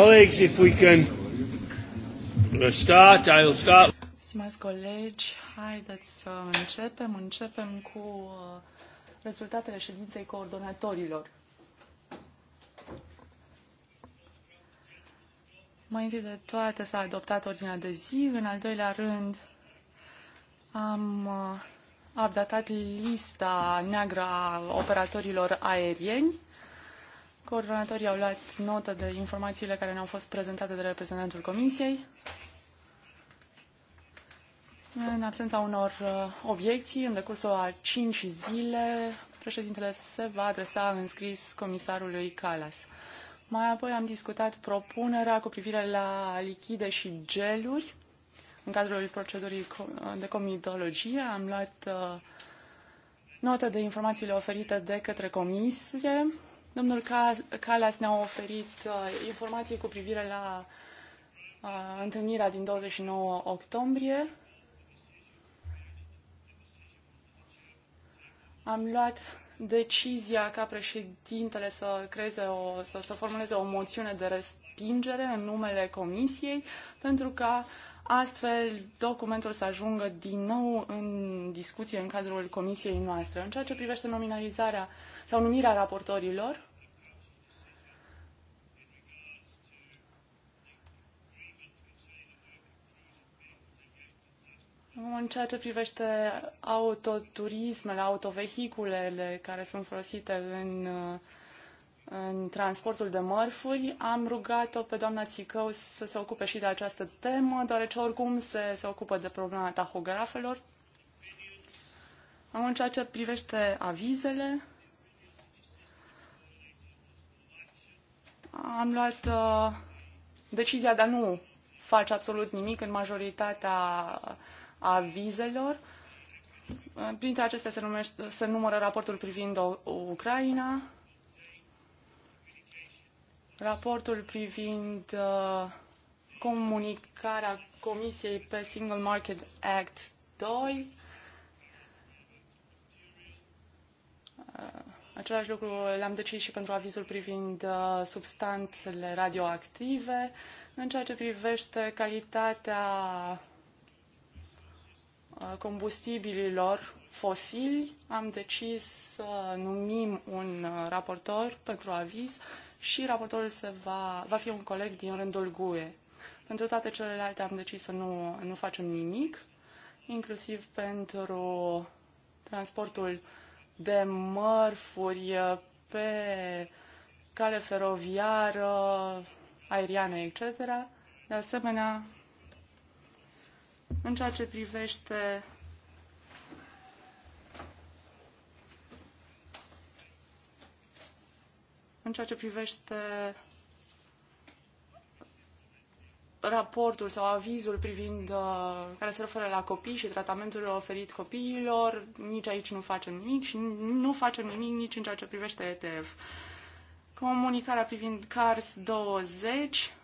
Colleagues, if we can start, I'll start. Stimați colegi, haideți să începem. Începem cu uh, rezultatele ședinței coordonatorilor. Mai întâi de toate s-a adoptat ordinea de zi, în al doilea rând am uh, updatat lista neagră a operatorilor aerieni. Coordonatorii au luat notă de informațiile care ne-au fost prezentate de reprezentantul Comisiei. În absența unor uh, obiecții, în decursul a 5 zile, președintele se va adresa în scris comisarului Calas. Mai apoi am discutat propunerea cu privire la lichide și geluri. În cadrul procedurii uh, de comitologie am luat uh, notă de informațiile oferite de către comisie Domnul Calas ne-a oferit uh, informații cu privire la uh, întâlnirea din 29 octombrie. Am luat decizia ca președintele să, creeze o, să, să formuleze o moțiune de respingere în numele comisiei pentru ca astfel documentul să ajungă din nou în discuție în cadrul comisiei noastre. În ceea ce privește nominalizarea uh, sau numirea raportorilor. În ceea ce privește autoturismele, autovehiculele care sunt folosite în, în transportul de mărfuri, am rugat-o pe doamna Țicău să se ocupe și de această temă, deoarece oricum se, se ocupă de problema tahografelor. În ceea ce privește avizele, am luat uh, decizia de a nu face absolut nimic în majoritatea uh, avizelor. Uh, printre acestea se, numește, se numără raportul privind o, Ucraina, raportul privind uh, comunicarea Comisiei pe Single Market Act 2, Același lucru le-am decis și pentru avizul privind uh, substanțele radioactive. În ceea ce privește calitatea uh, combustibililor fosili, am decis să numim un uh, raportor pentru aviz și raportorul se va, va fi un coleg din rândul GUE. Pentru toate celelalte am decis să nu, nu facem nimic, inclusiv pentru transportul uh, de mărfuri uh, pe cale feroviară, aeriană, etc. De asemenea, în ceea ce privește în ceea ce privește raportul sau avizul privind uh, care se referă la copii și tratamentul oferit copiilor, nici aici nu facem nimic și nu facem nimic nici în ceea ce privește ETF. Comunicarea privind CARS 20,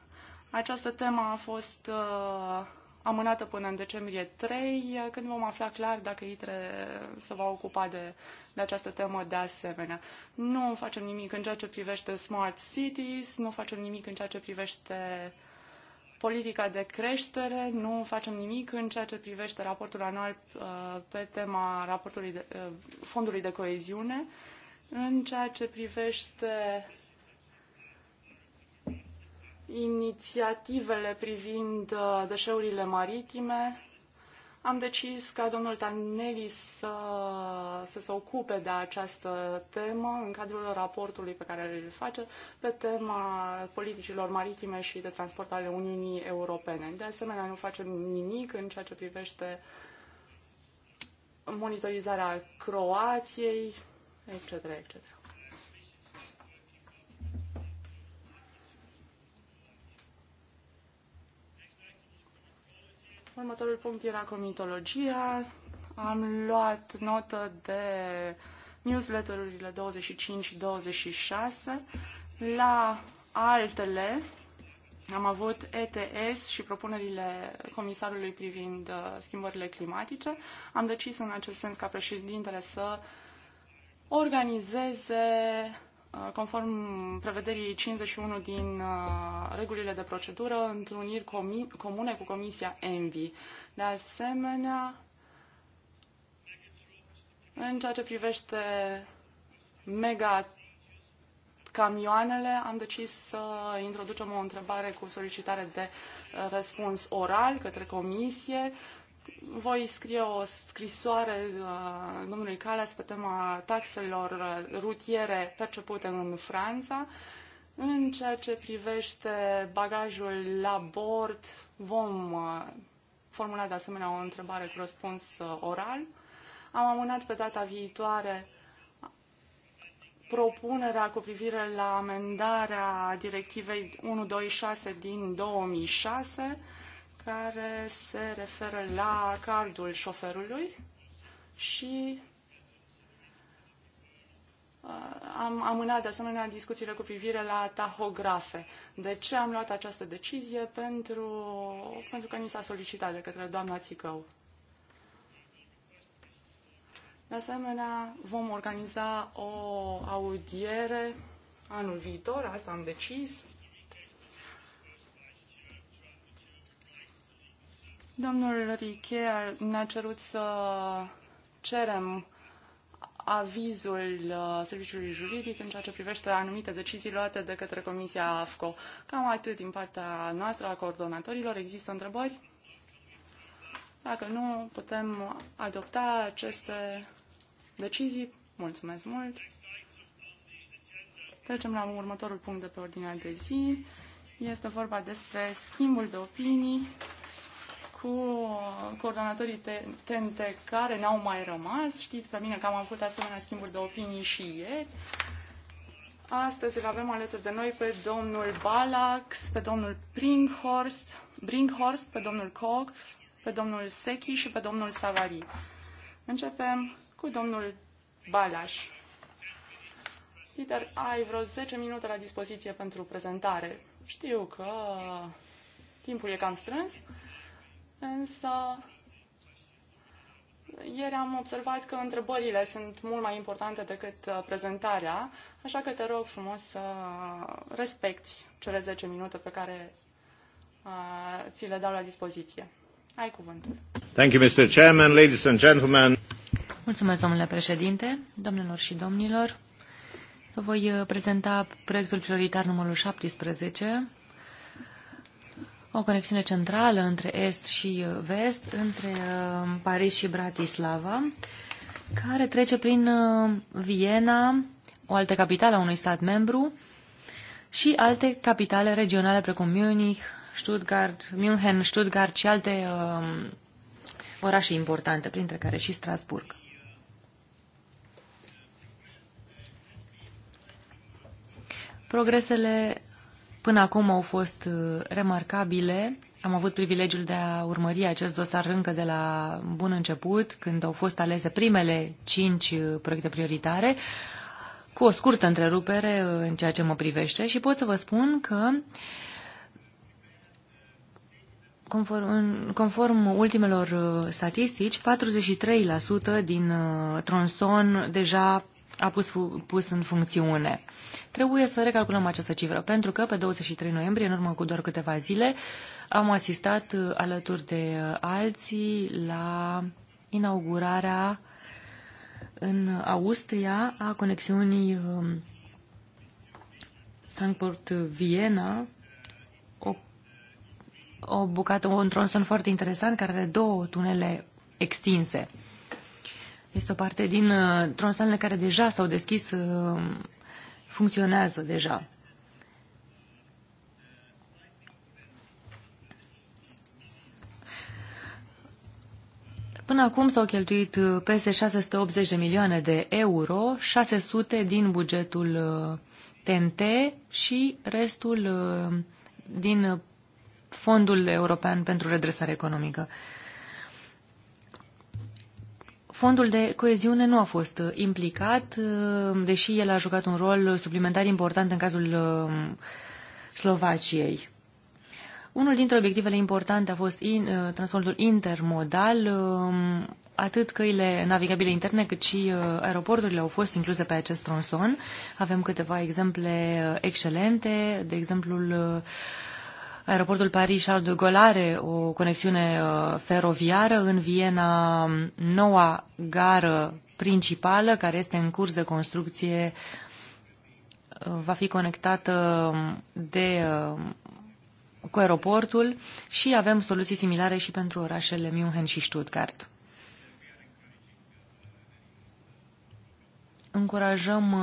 această temă a fost uh, amânată până în decembrie 3, când vom afla clar dacă ITRE se va ocupa de, de această temă de asemenea. Nu facem nimic în ceea ce privește Smart Cities, nu facem nimic în ceea ce privește uh, politica de creștere, nu facem nimic în ceea ce privește raportul anual uh, pe tema raportului de, uh, fondului de coeziune, în ceea ce privește inițiativele privind uh, deșeurile maritime, am decis ca domnul Tanelli să, să se ocupe de această temă în cadrul raportului pe care îl face pe tema politicilor maritime și de transport ale Uniunii Europene. De asemenea, nu facem nimic în ceea ce privește monitorizarea Croației, etc., etc. Următorul punct era comitologia. Am luat notă de newsletterurile 25-26. La altele am avut ETS și propunerile comisarului privind uh, schimbările climatice. Am decis în acest sens ca președintele să organizeze Uh, conform prevederii 51 din uh, regulile de procedură, întruniri comune cu Comisia ENVI. De asemenea, în ceea ce privește mega camioanele, am decis să introducem o întrebare cu solicitare de uh, răspuns oral către comisie voi scrie o scrisoare domnului uh, Calas pe tema taxelor uh, rutiere percepute în Franța. În ceea ce privește bagajul la bord, vom uh, formula de asemenea o întrebare cu răspuns oral. Am amânat pe data viitoare propunerea cu privire la amendarea directivei 126 din 2006 care se referă la cardul șoferului și uh, am amânat de asemenea discuțiile cu privire la tahografe. De ce am luat această decizie? Pentru, pentru că ni s-a solicitat de către doamna Țicău. De asemenea, vom organiza o audiere anul viitor, asta am decis, Domnul Riche ne-a cerut să cerem avizul uh, serviciului juridic în ceea ce privește anumite decizii luate de către Comisia AFCO. Cam atât din partea noastră a coordonatorilor. Există întrebări? Dacă nu, putem adopta aceste decizii. Mulțumesc mult! Trecem la următorul punct de pe ordinea de zi. Este vorba despre schimbul de opinii cu coordonatorii TNT care n-au mai rămas. Știți pe mine că am avut asemenea schimburi de opinii și ieri. Astăzi îl avem alături de noi pe domnul Balax, pe domnul Brinkhorst, Brinkhorst pe domnul Cox, pe domnul Sechi și pe domnul Savari. Începem cu domnul Balaș. Peter, ai vreo 10 minute la dispoziție pentru prezentare. Știu că timpul e cam strâns, însă ieri am observat că întrebările sunt mult mai importante decât uh, prezentarea, așa că te rog frumos să respecti cele 10 minute pe care uh, ți le dau la dispoziție. Ai cuvântul. Thank you, Mr. Chairman, ladies and gentlemen. Mulțumesc, domnule președinte, domnilor și domnilor. Vă voi uh, prezenta proiectul prioritar numărul 17 o conexiune centrală între est și uh, vest, între uh, Paris și Bratislava, care trece prin uh, Viena, o altă capitală a unui stat membru, și alte capitale regionale precum Munich, Stuttgart, München, Stuttgart și alte uh, orașe importante, printre care și Strasburg. Progresele până acum au fost uh, remarcabile. Am avut privilegiul de a urmări acest dosar încă de la bun început, când au fost alese primele cinci uh, proiecte prioritare, cu o scurtă întrerupere uh, în ceea ce mă privește și pot să vă spun că Conform, conform ultimelor statistici, 43% din tronson deja a pus, pus în funcțiune. Trebuie să recalculăm această cifră, pentru că pe 23 noiembrie, în urmă cu doar câteva zile, am asistat uh, alături de uh, alții la inaugurarea în Austria a conexiunii um, sankt viena o, o bucată, un tronson foarte interesant care are două tunele extinse. Este o parte din uh, tronsoanele care deja s-au deschis, uh, funcționează deja. Până acum s-au cheltuit uh, peste 680 de milioane de euro, 600 din bugetul TNT și restul din Fondul European pentru Redresare Economică. Fondul de coeziune nu a fost uh, implicat, uh, deși el a jucat un rol suplimentar important în cazul uh, Slovaciei. Unul dintre obiectivele importante a fost in, transportul intermodal, um, atât căile navigabile interne cât și aeroporturile au fost incluse pe acest tronson. Avem câteva exemple excelente, de exemplu. Aeroportul Paris-Charles de Gaulle are o conexiune uh, feroviară în Viena, um, noua gară principală care este în curs de construcție uh, va fi conectată um, de, uh, cu aeroportul și avem soluții similare și pentru orașele München și Stuttgart. Încurajăm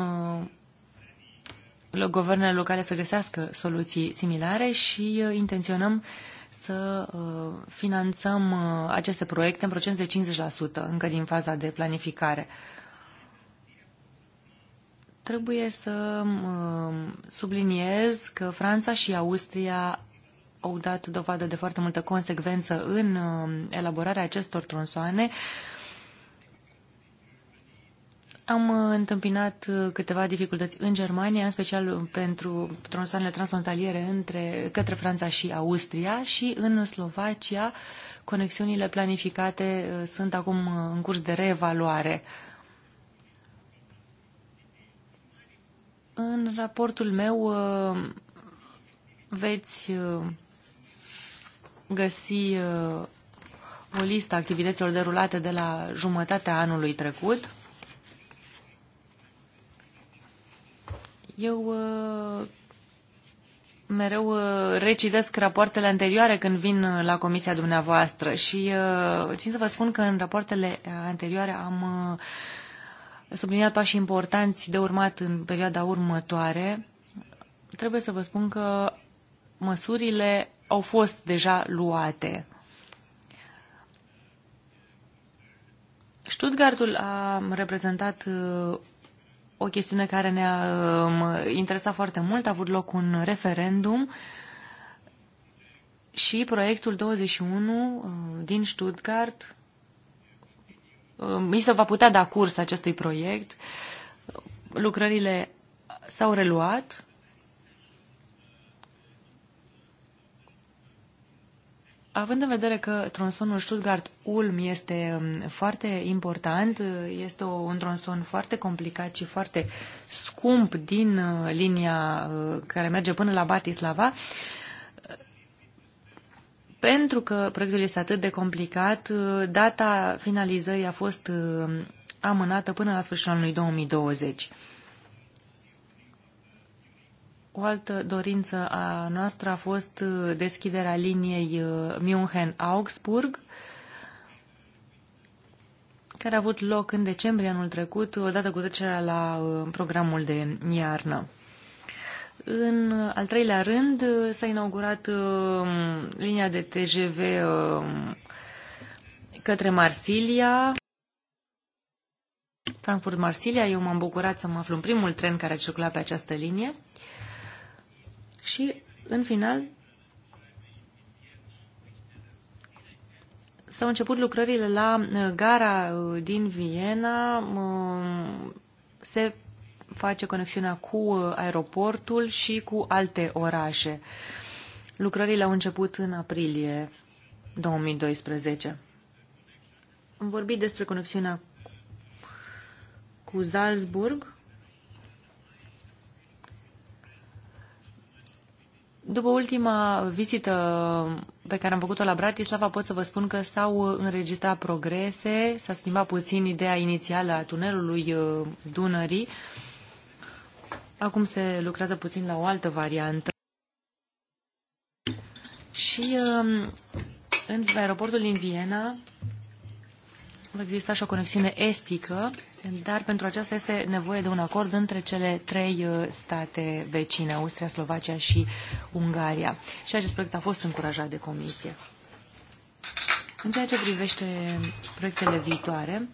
guvernele locale să găsească soluții similare și uh, intenționăm să uh, finanțăm uh, aceste proiecte în procent de 50% încă din faza de planificare. Trebuie să um, subliniez că Franța și Austria au dat dovadă de foarte multă consecvență în um, elaborarea acestor tronsoane. Am uh, întâmpinat uh, câteva dificultăți în Germania, în special uh, pentru tronsoanele transfrontaliere între, către Franța și Austria și în Slovacia conexiunile planificate sunt acum în curs de reevaluare. În raportul meu veți găsi o listă activităților derulate de la jumătatea anului trecut Eu uh, mereu uh, recitesc rapoartele anterioare când vin uh, la comisia dumneavoastră și țin să vă spun că în rapoartele anterioare am subliniat pași importanți de urmat în perioada următoare. Trebuie să vă spun că măsurile au fost deja luate. Stuttgartul a reprezentat o chestiune care ne-a um, interesat foarte mult. A avut loc un referendum și proiectul 21 uh, din Stuttgart uh, mi se va putea da curs acestui proiect. Lucrările s-au reluat Având în vedere că tronsonul Stuttgart-Ulm este um, foarte important, uh, este un tronson foarte complicat și foarte scump din uh, linia uh, care merge până la Batislava. pentru că proiectul este atât de complicat, data finalizării a fost amânată până la sfârșitul anului 2020. O altă dorință a noastră a fost uh, deschiderea liniei uh, München-Augsburg, care a avut loc în decembrie anul trecut, odată cu trecerea la uh, programul de iarnă. În al treilea rând s-a inaugurat linia de TGV către Marsilia. Frankfurt-Marsilia, eu m-am bucurat să mă aflu în primul tren care a circulat pe această linie și, în final, s-au început lucrările la uh, gara uh, din Viena. Um, se face conexiunea cu uh, aeroportul și cu alte orașe. Lucrările au început în aprilie 2012. Am vorbit despre conexiunea cu Salzburg, După ultima vizită pe care am făcut-o la Bratislava, pot să vă spun că s-au înregistrat progrese, s-a schimbat puțin ideea inițială a tunelului uh, Dunării. Acum se lucrează puțin la o altă variantă. Și um, în aeroportul din Viena va exista o conexiune estică dar pentru aceasta este nevoie de un acord între cele trei uh, state vecine, Austria, Slovacia și Ungaria. Și acest proiect a fost încurajat de Comisie. În ceea ce privește proiectele viitoare,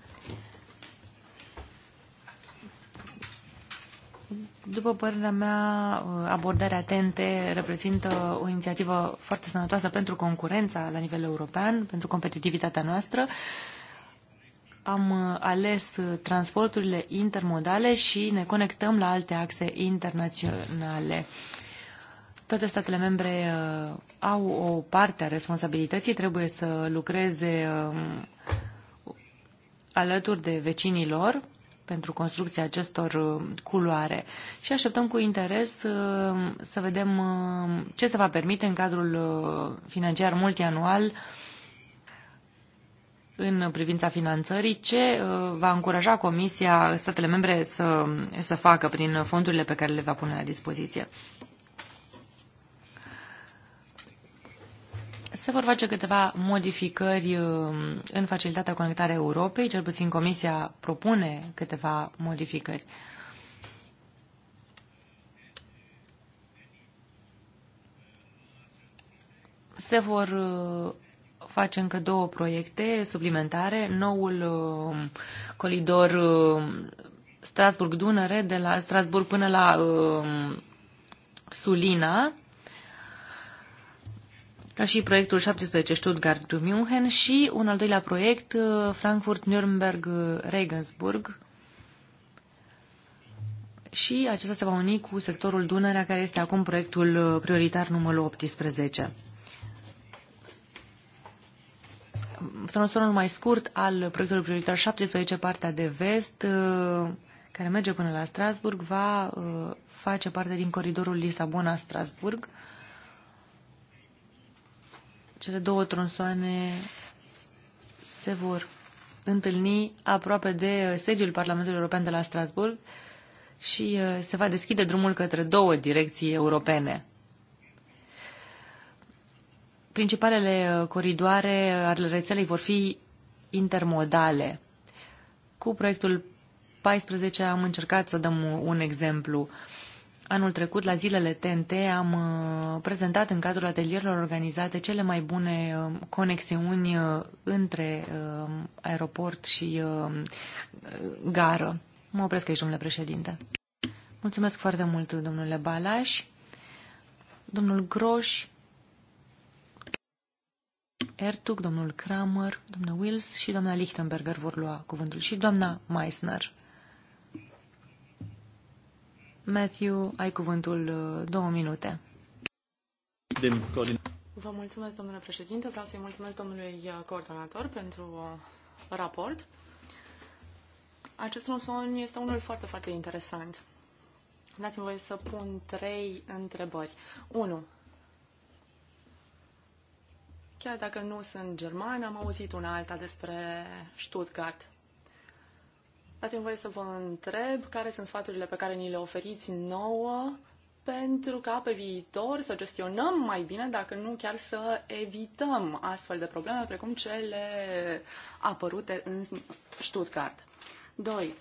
După părerea mea, uh, abordarea TNT reprezintă o inițiativă foarte sănătoasă pentru concurența la nivel european, pentru competitivitatea noastră am uh, ales uh, transporturile intermodale și ne conectăm la alte axe internaționale. Toate statele membre uh, au o parte a responsabilității, trebuie să lucreze um, alături de vecinii lor pentru construcția acestor culoare și așteptăm cu interes să vedem ce se va permite în cadrul financiar multianual în privința finanțării, ce uh, va încuraja Comisia statele membre să, să facă prin fondurile pe care le va pune la dispoziție? Se vor face câteva modificări uh, în facilitatea conectarea Europei, cel puțin Comisia propune câteva modificări. Se vor uh, face încă două proiecte suplimentare, noul uh, colidor uh, Strasburg-Dunăre, de la Strasburg până la uh, Sulina, ca și proiectul 17 Stuttgart-München și un al doilea proiect uh, Frankfurt-Nürnberg-Regensburg, și acesta se va uni cu sectorul Dunărea, care este acum proiectul uh, prioritar numărul 18. tronsoanul mai scurt al proiectului prioritar 17, partea de vest, uh, care merge până la Strasburg, va uh, face parte din coridorul Lisabona-Strasburg. Cele două tronsoane se vor întâlni aproape de uh, sediul Parlamentului European de la Strasburg și se va deschide drumul către două direcții europene principalele uh, coridoare ale rețelei vor fi intermodale. Cu proiectul 14 am încercat să dăm un exemplu. Anul trecut, la zilele TNT, am uh, prezentat în cadrul atelierilor organizate cele mai bune uh, conexiuni între aeroport și gară. Mă opresc aici, domnule președinte. Mulțumesc foarte mult, domnule Balaș. Domnul Groș Ertug, domnul Kramer, domnul Wills și doamna Lichtenberger vor lua cuvântul și doamna Meissner. Matthew, ai cuvântul uh, două minute. Vă mulțumesc, domnule președinte. Vreau să-i mulțumesc domnului uh, coordonator pentru uh, raport. Acest tronson este unul foarte, foarte interesant. Dați-mi voie să pun trei întrebări. 1. Chiar dacă nu sunt german, am auzit una alta despre Stuttgart. Ați mi voie să vă întreb care sunt sfaturile pe care ni le oferiți nouă pentru ca pe viitor să gestionăm mai bine, dacă nu chiar să evităm astfel de probleme precum cele apărute în Stuttgart. 2.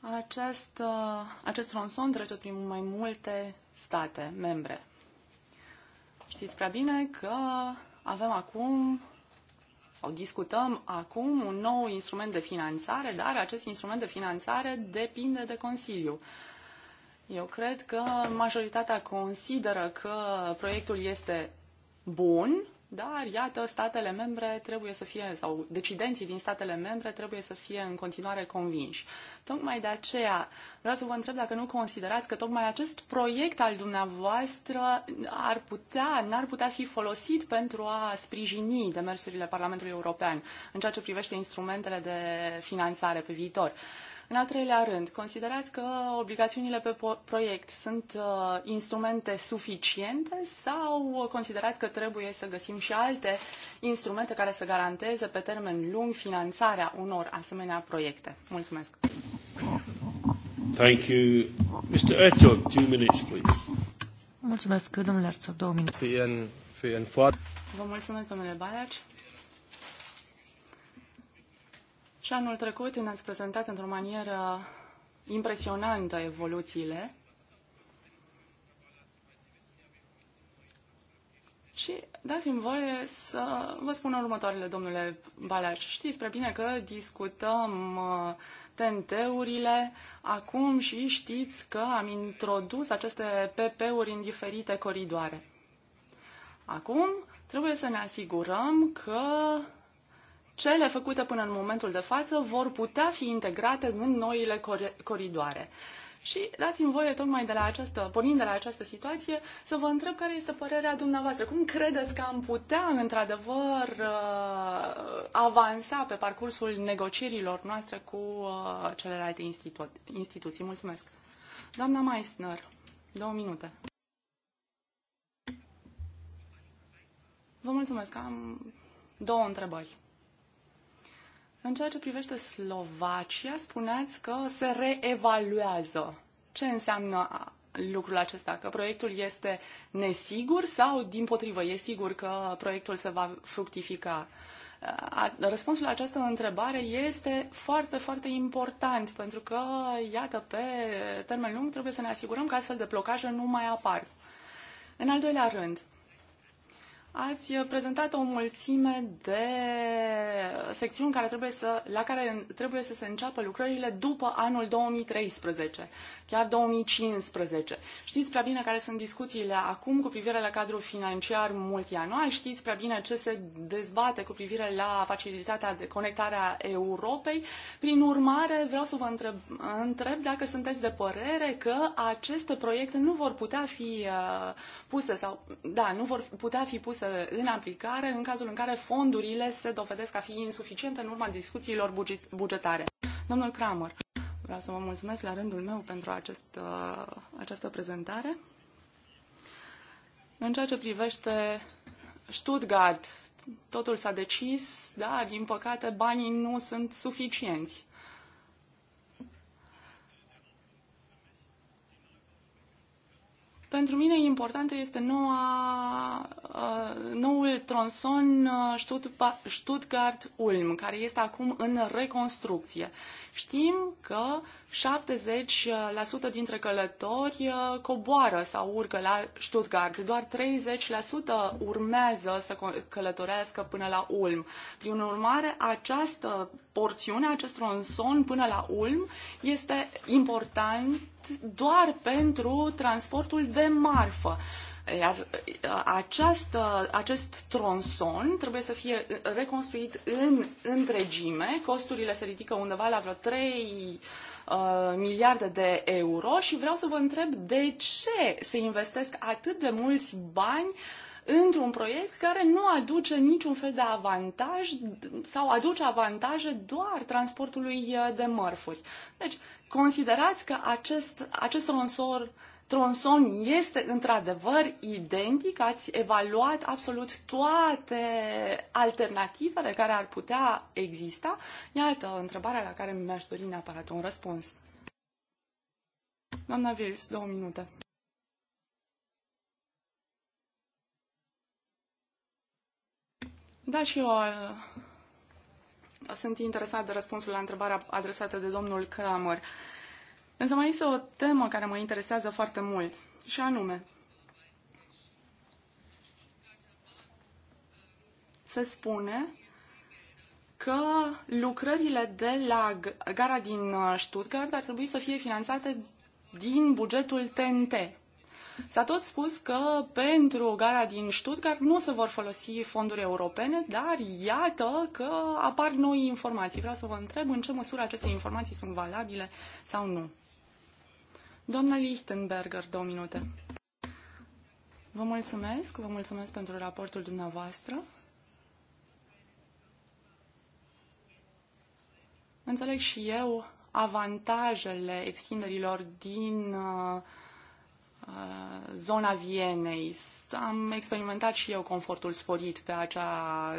Acest, acest ronson trece prin mai multe state membre. Știți prea bine că avem acum sau discutăm acum un nou instrument de finanțare, dar acest instrument de finanțare depinde de Consiliu. Eu cred că majoritatea consideră că proiectul este bun, dar, iată, statele membre trebuie să fie, sau decidenții din statele membre trebuie să fie în continuare convinși. Tocmai de aceea vreau să vă întreb dacă nu considerați că tocmai acest proiect al dumneavoastră ar putea, n-ar putea fi folosit pentru a sprijini demersurile Parlamentului European în ceea ce privește instrumentele de finanțare pe viitor. Uh, în al treilea rând, considerați că obligațiunile pe proiect sunt uh, instrumente suficiente sau considerați că trebuie să găsim și alte instrumente care să garanteze pe termen lung finanțarea unor asemenea proiecte? Mulțumesc! Thank you. Mr. Ertug, two minutes, please. Mulțumesc, domnule Ertug, două minute. Vă mulțumesc, domnule Balaci, Și anul trecut ne-ați prezentat într-o manieră impresionantă evoluțiile Și dați-mi voie să vă spun următoarele, domnule Balaș. Știți prea bine că discutăm uh, tenteurile acum și știți că am introdus aceste PP-uri în diferite coridoare. Acum trebuie să ne asigurăm că cele făcute până în momentul de față vor putea fi integrate în noile coridoare. Și dați-mi voie, tocmai de la această, pornind de la această situație, să vă întreb care este părerea dumneavoastră. Cum credeți că am putea, într-adevăr, uh, avansa pe parcursul negocierilor noastre cu uh, celelalte institu- instituții? Mulțumesc. Doamna Meissner, două minute. Vă mulțumesc. Am două întrebări. În ceea ce privește Slovacia, spuneați că se reevaluează. Ce înseamnă lucrul acesta? Că proiectul este nesigur sau, din potrivă, e sigur că proiectul se va fructifica? Răspunsul la această întrebare este foarte, foarte important, pentru că, iată, pe termen lung trebuie să ne asigurăm că astfel de blocaje nu mai apar. În al doilea rând, Ați prezentat o mulțime de secțiuni care trebuie să, la care trebuie să se înceapă lucrările după anul 2013, chiar 2015. Știți prea bine care sunt discuțiile acum cu privire la cadrul financiar multianual, știți prea bine ce se dezbate cu privire la facilitatea de conectare a Europei. Prin urmare, vreau să vă întreb, întreb dacă sunteți de părere că aceste proiecte nu vor putea fi uh, puse sau, da, nu vor putea fi puse puse în aplicare în cazul în care fondurile se dovedesc a fi insuficiente în urma discuțiilor bugetare. Domnul Kramer, vreau să vă mulțumesc la rândul meu pentru acest, uh, această prezentare. În ceea ce privește Stuttgart, totul s-a decis, da, din păcate banii nu sunt suficienți. Pentru mine importantă este noua, uh, noul tronson uh, Stuttgart-Ulm, care este acum în reconstrucție. Știm că 70% dintre călători uh, coboară sau urcă la Stuttgart, doar 30% urmează să călătorească până la Ulm. Prin urmare, această porțiunea acest ronson până la Ulm este important doar pentru transportul de marfă. Iar uh, această, acest tronson trebuie să fie uh, reconstruit în întregime. Costurile se ridică undeva la vreo 3 uh, miliarde de euro și vreau să vă întreb de ce se investesc atât de mulți bani uh, într-un proiect care nu aduce niciun fel de avantaj sau aduce avantaje doar transportului uh, de mărfuri. Deci, considerați că acest, acest tronsor Tronson este într-adevăr identic, ați evaluat absolut toate alternativele care ar putea exista? Iată întrebarea la care mi-aș dori neapărat un răspuns. Doamna Vils, două minute. Da, și eu uh, sunt interesat de răspunsul la întrebarea adresată de domnul Kramer. Însă mai este o temă care mă interesează foarte mult, și anume, se spune că lucrările de la gara din uh, Stuttgart ar trebui să fie finanțate din bugetul TNT. S-a tot spus că pentru gara din Stuttgart nu se vor folosi fonduri europene, dar iată că apar noi informații. Vreau să vă întreb în ce măsură aceste informații sunt valabile sau nu. Doamna Lichtenberger, două minute. Vă mulțumesc, vă mulțumesc pentru raportul dumneavoastră. Înțeleg și eu avantajele extinderilor din uh, Uh, zona Vienei. Am experimentat și eu confortul sporit pe, acea,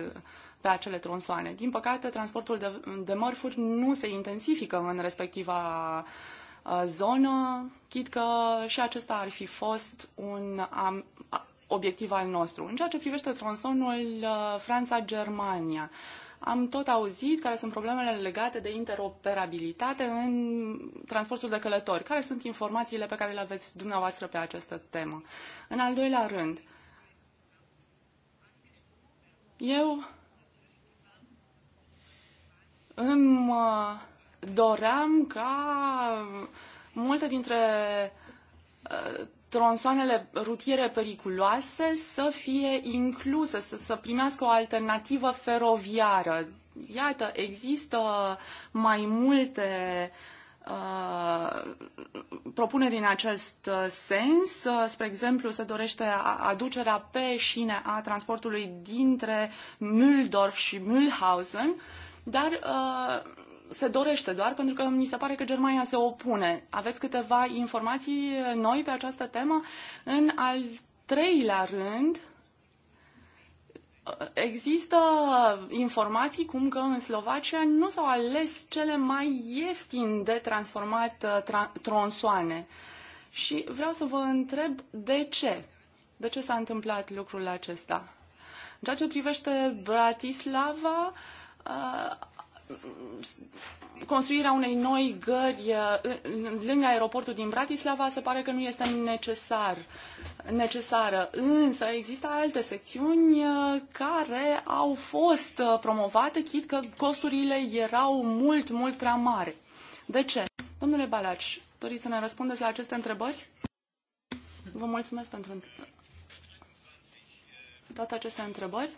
pe acele tronsoane. Din păcate, transportul de, de mărfuri nu se intensifică în respectiva uh, zonă, chit că și acesta ar fi fost un am, obiectiv al nostru. În ceea ce privește tronsonul uh, Franța-Germania, uh, am tot auzit care sunt problemele legate de interoperabilitate în transportul de călători. Care sunt informațiile pe care le aveți dumneavoastră pe această temă? În al doilea rând, eu îmi uh, doream ca multe dintre uh, tronsoanele rutiere periculoase să fie incluse, să, să primească o alternativă feroviară. Iată, există mai multe uh, propuneri în acest uh, sens. Uh, spre exemplu, se dorește aducerea pe șine a transportului dintre Mühldorf și Mühlhausen, dar uh, se dorește doar pentru că mi se pare că Germania se opune. Aveți câteva informații noi pe această temă? În al treilea rând, există informații cum că în Slovacia nu s-au ales cele mai ieftin de transformat uh, tra- tronsoane. Și vreau să vă întreb de ce. De ce s-a întâmplat lucrul acesta? În ceea ce privește Bratislava, uh, construirea unei noi gări uh, lângă aeroportul din Bratislava se pare că nu este necesar, necesară. Însă există alte secțiuni uh, care au fost uh, promovate, chit că costurile erau mult, mult prea mari. De ce? Domnule Balaci, doriți să ne răspundeți la aceste întrebări? Vă mulțumesc pentru toate aceste întrebări.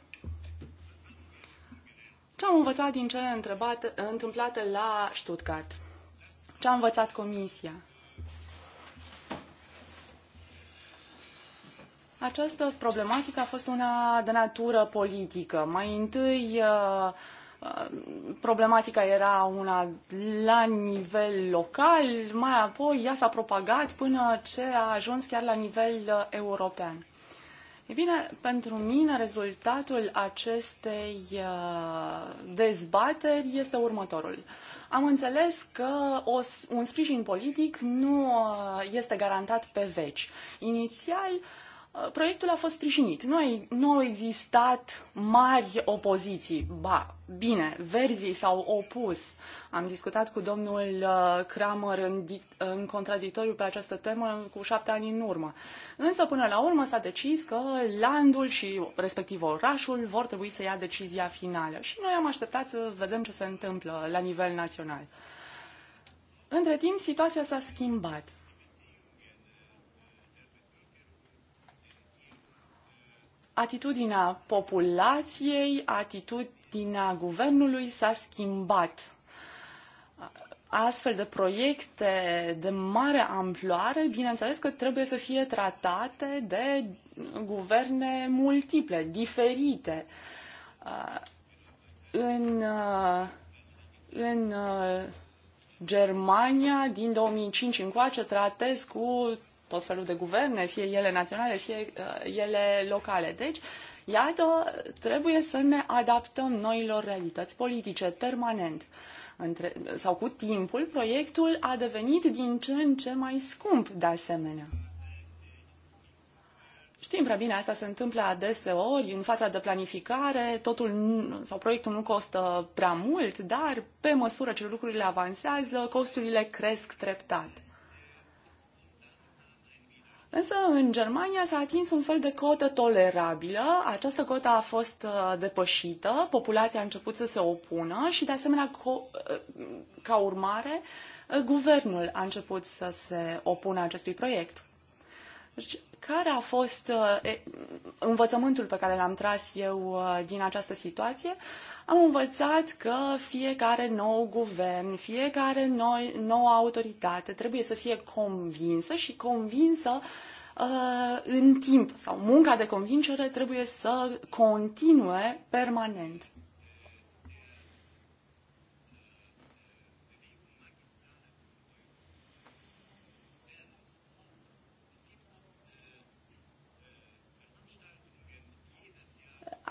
Ce am învățat din cele întâmplate la Stuttgart? Ce a învățat Comisia? Această problematică a fost una de natură politică. Mai întâi, uh, uh, problematica era una la nivel local, mai apoi ea s-a propagat până ce a ajuns chiar la nivel uh, european. E bine, pentru mine rezultatul acestei uh, dezbateri este următorul. Am înțeles că o, un sprijin politic nu uh, este garantat pe veci. Inițial, proiectul a fost sprijinit. Nu, a, nu au existat mari opoziții. Ba, bine, verzii s-au opus. Am discutat cu domnul uh, Kramer în, în contradictoriu pe această temă cu șapte ani în urmă. Însă, până la urmă, s-a decis că landul și respectiv orașul vor trebui să ia decizia finală. Și noi am așteptat să vedem ce se întâmplă la nivel național. Între timp, situația s-a schimbat. atitudinea populației, atitudinea guvernului s-a schimbat. Astfel de proiecte de mare amploare, bineînțeles că trebuie să fie tratate de guverne multiple, diferite. Uh, în, uh, în uh, Germania din 2005 încoace tratez cu tot felul de guverne, fie ele naționale, fie uh, ele locale. Deci, iată, trebuie să ne adaptăm noilor realități politice permanent. Între, sau cu timpul, proiectul a devenit din ce în ce mai scump de asemenea. Știm prea bine, asta se întâmplă adeseori în fața de planificare, totul sau proiectul nu costă prea mult, dar pe măsură ce lucrurile avansează, costurile cresc treptat. Însă, în Germania s-a atins un fel de cotă tolerabilă. Această cotă a fost uh, depășită, populația a început să se opună și, de asemenea, uh, ca urmare, uh, guvernul a început să se opună acestui proiect. Deci, care a fost uh, învățământul pe care l-am tras eu uh, din această situație? Am învățat că fiecare nou guvern, fiecare noi, nouă autoritate trebuie să fie convinsă și convinsă uh, în timp sau munca de convingere trebuie să continue permanent.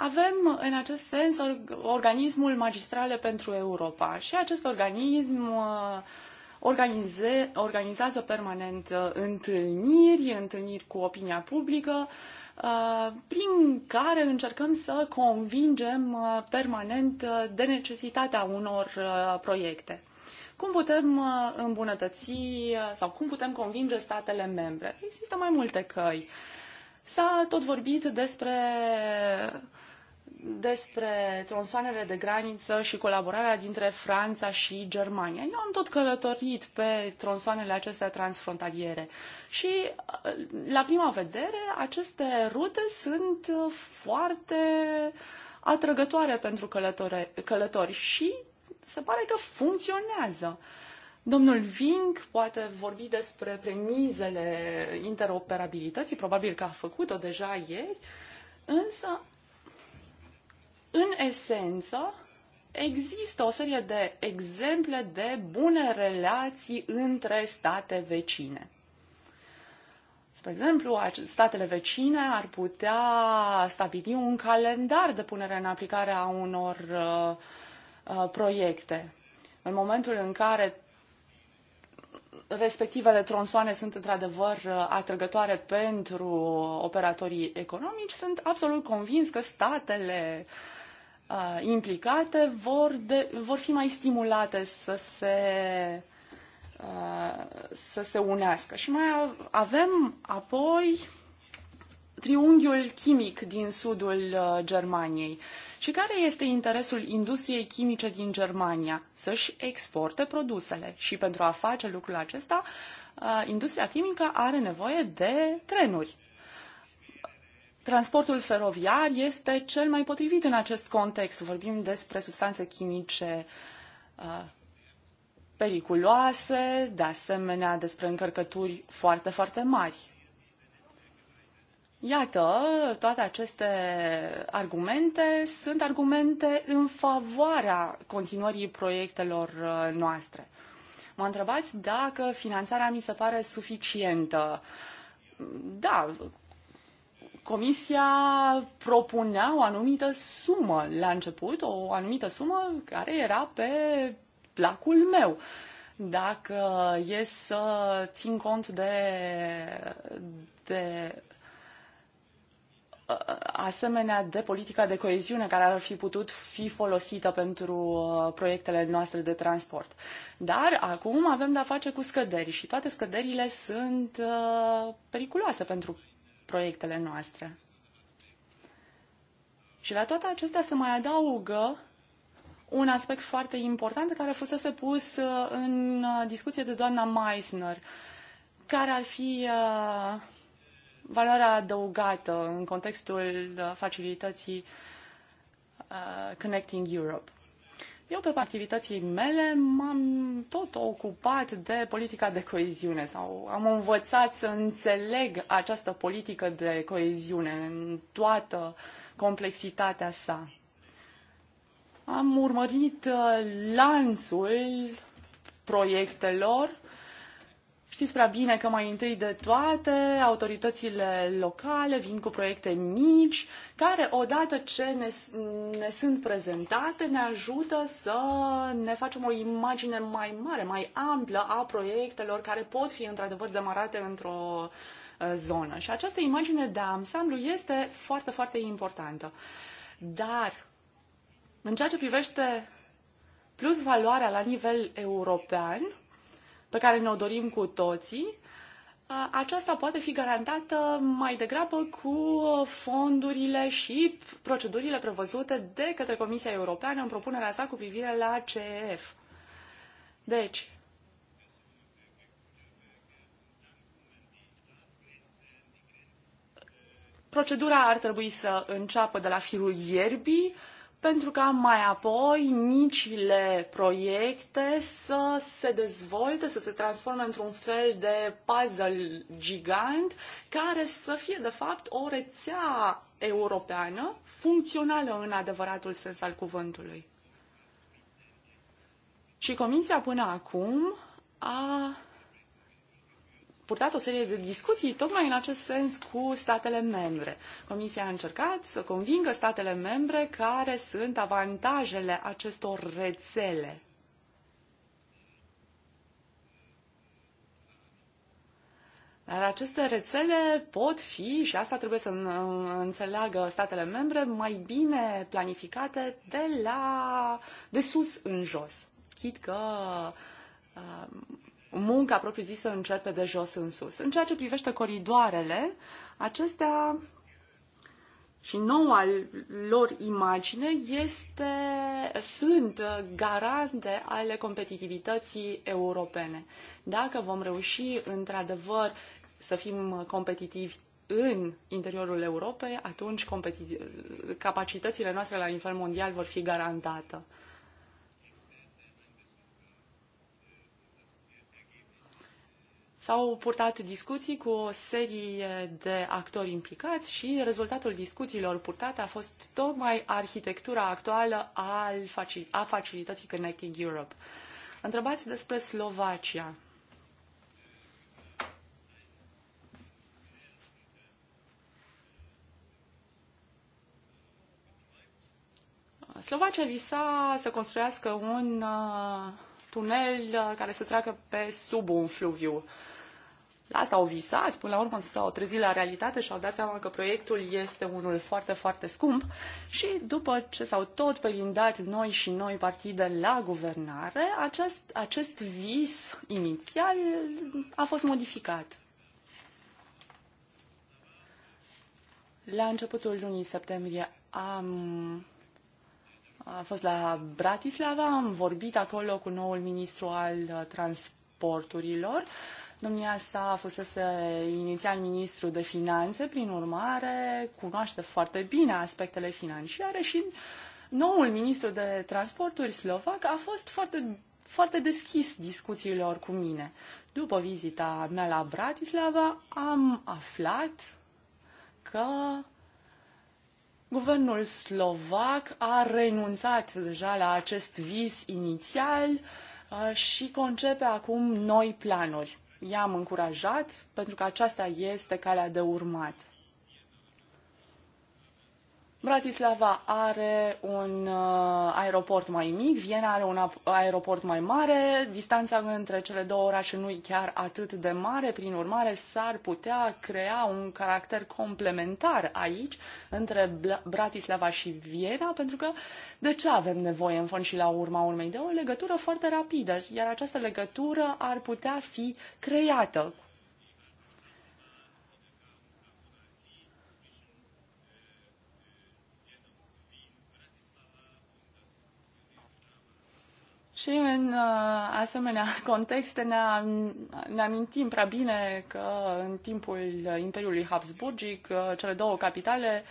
Avem în acest sens organismul Magistrale pentru Europa și acest organism uh, organize, organizează permanent uh, întâlniri, întâlniri cu opinia publică, uh, prin care încercăm să convingem permanent de necesitatea unor proiecte. Cum putem îmbunătăți sau cum putem convinge statele membre? Există mai multe căi. S-a tot vorbit despre despre tronsoanele de graniță și colaborarea dintre Franța și Germania. Eu am tot călătorit pe tronsoanele acestea transfrontaliere și uh, la prima vedere aceste rute sunt uh, foarte atrăgătoare pentru călători și se pare că funcționează. Domnul Vink poate vorbi despre premizele interoperabilității, probabil că a făcut-o deja ieri, însă în esență, există o serie de exemple de bune relații între state vecine. Spre exemplu, statele vecine ar putea stabili un calendar de punere în aplicare a unor uh, uh, proiecte. În momentul în care respectivele tronsoane sunt într-adevăr uh, atrăgătoare pentru operatorii economici, sunt absolut convins că statele uh, uh, implicate vor, de, vor fi mai stimulate să se, uh, să se unească. Și mai avem apoi triunghiul chimic din sudul uh, Germaniei. Și care este interesul industriei chimice din Germania? Să-și exporte produsele. Și pentru a face lucrul acesta, uh, industria chimică are nevoie de trenuri. Transportul feroviar este cel mai potrivit în acest context. Vorbim despre substanțe chimice uh, periculoase, de asemenea despre încărcături foarte, foarte mari. Iată, toate aceste argumente sunt argumente în favoarea continuării proiectelor uh, noastre. Mă întrebați dacă finanțarea mi se pare suficientă. Da, Comisia propunea o anumită sumă la început, o anumită sumă care era pe placul meu. Dacă e să țin cont de, de asemenea de politica de coeziune care ar fi putut fi folosită pentru uh, proiectele noastre de transport. Dar acum avem de-a face cu scăderi și toate scăderile sunt uh, periculoase pentru proiectele noastre. Și la toate acestea se mai adaugă un aspect foarte important care fusese pus uh, în uh, discuție de doamna Meissner, care ar fi uh, valoarea adăugată în contextul facilității Connecting Europe. Eu, pe activității mele, m-am tot ocupat de politica de coeziune sau am învățat să înțeleg această politică de coeziune în toată complexitatea sa. Am urmărit uh, lanțul proiectelor Știți prea bine că mai întâi de toate autoritățile locale vin cu proiecte mici care odată ce ne, ne sunt prezentate ne ajută să ne facem o imagine mai mare, mai amplă a proiectelor care pot fi într-adevăr demarate într-o uh, zonă. Și această imagine de ansamblu este foarte, foarte importantă. Dar în ceea ce privește plus valoarea la nivel european, pe care ne-o dorim cu toții, uh, aceasta poate fi garantată mai degrabă cu fondurile și procedurile prevăzute de către Comisia Europeană în propunerea sa cu privire la CEF. Deci, procedura ar trebui să înceapă de la firul ierbii, pentru ca mai apoi micile proiecte să se dezvolte, să se transforme într-un fel de puzzle gigant care să fie de fapt o rețea europeană funcțională în adevăratul sens al cuvântului. Și Comisia până acum a purtat o serie de discuții tocmai în acest sens cu statele membre. Comisia a încercat să convingă statele membre care sunt avantajele acestor rețele. Dar aceste rețele pot fi, și asta trebuie să înțeleagă statele membre, mai bine planificate de, la, de sus în jos. Chit că uh, munca propriu-zisă începe de jos în sus. În ceea ce privește coridoarele, acestea și noua lor imagine este, sunt garante ale competitivității europene. Dacă vom reuși într-adevăr să fim competitivi în interiorul Europei, atunci capacitățile noastre la nivel mondial vor fi garantate. S-au purtat discuții cu o serie de actori implicați și rezultatul discuțiilor purtate a fost tocmai arhitectura actuală a facilității Connecting Europe. Întrebați despre Slovacia. Slovacia visa să construiască un uh, tunel uh, care să treacă pe sub un fluviu. La asta au visat, până la urmă s-au trezit la realitate și au dat seama că proiectul este unul foarte, foarte scump și după ce s-au tot pelindat noi și noi partide la guvernare, acest, acest vis inițial a fost modificat. La începutul lunii septembrie am a fost la Bratislava, am vorbit acolo cu noul ministru al transporturilor. Uh, Domnia sa fusese inițial ministru de finanțe, prin urmare cunoaște foarte bine aspectele financiare și noul ministru de transporturi slovac a fost foarte foarte deschis discuțiilor cu mine. După vizita mea la Bratislava, am aflat că guvernul slovac a renunțat deja la acest vis inițial uh, și concepe acum noi planuri i-am încurajat pentru că aceasta este calea de urmat. Bratislava are un uh, aeroport mai mic, Viena are un aeroport mai mare, distanța între cele două orașe nu e chiar atât de mare, prin urmare s-ar putea crea un caracter complementar aici între Bratislava și Viena, pentru că de ce avem nevoie în fond și la urma urmei de o legătură foarte rapidă, iar această legătură ar putea fi creată Și în uh, asemenea contexte ne, ne amintim prea bine că în timpul Imperiului Habsburgic uh, cele două capitale,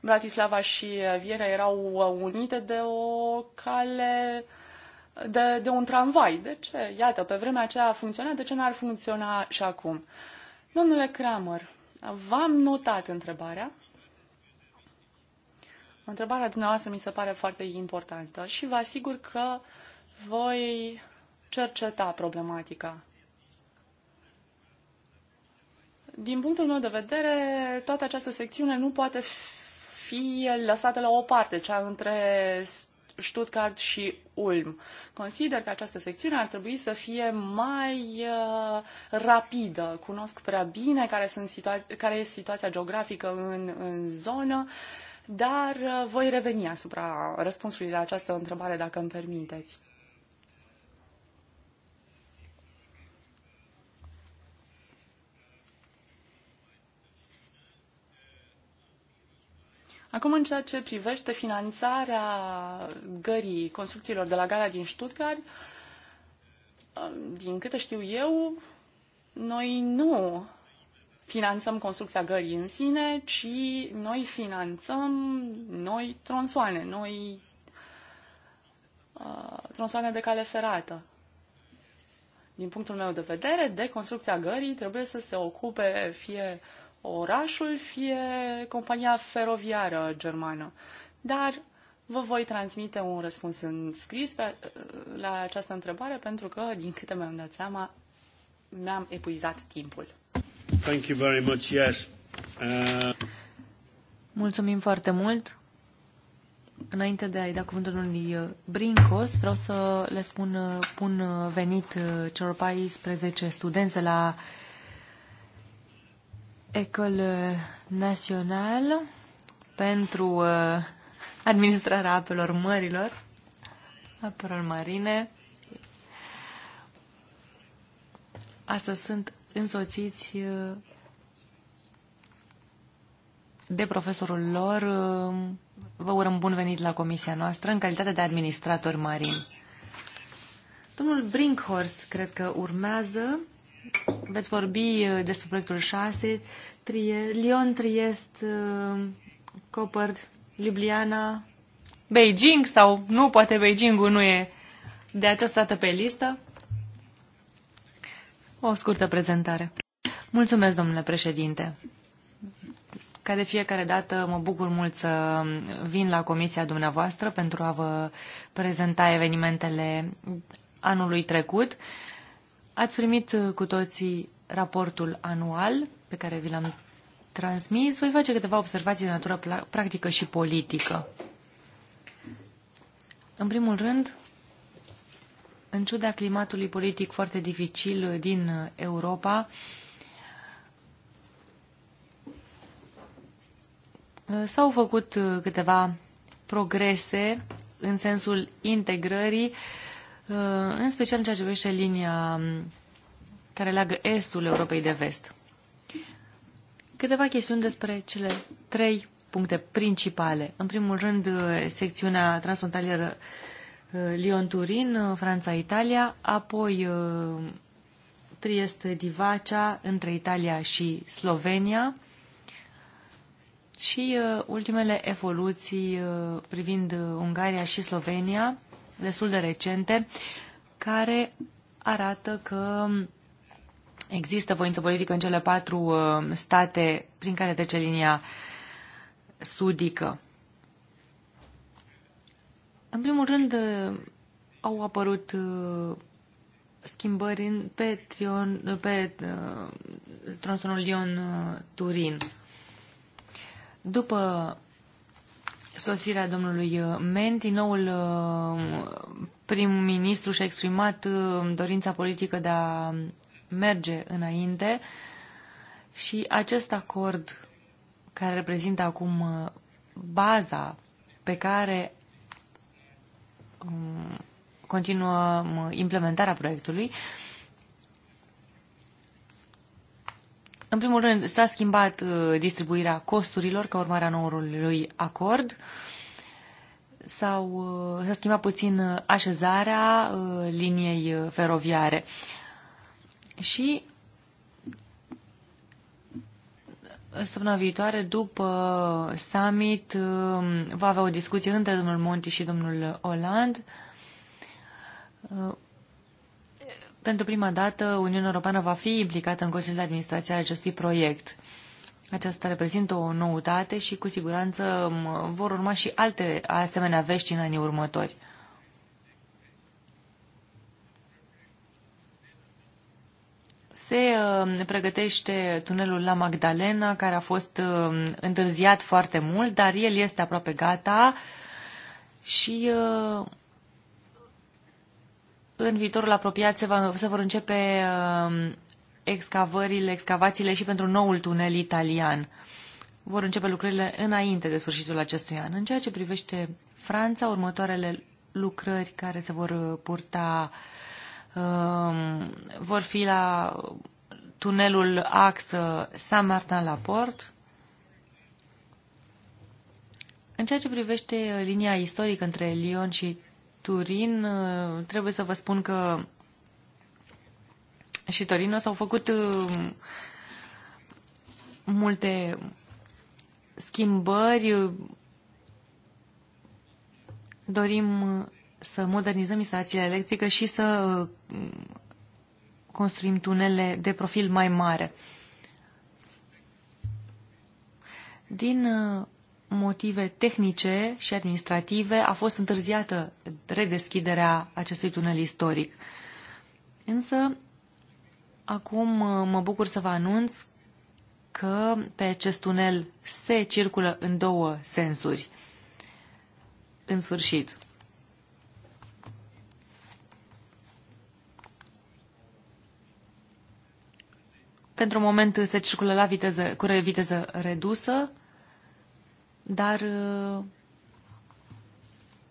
Bratislava și Viena, erau unite de o cale de, de un tramvai. De ce? Iată, pe vremea aceea funcționa, de ce n-ar funcționa și acum? Domnule Kramer, v-am notat întrebarea. Întrebarea dumneavoastră mi se pare foarte importantă și vă asigur că uh, voi cerceta problematica. Din punctul meu de vedere, toată această secțiune nu poate fi lăsată la o parte, cea între Stuttgart și Ulm. Consider că această secțiune ar trebui să fie mai uh, rapidă. Cunosc prea bine care, sunt situa- care este situația geografică în, în zonă, dar uh, voi reveni asupra răspunsului la această întrebare, dacă îmi permiteți. Acum, în ceea ce privește finanțarea gării construcțiilor de la gara din Stuttgart, din câte știu eu, noi nu finanțăm construcția gării în sine, ci noi finanțăm noi tronsoane, noi uh, tronsoane de cale ferată. Din punctul meu de vedere, de construcția gării trebuie să se ocupe fie uh, orașul, fie compania feroviară germană. Dar vă voi transmite un răspuns în scris pe, la această întrebare pentru că, din câte mi-am dat seama, mi-am epuizat timpul. Thank you very much. Yes. Uh... Mulțumim foarte mult. Înainte de a-i da cuvântul lui uh, Brincos, vreau să le spun pun uh, uh, venit celor 14 studenți de la Ecole Nationale pentru uh, administrarea apelor mărilor, apelor marine. Astăzi sunt însoțiți uh, de profesorul lor. Uh, vă urăm bun venit la comisia noastră în calitate de administrator marin. Domnul Brinkhorst, cred că urmează veți vorbi uh, despre proiectul 6, trie. Lyon, Triest, uh, Copăr, Ljubljana, Beijing sau nu, poate Beijingul nu e de această dată pe listă. O scurtă prezentare. Mulțumesc, domnule președinte. Ca de fiecare dată, mă bucur mult să vin la comisia dumneavoastră pentru a vă prezenta evenimentele anului trecut. Uh, Ați primit uh, cu toții raportul anual pe care vi l-am transmis. Voi face câteva observații de natură practică și politică. În primul rând, în ciuda climatului politic foarte dificil uh, din uh, Europa, s-au făcut câteva progrese în sensul integrării uh, Uh, în special în ceea ce privește linia um, care leagă estul Europei de vest. Câteva chestiuni despre cele trei puncte principale. În primul rând, uh, secțiunea transfrontalieră uh, Lyon-Turin, Franța-Italia, apoi Trieste-Divacea între Italia și Slovenia și ultimele evoluții privind Ungaria și Slovenia destul de recente care arată că există voință politică în cele patru uh, state prin care trece linia sudică. În primul rând, uh, au apărut uh, schimbări în pe, trion, pe tronsonul Lyon-Turin. După sosirea domnului uh, Menti, noul uh, prim-ministru și-a exprimat uh, dorința politică de a merge înainte și acest acord care reprezintă acum baza pe care um, continuă implementarea proiectului, În primul rând, s-a schimbat uh, distribuirea costurilor ca urmare a noului acord. sau uh, s-a schimbat puțin uh, așezarea liniei feroviare. Și săptămâna viitoare, după summit, um, va avea o discuție între domnul Monti și domnul Oland pentru prima dată, Uniunea Europeană va fi implicată în Consiliul de Administrație al acestui proiect. Aceasta reprezintă o noutate și cu siguranță vor urma și alte asemenea vești în anii următori. Se uh, pregătește tunelul la Magdalena, care a fost uh, întârziat foarte mult, dar el este aproape gata și uh, în viitorul apropiat se, va, se vor începe um, excavările, excavațiile și pentru noul tunel italian. Vor începe lucrările înainte de sfârșitul acestui an. În ceea ce privește Franța, următoarele lucrări care se vor purta uh, vor fi la tunelul AX Saint-Martin-la-Port. În ceea ce privește linia istorică între Lyon și Turin, uh, trebuie să vă spun că și Torino s-au făcut uh, multe schimbări. Dorim să modernizăm instalațiile electrice și să uh, construim tunele de profil mai mare. Din motive tehnice și administrative a fost întârziată redeschiderea acestui tunel istoric. Însă, acum uh, mă bucur să vă anunț că pe acest tunel se circulă în două sensuri. În sfârșit. Pentru moment se circulă la viteză, cu viteză redusă, dar uh,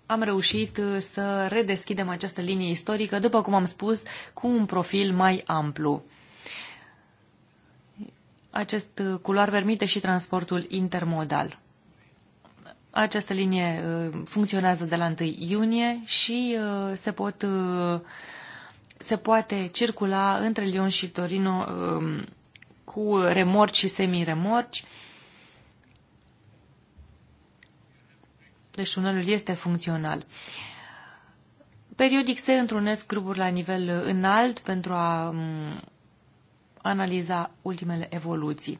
am reușit uh, să redeschidem această linie istorică, după cum am spus, cu un profil mai amplu. Acest uh, culoar permite și transportul intermodal. Această linie funcționează de la 1 iunie și se, pot, se poate circula între Lyon și Torino um, cu remorci și semiremorci. remorci leșunelul este funcțional. Periodic se întrunesc grupuri la nivel înalt pentru a analiza ultimele evoluții.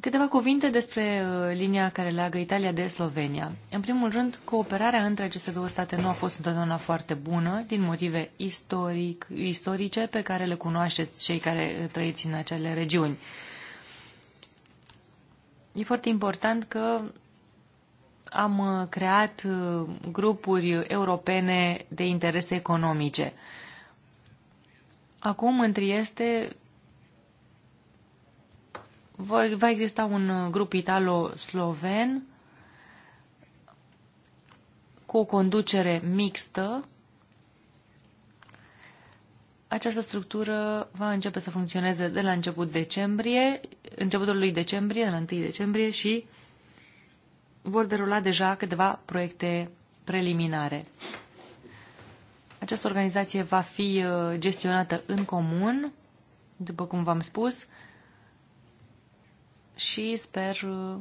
Câteva cuvinte despre uh, linia care leagă Italia de Slovenia. În primul rând, cooperarea între aceste două state nu a fost întotdeauna foarte bună, din motive istoric, istorice pe care le cunoașteți cei care trăiți în acele regiuni. E foarte important că am uh, creat uh, grupuri europene de interese economice. Acum, în Trieste, va exista un uh, grup italo-sloven cu o conducere mixtă această structură va începe să funcționeze de la început decembrie, începutul lui decembrie, de la 1 decembrie și vor derula deja câteva proiecte preliminare. Această organizație va fi uh, gestionată în comun, după cum v-am spus, și sper uh,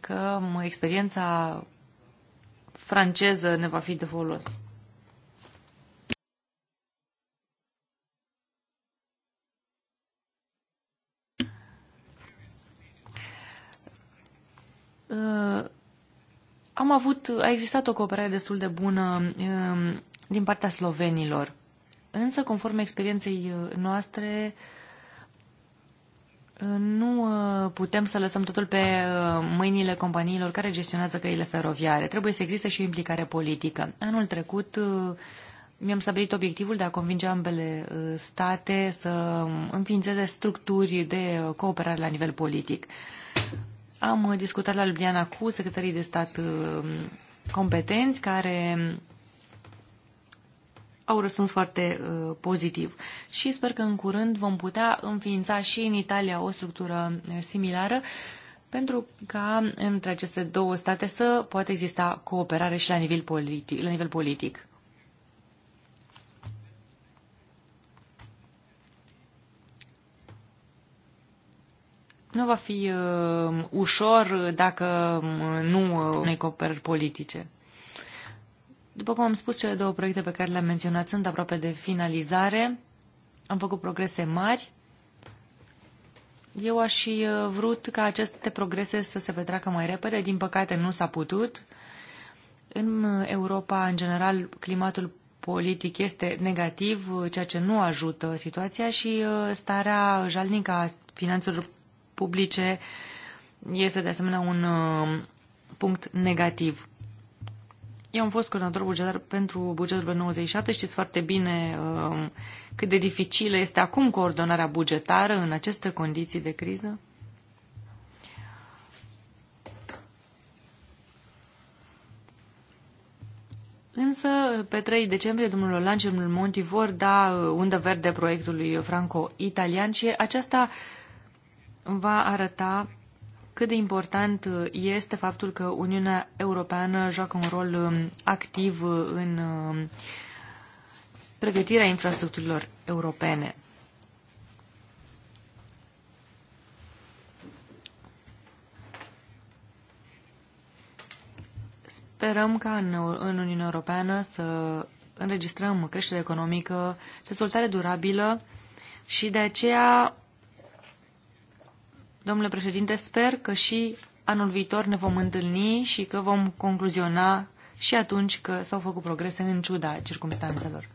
că experiența franceză ne va fi de folos. Uh, am avut, a existat o cooperare destul de bună um, din partea slovenilor. Însă, conform experienței uh, noastre, uh, nu putem să lăsăm totul pe mâinile companiilor care gestionează căile feroviare. Trebuie să existe și o implicare politică. Anul trecut mi-am stabilit obiectivul de a convinge ambele state să um, înființeze structuri de cooperare la nivel politic. Am uh, discutat la Ljubljana cu secretarii de stat uh, competenți care au răspuns foarte uh, pozitiv și sper că în curând vom putea înființa și în Italia o structură uh, similară pentru ca între aceste două state să poată exista cooperare și la nivel politic. La nivel politic. Nu va fi uh, ușor dacă uh, nu uh, unei cooperări politice. După cum am spus, cele două proiecte pe care le-am menționat sunt aproape de finalizare. Am făcut progrese mari. Eu aș fi uh, vrut ca aceste progrese să se petreacă mai repede. Din păcate, nu s-a putut. În uh, Europa, în general, climatul politic este negativ, ceea ce nu ajută situația și starea jalnică a finanțelor publice este de asemenea un uh, punct negativ. Eu am fost coordonator bugetar pentru bugetul pe 97, știți foarte bine uh, cât de dificilă este acum coordonarea bugetară în aceste condiții de criză. Însă, pe 3 decembrie, domnul Olan și domnul Monti vor da uh, undă verde proiectului franco-italian și aceasta uh, va arăta cât de important uh, este faptul că Uniunea Europeană joacă un rol um, activ uh, în um, pregătirea infrastructurilor europene. Sperăm ca în, în Uniunea Europeană să înregistrăm creștere economică, dezvoltare durabilă și de aceea Domnule președinte, sper că și anul viitor ne vom întâlni și că vom concluziona și atunci că s-au făcut progrese în ciuda circumstanțelor.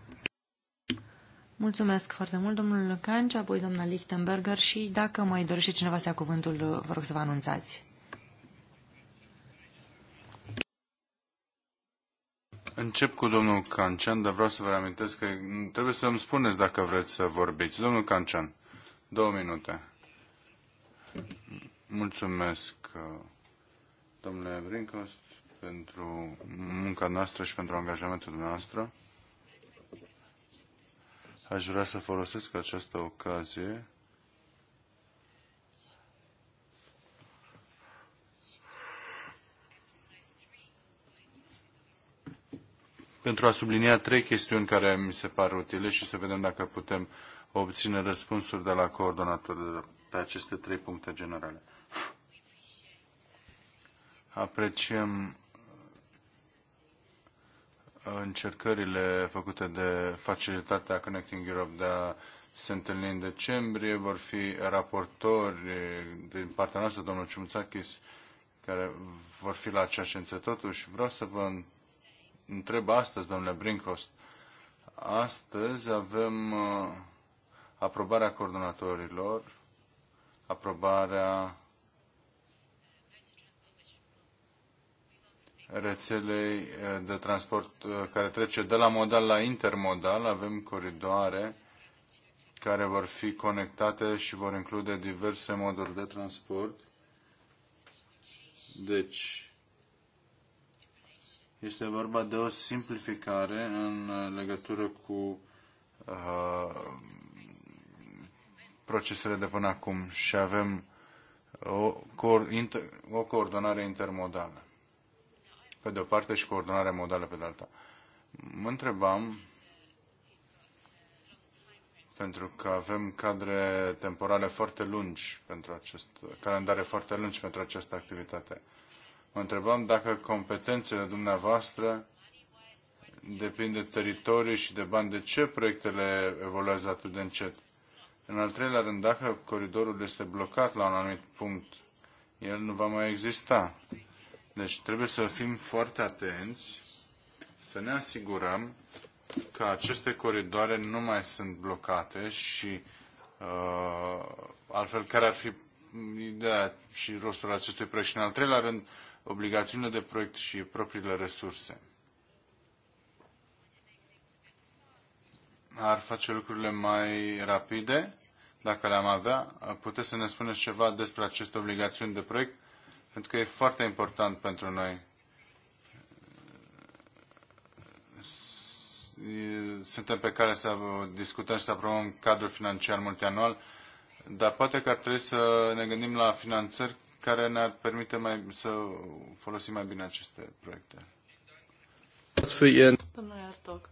Mulțumesc foarte mult, domnul Canci, apoi doamna Lichtenberger și dacă mai dorește cineva să ia cuvântul, vă rog să vă anunțați. Încep cu domnul Cancian, dar vreau să vă reamintesc că trebuie să îmi spuneți dacă vreți să vorbiți. Domnul Cancian, două minute. Mulțumesc, domnule Brincost, pentru munca noastră și pentru angajamentul noastră. Aș vrea să folosesc această ocazie pentru a sublinia trei chestiuni care mi se par utile și să vedem dacă putem obține răspunsuri de la coordonatorul pe aceste trei puncte generale. Apreciem uh, încercările făcute de facilitatea Connecting Europe de a se întâlni în decembrie. Vor fi raportori din partea noastră, domnul Ciumțachis, care vor fi la acea ședință totuși. Vreau să vă întreb astăzi, domnule Brinkost, astăzi avem uh, aprobarea coordonatorilor aprobarea rețelei eh, de transport eh, care trece de la modal la intermodal. Avem coridoare care vor fi conectate și vor include diverse moduri de transport. Deci, este vorba de o simplificare în eh, legătură cu uh, procesele de până acum și avem o, o coordonare intermodală pe de o parte și coordonarea modală pe de alta. Mă întrebam, pentru că avem cadre temporale foarte lungi pentru acest, calendare foarte lungi pentru această activitate. Mă întrebam dacă competențele dumneavoastră depind de teritorii și de bani. De ce proiectele evoluează atât de încet? În al treilea rând, dacă coridorul este blocat la un anumit punct, el nu va mai exista. Deci trebuie să fim foarte atenți, să ne asigurăm că aceste coridoare nu mai sunt blocate și uh, altfel care ar fi ideea și rostul acestui proiect. Și în al treilea rând, obligațiunile de proiect și propriile resurse. ar face lucrurile mai rapide, dacă le-am avea. Puteți să ne spuneți ceva despre aceste obligațiuni de proiect, pentru că e foarte important pentru noi. Suntem pe care să discutăm și să aprobăm cadrul financiar multianual, dar poate că ar trebui să ne gândim la finanțări care ne-ar permite mai, să folosim mai bine aceste proiecte. Domnule Artoc,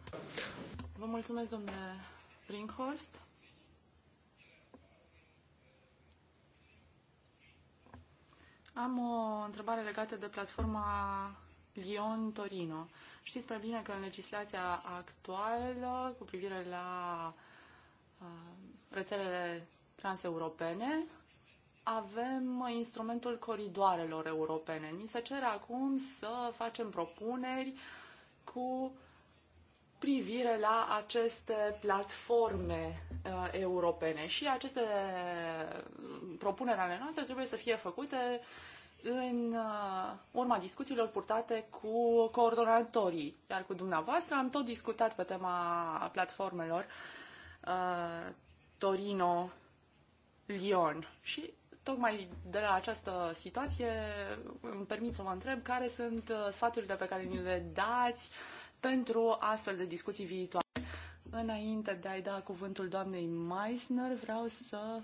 Vă mulțumesc, domnule Brinkhorst. Am o întrebare legată de platforma Lyon-Torino. Știți prea bine că în legislația actuală cu privire la uh, rețelele transeuropene avem instrumentul coridoarelor europene. Ni se cere acum să facem propuneri cu uh, privire la aceste platforme uh, europene și aceste uh, propuneri ale noastre trebuie să fie făcute în uh, urma discuțiilor purtate cu coordonatorii. Iar cu dumneavoastră am tot discutat pe tema platformelor uh, Torino-Lyon și tocmai de la această situație îmi permit să mă întreb care sunt uh, sfaturile pe care mi le dați uh, pentru astfel de discuții viitoare. Înainte de a-i da cuvântul doamnei Meissner, vreau să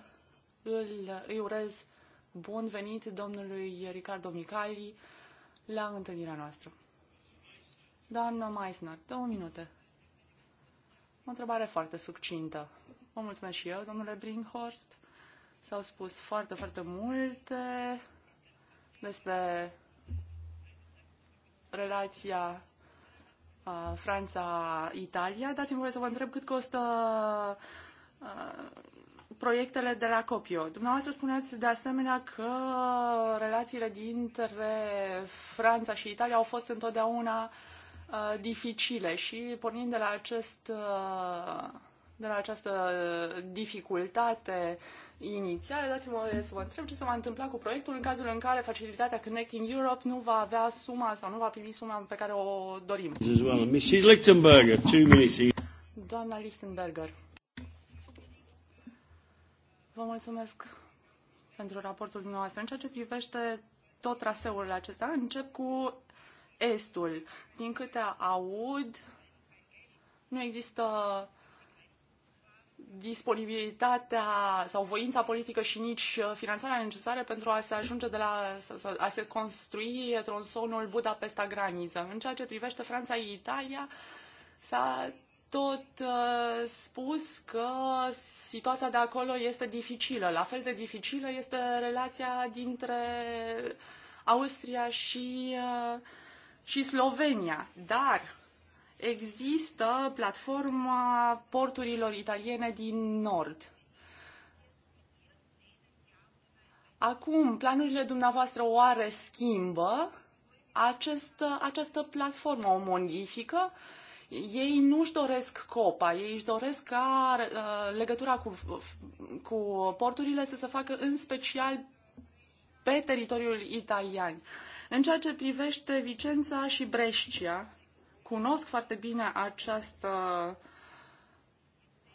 îl, îi urez bun venit domnului Ricardo Micali la întâlnirea noastră. Doamna Meissner, două minute. O întrebare foarte succintă. Vă mulțumesc și eu, domnule Brinkhorst. S-au spus foarte, foarte multe despre relația Franța-Italia. Dați-mi voie să vă întreb cât costă proiectele de la Copio. Dumneavoastră spuneați de asemenea că relațiile dintre Franța și Italia au fost întotdeauna dificile și pornind de la acest de la această uh, dificultate inițială, dați-mi voie să vă întreb ce se va întâmpla cu proiectul în cazul în care facilitatea Connecting Europe nu va avea suma sau nu va primi suma pe care o dorim. Mrs. Lichtenberger, two minutes. Doamna Lichtenberger, vă mulțumesc pentru raportul dumneavoastră. În ceea ce privește tot traseurile acestea, încep cu estul. Din câte aud, nu există disponibilitatea sau voința politică și nici uh, finanțarea necesară pentru a se ajunge de la, a se construi tronsonul Budapesta graniță. În ceea ce privește Franța și Italia, s-a tot uh, spus că situația de acolo este dificilă. La fel de dificilă este relația dintre Austria și, uh, și Slovenia. Dar există platforma porturilor italiene din Nord. Acum, planurile dumneavoastră oare schimbă acest, această platformă, o modifică? Ei nu-și doresc copa, ei își doresc ca uh, legătura cu, cu porturile să se facă în special pe teritoriul italian. În ceea ce privește Vicența și Brescia, cunosc foarte bine această,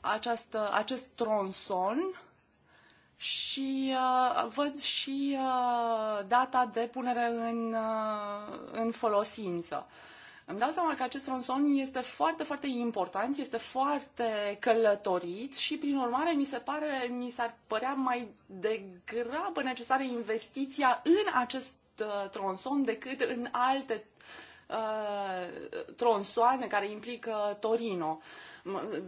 această, acest tronson și uh, văd și uh, data de punere în, uh, în folosință. Îmi dau seama că acest tronson este foarte, foarte important, este foarte călătorit și, prin urmare, mi se pare, mi s-ar părea mai degrabă necesară investiția în acest uh, tronson decât în alte uh, tronsoane care implică Torino.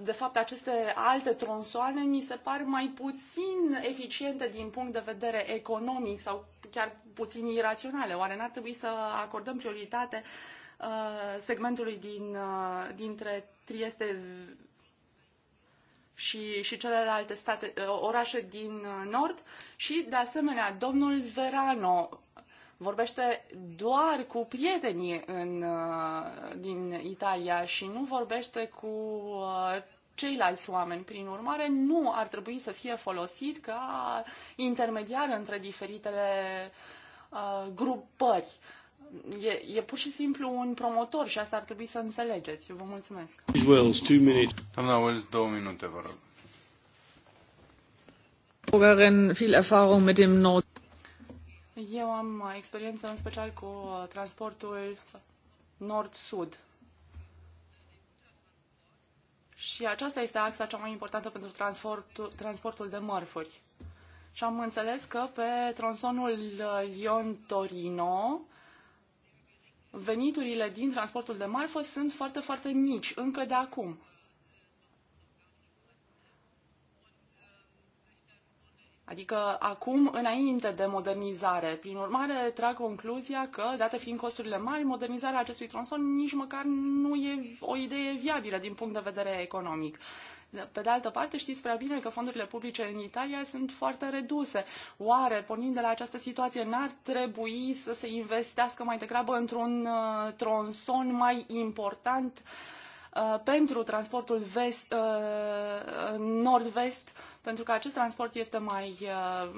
De fapt, aceste alte tronsoane mi se par mai puțin eficiente din punct de vedere economic sau chiar puțin iraționale. Oare n-ar trebui să acordăm prioritate uh, segmentului din, uh, dintre Trieste și, și celelalte state, uh, orașe din nord și, de asemenea, domnul Verano vorbește doar cu prietenii în, uh, din Italia și nu vorbește cu uh, ceilalți oameni. Prin urmare, nu ar trebui să fie folosit ca intermediar între diferitele uh, grupări. E, e pur și simplu un promotor și asta ar trebui să înțelegeți. Vă mulțumesc. Wells, Doamna Wells, două minute, vă rog. Bulgarin, viel Erfahrung mit dem Nord. Eu am experiență în special cu uh, transportul nord-sud. Și aceasta este axa cea mai importantă pentru transportul, transportul de mărfuri. Și am înțeles că pe tronsonul uh, Lyon-Torino veniturile din transportul de marfă sunt foarte, foarte mici, încă de acum. Adică acum, înainte de modernizare. Prin urmare, trag concluzia că, date fiind costurile mari, modernizarea acestui tronson nici măcar nu e o idee viabilă din punct de vedere economic. Pe de altă parte, știți prea bine că fondurile publice în Italia sunt foarte reduse. Oare, pornind de la această situație, n-ar trebui să se investească mai degrabă într-un uh, tronson mai important uh, Uh, pentru transportul vest, uh, nord-vest, pentru că acest transport este mai uh,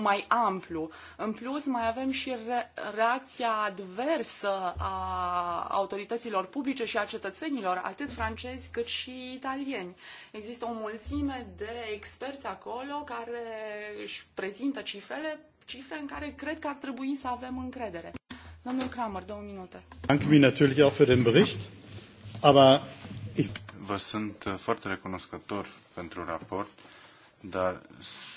mai amplu. În plus, mai avem și re- reacția adversă a autorităților publice și a cetățenilor, atât francezi cât și italieni. Există o mulțime de experți acolo care își prezintă cifrele, cifre în care cred că ar trebui să avem încredere. Vă sunt uh, foarte recunoscător pentru raport, dar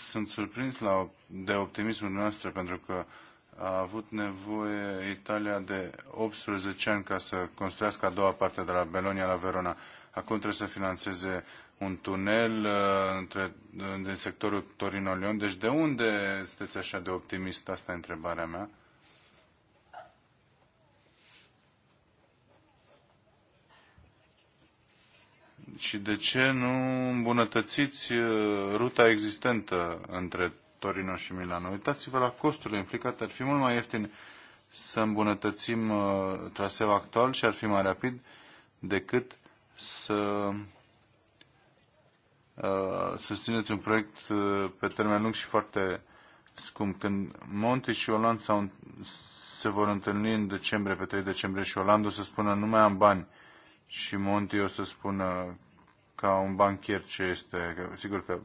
sunt surprins la, de optimismul noastră pentru că a avut nevoie Italia de 18 ani ca să construiască a doua parte de la Belonia la Verona. Acum trebuie să financeze un tunel uh, între, din sectorul Torino-Lyon. Deci de unde sunteți așa de optimist? Asta e întrebarea mea. și de ce nu îmbunătățiți uh, ruta existentă între Torino și Milano? Uitați-vă la costurile implicate. Ar fi mult mai ieftin să îmbunătățim uh, traseul actual și ar fi mai rapid decât să uh, susțineți un proiect pe termen lung și foarte scump. Când Monti și Oland s-au, se vor întâlni în decembrie, pe 3 decembrie, și Oland o să spună nu mai am bani și Monti o să spună ca un banchier ce este, că, sigur că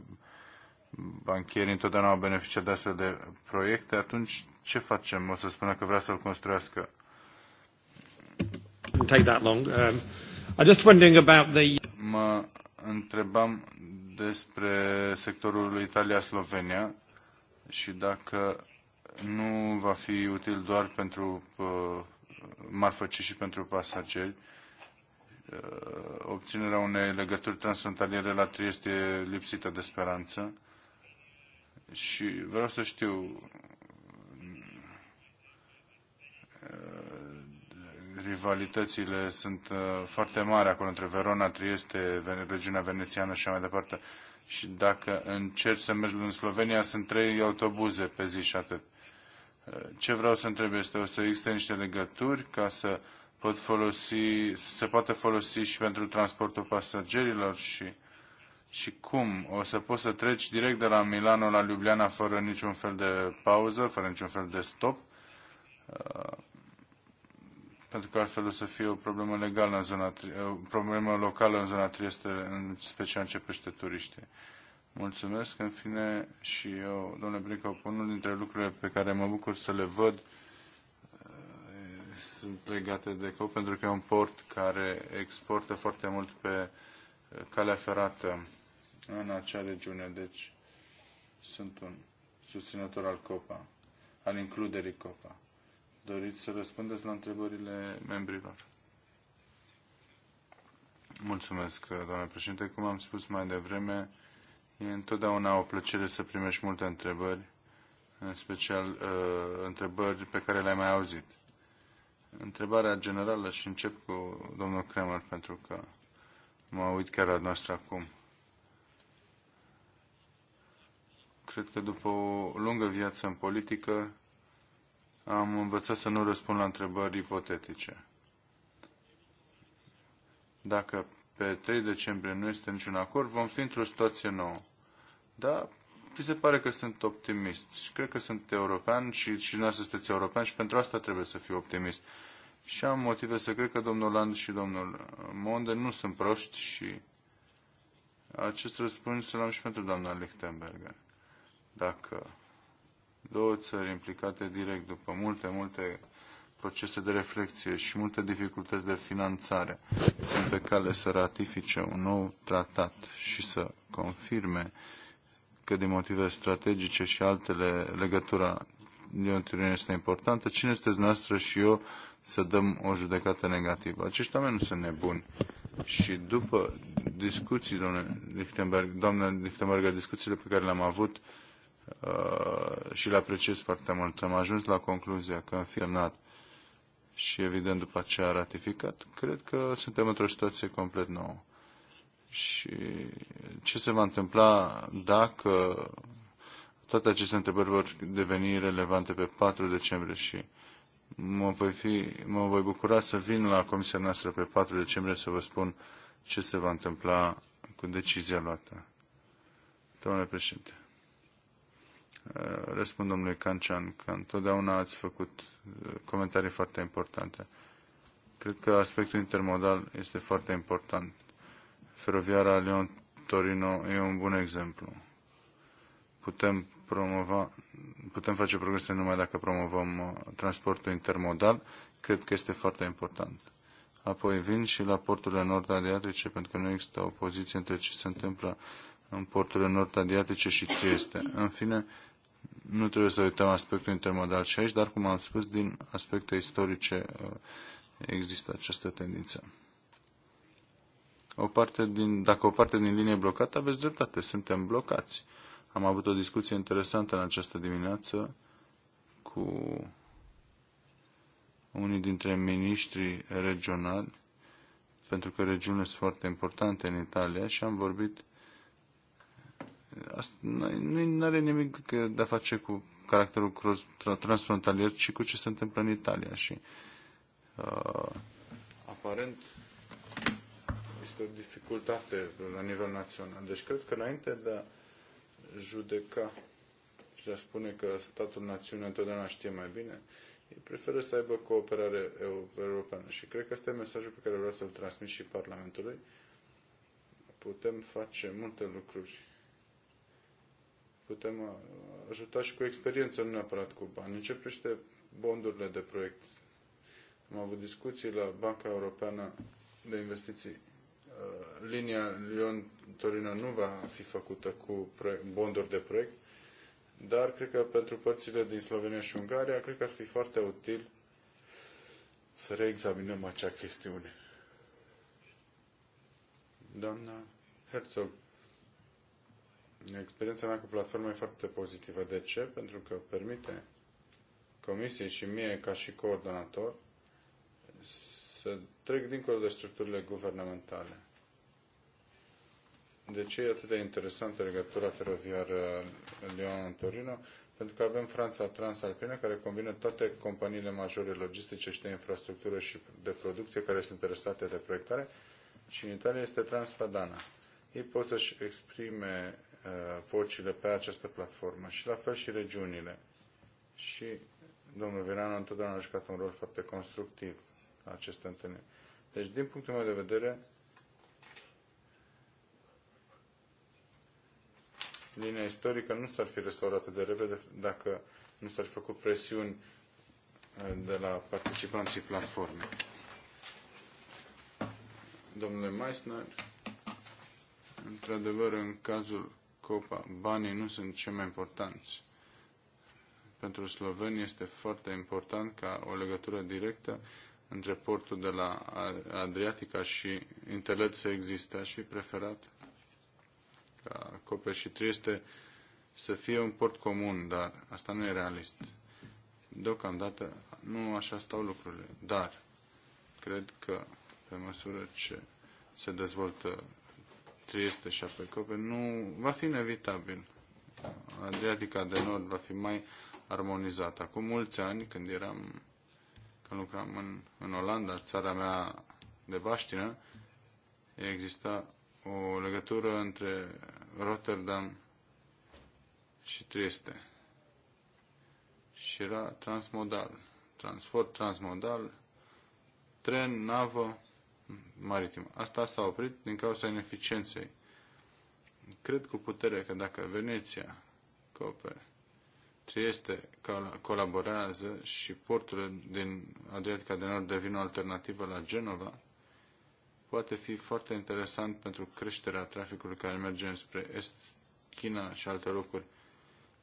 banchierii întotdeauna au beneficiat de astfel de proiecte, atunci ce facem? O să spună că vrea să-l construiască. Take that long. Um, I'm just wondering about the... Mă întrebam despre sectorul Italia-Slovenia și dacă nu va fi util doar pentru uh, marfă, ci și pentru pasageri Uh, obținerea unei legături transfrontaliere la Trieste e lipsită de speranță. Și vreau să știu uh, rivalitățile sunt uh, foarte mari acolo între Verona, Trieste, regiunea venețiană și mai departe. Și dacă încerci să mergi în Slovenia, sunt trei autobuze pe zi și atât. Ce vreau să întreb este, o să existe niște legături ca să uh, pot folosi, se poate folosi și pentru transportul pasagerilor și, și cum? O să poți să treci direct de la Milano la Ljubljana fără niciun fel de pauză, fără niciun fel de stop? Uh, pentru că altfel o să fie o problemă legală în zona, o problemă locală în zona Trieste, în special în ce turiștii. Mulțumesc, în fine, și eu, domnule Brincă, unul dintre lucrurile pe care mă bucur să le văd sunt legate de cău, pentru că e un port care exportă foarte mult pe eh, calea ferată în acea regiune. Deci sunt un susținător al COPA, al includerii COPA. Doriți să răspundeți la întrebările membrilor? Mulțumesc, eh, doamne președinte. Cum am spus mai devreme, e întotdeauna o plăcere să primești multe întrebări, în special uh, întrebări pe care le-ai mai auzit întrebarea generală și încep cu domnul Kramer pentru că mă uit chiar la noastră acum. Cred că după o lungă viață în politică am învățat să nu răspund la întrebări ipotetice. Dacă pe 3 decembrie nu este niciun acord, vom fi într-o situație nouă. Da, ți se pare că sunt optimist. Și cred că sunt european și, și noi sunteți european și pentru asta trebuie să fiu optimist. Și am motive să cred că domnul Land și domnul Monde nu sunt proști și acest răspuns l-am și pentru doamna Lichtenberger. Dacă două țări implicate direct după multe, multe procese de reflexie și multe dificultăți de finanțare sunt pe cale să ratifice un nou tratat și să confirme că din motive strategice și altele legătura de Uniune este importantă. Cine sunteți noastră și eu să dăm o judecată negativă? Acești oameni nu sunt nebuni. Și după discuții, doamne Lichtenberg, doamne Lichtenberg, discuțiile pe care le-am avut uh, și le apreciez foarte mult, am ajuns la concluzia că am fi semnat și evident după aceea ratificat, cred că suntem într-o situație complet nouă și ce se va întâmpla dacă toate aceste întrebări vor deveni relevante pe 4 decembrie și mă voi, fi, mă voi bucura să vin la comisia noastră pe 4 decembrie să vă spun ce se va întâmpla cu decizia luată. Domnule președinte, răspund domnului Cancian că întotdeauna ați făcut uh, comentarii foarte importante. Cred că aspectul intermodal este foarte important Feroviara Lyon-Torino e un bun exemplu. Putem promova, putem face progrese numai dacă promovăm uh, transportul intermodal. Cred că este foarte important. Apoi vin și la porturile nord-adriatice, pentru că nu există o poziție între ce se întâmplă în porturile nord-adriatice și Trieste. În fine, nu trebuie să uităm aspectul intermodal și aici, dar, cum am spus, din aspecte istorice uh, există această tendință o parte din, dacă o parte din linie e blocată, aveți dreptate, suntem blocați. Am avut o discuție interesantă în această dimineață cu unii dintre miniștrii regionali, pentru că regiunile sunt foarte importante în Italia și am vorbit Asta nu are nimic de a face cu caracterul transfrontalier, ci cu ce se întâmplă în Italia. Și uh, aparent există o dificultate la nivel național. Deci cred că înainte de a judeca și de a spune că statul națiune întotdeauna știe mai bine, ei preferă să aibă cooperare europeană. Și cred că este mesajul pe care vreau să-l transmit și Parlamentului. Putem face multe lucruri. Putem uh, ajuta și cu experiență, nu neapărat cu bani. Începește bondurile de proiect. Am avut discuții la Banca Europeană de Investiții Uh, linia Lyon-Torino nu va fi făcută cu bonduri de proiect, dar cred că pentru părțile din Slovenia și Ungaria, cred că ar fi foarte util să reexaminăm acea chestiune. Doamna Herzog, experiența mea cu platforma e foarte pozitivă. De ce? Pentru că permite comisiei și mie ca și coordonator să trec dincolo de structurile guvernamentale de ce e atât de interesantă legătura feroviară Lyon-Torino? Pentru că avem Franța Transalpină, care combină toate companiile majore logistice și de infrastructură și de producție care sunt interesate de proiectare și în Italia este Transpadana. Ei pot să-și exprime uh, vocile pe această platformă și la fel și regiunile. Și domnul Virano întotdeauna a jucat un rol foarte constructiv la aceste întâlniri. Deci, din punctul meu de vedere, linia istorică nu s-ar fi restaurat de repede dacă nu s-ar fi făcut presiuni eh, de la participanții platformei. Domnule Meissner, într-adevăr, în cazul Copa, banii nu sunt cei mai importanți. Pentru sloveni este foarte important ca o legătură directă între portul de la Adriatica și internet să existe. Aș fi preferat ca cop și Trieste să fie un port comun, dar asta nu e realist. Deocamdată nu așa stau lucrurile, dar cred că pe măsură ce se dezvoltă Trieste și apoi Cope, nu va fi inevitabil. Adriatica de Nord va fi mai armonizată. Acum mulți ani, când eram, când lucram în, în Olanda, țara mea de baștină, exista o legătură între Rotterdam și Trieste. Și era transmodal, transport transmodal, tren, navă, maritim. Asta s-a oprit din cauza ineficienței. Cred cu putere că dacă Veneția coopere, Trieste colaborează și porturile din Adriatica de Nord devin o alternativă la Genova, poate fi foarte interesant pentru creșterea traficului care merge spre Est, China și alte locuri.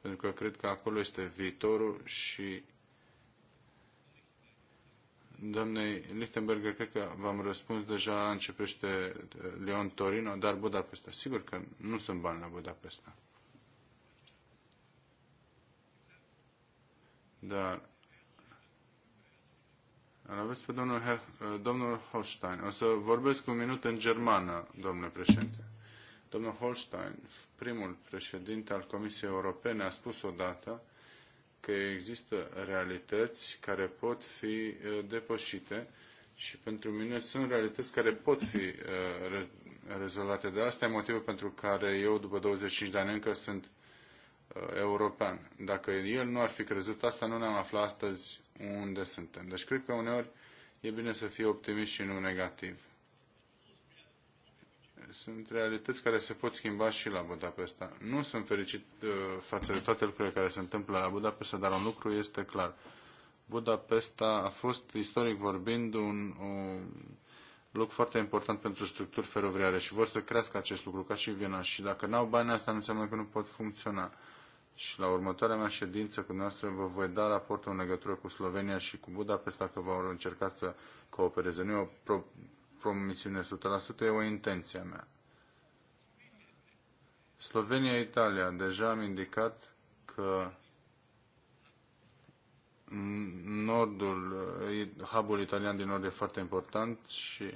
Pentru că cred că acolo este viitorul și doamnei Lichtenberger, cred că v-am răspuns deja, începește uh, Leon Torino, dar Budapesta. Sigur că nu sunt bani la Budapesta. Dar îl aveți pe domnul, Her- eh, domnul Holstein. O să vorbesc un minut în germană, domnule președinte. Domnul Holstein, primul președinte al Comisiei Europene, a spus odată că există realități care pot fi eh, depășite și pentru mine sunt realități care pot fi eh, rezolvate. De asta e motivul pentru care eu, după 25 de ani, încă sunt european. Dacă el nu ar fi crezut asta, nu ne-am aflat astăzi unde suntem. Deci cred că uneori e bine să fii optimist și nu negativ. Sunt realități care se pot schimba și la Budapesta. Nu sunt fericit uh, față de toate lucrurile care se întâmplă la Budapesta, dar un lucru este clar. Budapesta a fost, istoric vorbind, un, un loc foarte important pentru structuri feroviare și vor să crească acest lucru, ca și Viena. Și dacă n-au bani, asta nu înseamnă că nu pot funcționa și la următoarea mea ședință cu noastră vă voi da raportul în legătură cu Slovenia și cu Budapesta că vor încerca să coopereze. Nu e o pro- promisiune 100%, e o intenție a mea. Slovenia-Italia. Deja am indicat că nordul, hubul italian din nord e foarte important și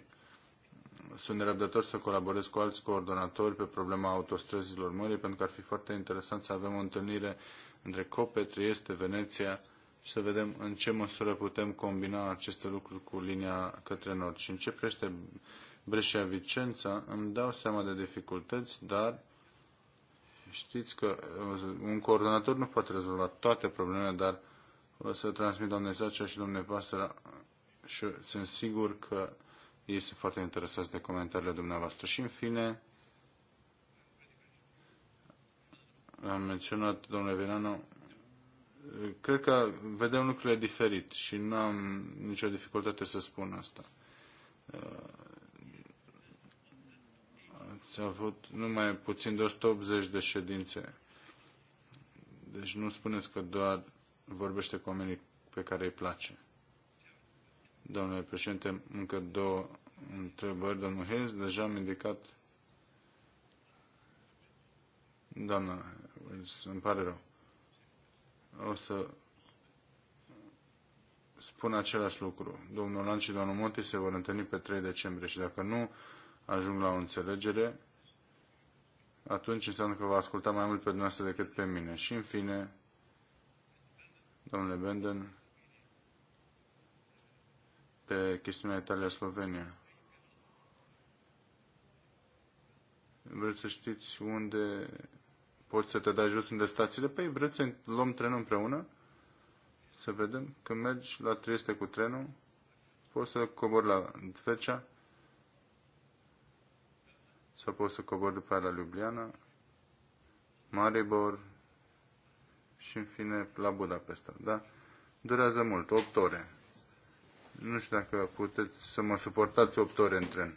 sunt nerăbdător să colaborez cu alți coordonatori pe problema autostrăzilor mării, pentru că ar fi foarte interesant să avem o întâlnire între Cope, Trieste, Veneția și să vedem în ce măsură putem combina aceste lucruri cu linia către nord. Și în ce crește Breșia Vicența, îmi dau seama de dificultăți, dar știți că uh, un coordonator nu poate rezolva toate problemele, dar o să transmit doamne Zacea și domnule Pasăra și sunt sigur că ei sunt foarte interesați de comentariile dumneavoastră. Și în fine, am menționat, domnule Virano, cred că vedem lucrurile diferit și nu am nicio dificultate să spun asta. Ați avut numai puțin de 180 de ședințe. Deci nu spuneți că doar vorbește cu oamenii pe care îi place. Domnule președinte, încă două întrebări. Domnul Hez, deja am indicat. Doamna, îmi pare rău. O să spun același lucru. Domnul Lan și domnul Monti se vor întâlni pe 3 decembrie și dacă nu ajung la o înțelegere, atunci înseamnă că va asculta mai mult pe dumneavoastră decât pe mine. Și în fine, domnule Benden, pe chestiunea Italia-Slovenia. Vreți să știți unde poți să te dai jos unde stațiile? Păi vreți să luăm trenul împreună? Să vedem. Când mergi la Trieste cu trenul, poți să cobori la Fecea sau poți să cobori după aia la Ljubljana, Maribor și în fine la Budapesta. Da? Durează mult, 8 ore. Nu știu dacă puteți să mă suportați 8 ore în tren.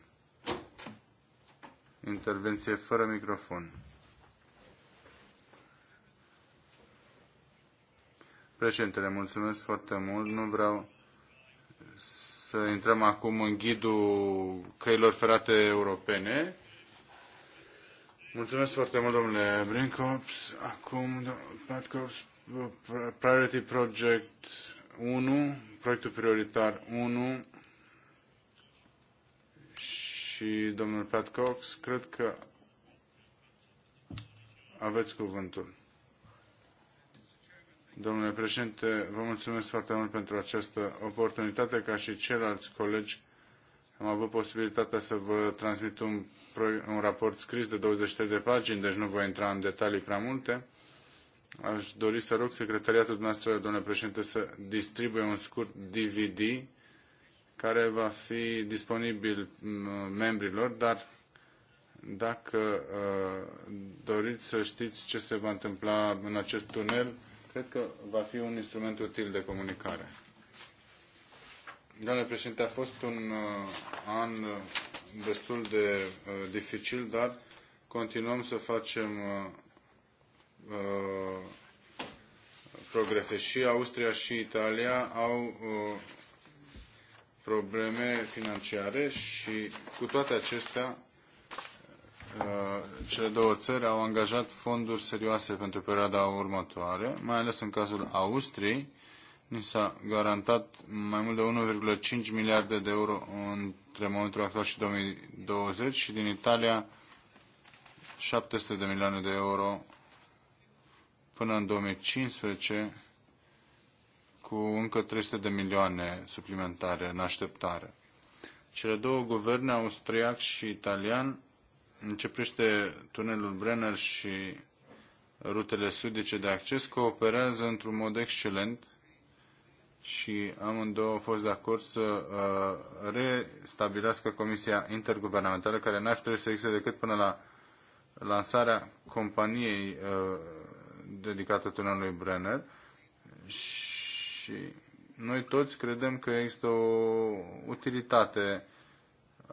Intervenție fără microfon. Președintele, mulțumesc foarte mult. Nu vreau să intrăm acum în ghidul căilor ferate europene. Mulțumesc foarte mult, domnule Brincops. Acum, Patcops, Priority Project 1, proiectul prioritar 1 și domnul Pat Cox, cred că aveți cuvântul. Domnule președinte, vă mulțumesc foarte mult pentru această oportunitate. Ca și ceilalți colegi, am avut posibilitatea să vă transmit un, un raport scris de 23 de pagini, deci nu voi intra în detalii prea multe. Aș dori să rog secretariatul dumneavoastră, domnule președinte, să distribuie un scurt DVD care va fi disponibil mm, membrilor, dar dacă uh, doriți să știți ce se va întâmpla în acest tunel, cred că va fi un instrument util de comunicare. Doamne președinte, a fost un uh, an uh, destul de uh, dificil, dar continuăm să facem uh, Uh, progrese. Și Austria și Italia au uh, probleme financiare și cu toate acestea uh, cele două țări au angajat fonduri serioase pentru perioada următoare, mai ales în cazul Austriei. Ni s-a garantat mai mult de 1,5 miliarde de euro între momentul actual și 2020 și din Italia 700 de milioane de euro până în 2015 cu încă 300 de milioane suplimentare în așteptare. Cele două guverne, austriac și italian, începește tunelul Brenner și rutele sudice de acces, cooperează într-un mod excelent și amândouă au fost de acord să uh, restabilească Comisia Interguvernamentală, care n-ar trebui să existe decât până la lansarea companiei uh, dedicată tunelului Brenner și noi toți credem că există o utilitate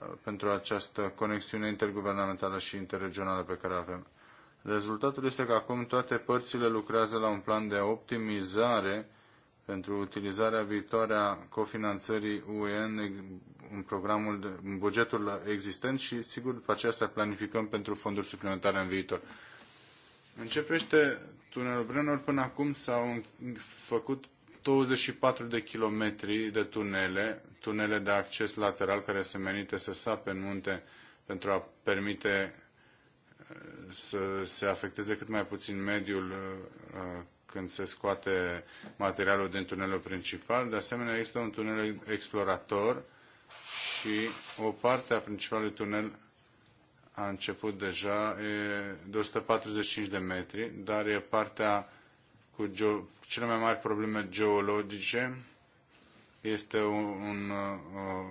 uh, pentru această conexiune interguvernamentală și interregională pe care avem. Rezultatul este că acum toate părțile lucrează la un plan de optimizare pentru utilizarea viitoare a cofinanțării UN în, programul de, în bugetul existent și, sigur, după aceea să planificăm pentru fonduri suplimentare în viitor. Începește Tunelul tunelobrelor până acum s-au făcut 24 de kilometri de tunele, tunele de acces lateral care se menite să sape în munte pentru a permite uh, să se afecteze cât mai puțin mediul uh, când se scoate materialul din tunelul principal. De asemenea, există un tunel explorator și o parte a principalului tunel a început deja, e de 145 de metri, dar e partea cu geo, cele mai mari probleme geologice. Este un, un, uh,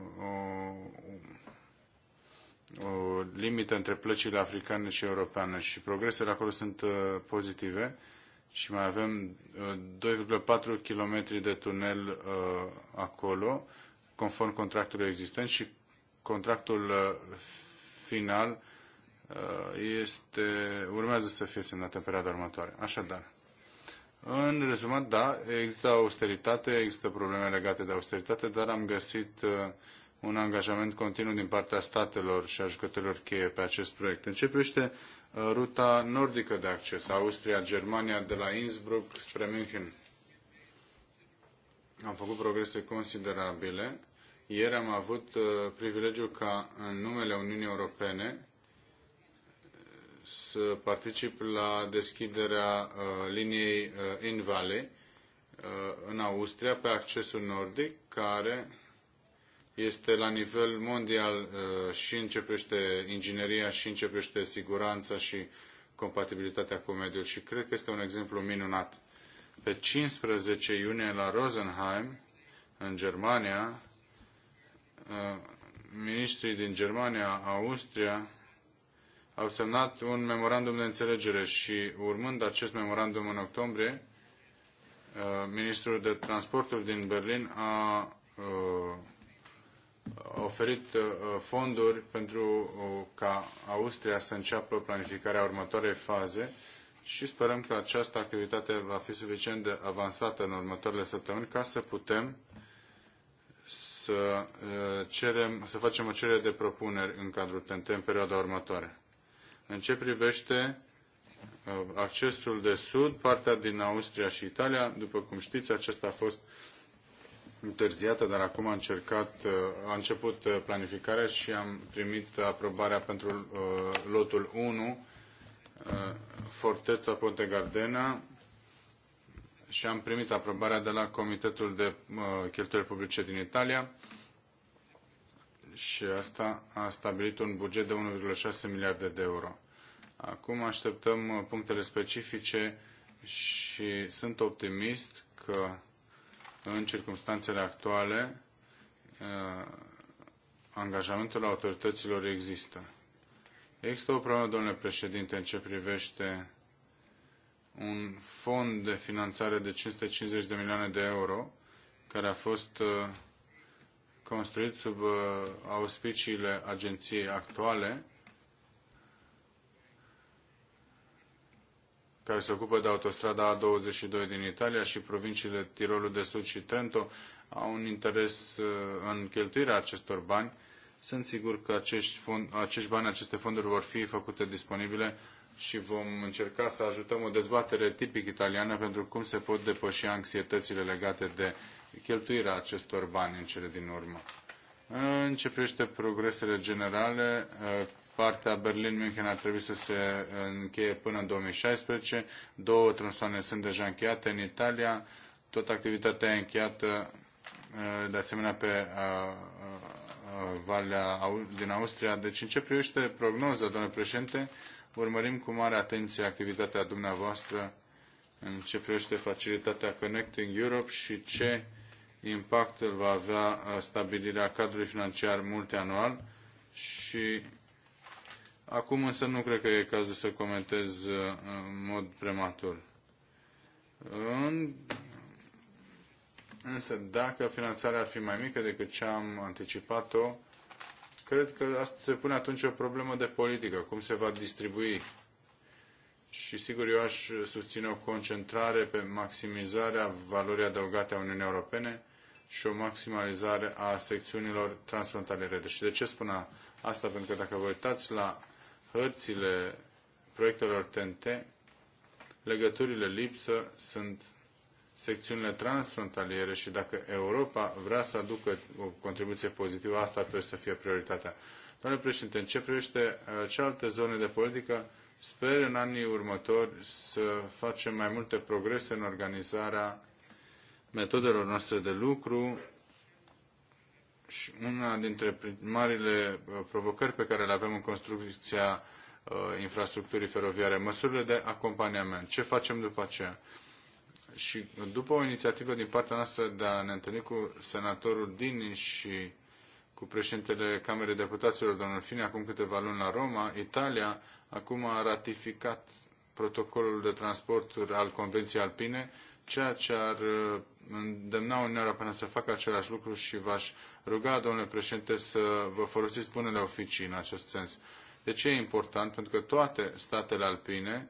o, o limită între plăcile africane și europeane și progresele acolo sunt uh, pozitive și mai avem 2,4 uh, km de tunel acolo, conform contractului existent și contractul final Uh, este, urmează să fie semnată în perioada următoare. Așadar, în rezumat, da, există austeritate, există probleme legate de austeritate, dar am găsit uh, un angajament continuu din partea statelor și a jucătorilor cheie pe acest proiect. Începește uh, ruta nordică de acces, Austria, Germania, de la Innsbruck spre München. Am făcut progrese considerabile. Ieri am avut privilegiul ca în numele Uniunii Europene să particip la deschiderea uh, liniei uh, In Valley uh, în Austria pe accesul nordic, care este la nivel mondial și începește ingineria și începește siguranța și compatibilitatea cu mediul și cred că este un exemplu minunat. Pe 15 iunie la Rosenheim, în Germania, ministrii din Germania, Austria, au semnat un memorandum de înțelegere și urmând acest memorandum în octombrie, uh, ministrul de transporturi din Berlin a uh, oferit uh, fonduri pentru ca Austria să înceapă planificarea următoarei faze și sperăm că această activitate va fi suficient de avansată în următoarele săptămâni ca să putem să, cerem, să facem o cerere de propuneri în cadrul TNT în perioada următoare. În ce privește uh, accesul de sud, partea din Austria și Italia, după cum știți, acesta a fost întârziată, dar acum a, încercat, uh, a început uh, planificarea și am primit aprobarea pentru lotul 1, Forteța Ponte Gardena, și am primit aprobarea de la Comitetul de Cheltuieli Publice din Italia și asta a stabilit un buget de 1,6 miliarde de euro. Acum așteptăm uh, punctele specifice și sunt optimist că în circunstanțele actuale uh, angajamentul autorităților există. Există o problemă, domnule președinte, în ce privește un fond de finanțare de 550 de milioane de euro care a fost uh, construit sub uh, auspiciile agenției actuale, care se ocupă de autostrada A22 din Italia și provinciile Tirolul de Sud și Trento, au un interes uh, în cheltuirea acestor bani. Sunt sigur că acești, fond, acești bani, aceste fonduri vor fi făcute disponibile și vom încerca să ajutăm o dezbatere tipic italiană pentru cum se pot depăși anxietățile legate de uh, cheltuirea acestor bani în cele din urmă. În ce privește progresele generale, partea Berlin-München ar trebui să se încheie până în 2016. Două tronsoane sunt deja încheiate în Italia. Tot activitatea e încheiată de asemenea pe Valea din Austria. Deci în ce privește prognoza, domnule președinte, urmărim cu mare atenție activitatea dumneavoastră în ce privește facilitatea Connecting Europe și ce impact îl va avea stabilirea cadrului financiar multianual și acum însă nu cred că e cazul să comentez uh, în mod prematur. În... Însă dacă finanțarea ar fi mai mică decât ce am anticipat-o, cred că asta se pune atunci o problemă de politică, cum se va distribui și sigur eu aș susține o concentrare pe maximizarea valorii adăugate a Uniunii Europene și o maximalizare a secțiunilor transfrontaliere. Și deci, de ce spun asta? Pentru că dacă vă uitați la hărțile proiectelor TNT, legăturile lipsă sunt secțiunile transfrontaliere și dacă Europa vrea să aducă o contribuție pozitivă, asta trebuie să fie prioritatea. Doamne președinte, în ce privește uh, cealaltă zone de politică, Sper în anii următori să facem mai multe progrese în organizarea metodelor noastre de lucru și una dintre marile uh, provocări pe care le avem în construcția uh, infrastructurii feroviare, măsurile de acompaniament. Ce facem după aceea? Și după o inițiativă din partea noastră de a ne întâlni cu senatorul Dini și cu președintele Camerei Deputaților, domnul Fini, acum câteva luni la Roma, Italia acum a ratificat protocolul de transporturi al Convenției Alpine, ceea ce ar uh, îndemna Uniunea Europeană să facă același lucru și v-aș ruga, domnule președinte, să vă folosiți bunele oficii în acest sens. De ce e important? Pentru că toate statele alpine,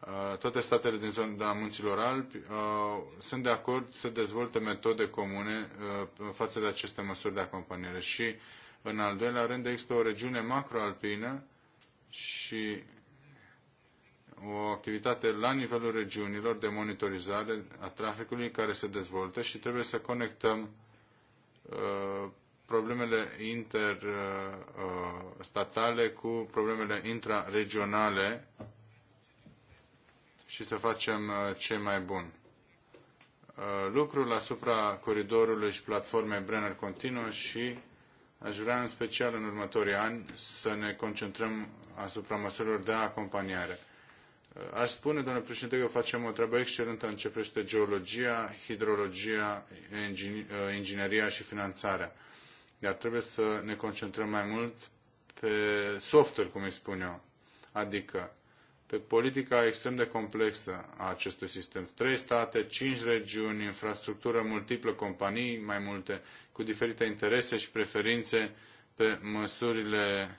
uh, toate statele din zona munților alpi uh, sunt de acord să dezvolte metode comune față de aceste măsuri de acompaniere. Și, în al doilea rând, există o regiune macroalpină și o activitate la nivelul regiunilor de monitorizare a traficului care se dezvoltă și trebuie să conectăm uh, problemele interstatale uh, uh, cu problemele intraregionale și să facem ce mai bun. Lucrul asupra coridorului și platformei Brenner continuă și Aș vrea în special în următorii ani să ne concentrăm asupra măsurilor de acompaniare. Aș spune, domnule președinte, că facem o treabă excelentă în ce privește geologia, hidrologia, uh, ingineria și finanțarea. Dar trebuie să ne concentrăm mai mult pe software, cum îi spun eu. Adică pe politica extrem de complexă a acestui sistem. Trei state, cinci regiuni, infrastructură multiplă, companii mai multe, cu diferite interese și preferințe pe măsurile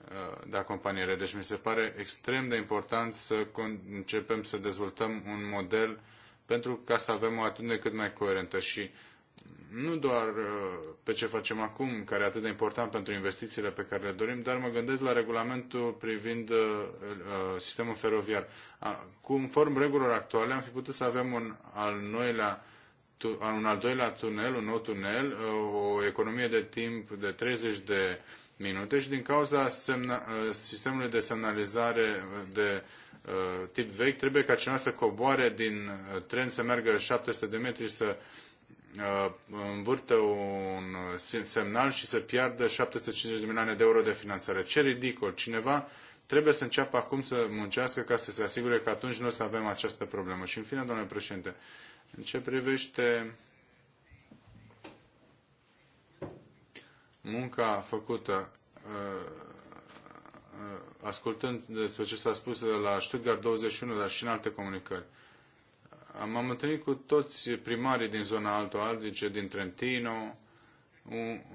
uh, de acompaniere. Deci mi se pare extrem de important să începem să dezvoltăm un model pentru ca să avem o atitudine cât mai coerentă și nu doar uh, pe ce facem acum, care e atât de important pentru investițiile pe care le dorim, dar mă gândesc la regulamentul privind uh, uh, sistemul feroviar. Conform regulilor actuale, am fi putut să avem un al, noilea, un al doilea tunel, un nou tunel, o economie de timp de 30 de minute și din cauza semna, sistemului de semnalizare de tip vechi, trebuie ca cineva să coboare din tren, să meargă 700 de metri, să Uh, învârte un semnal și să piardă 750 de milioane de euro de finanțare. Ce ridicol! Cineva trebuie să înceapă acum să muncească ca să se asigure că atunci nu o să avem această problemă. Și în fine, domnule președinte, în ce privește munca făcută, uh, uh, ascultând despre ce s-a spus de la Stuttgart 21, dar și în alte comunicări, M-am întâlnit cu toți primarii din zona Alto Adige, din Trentino.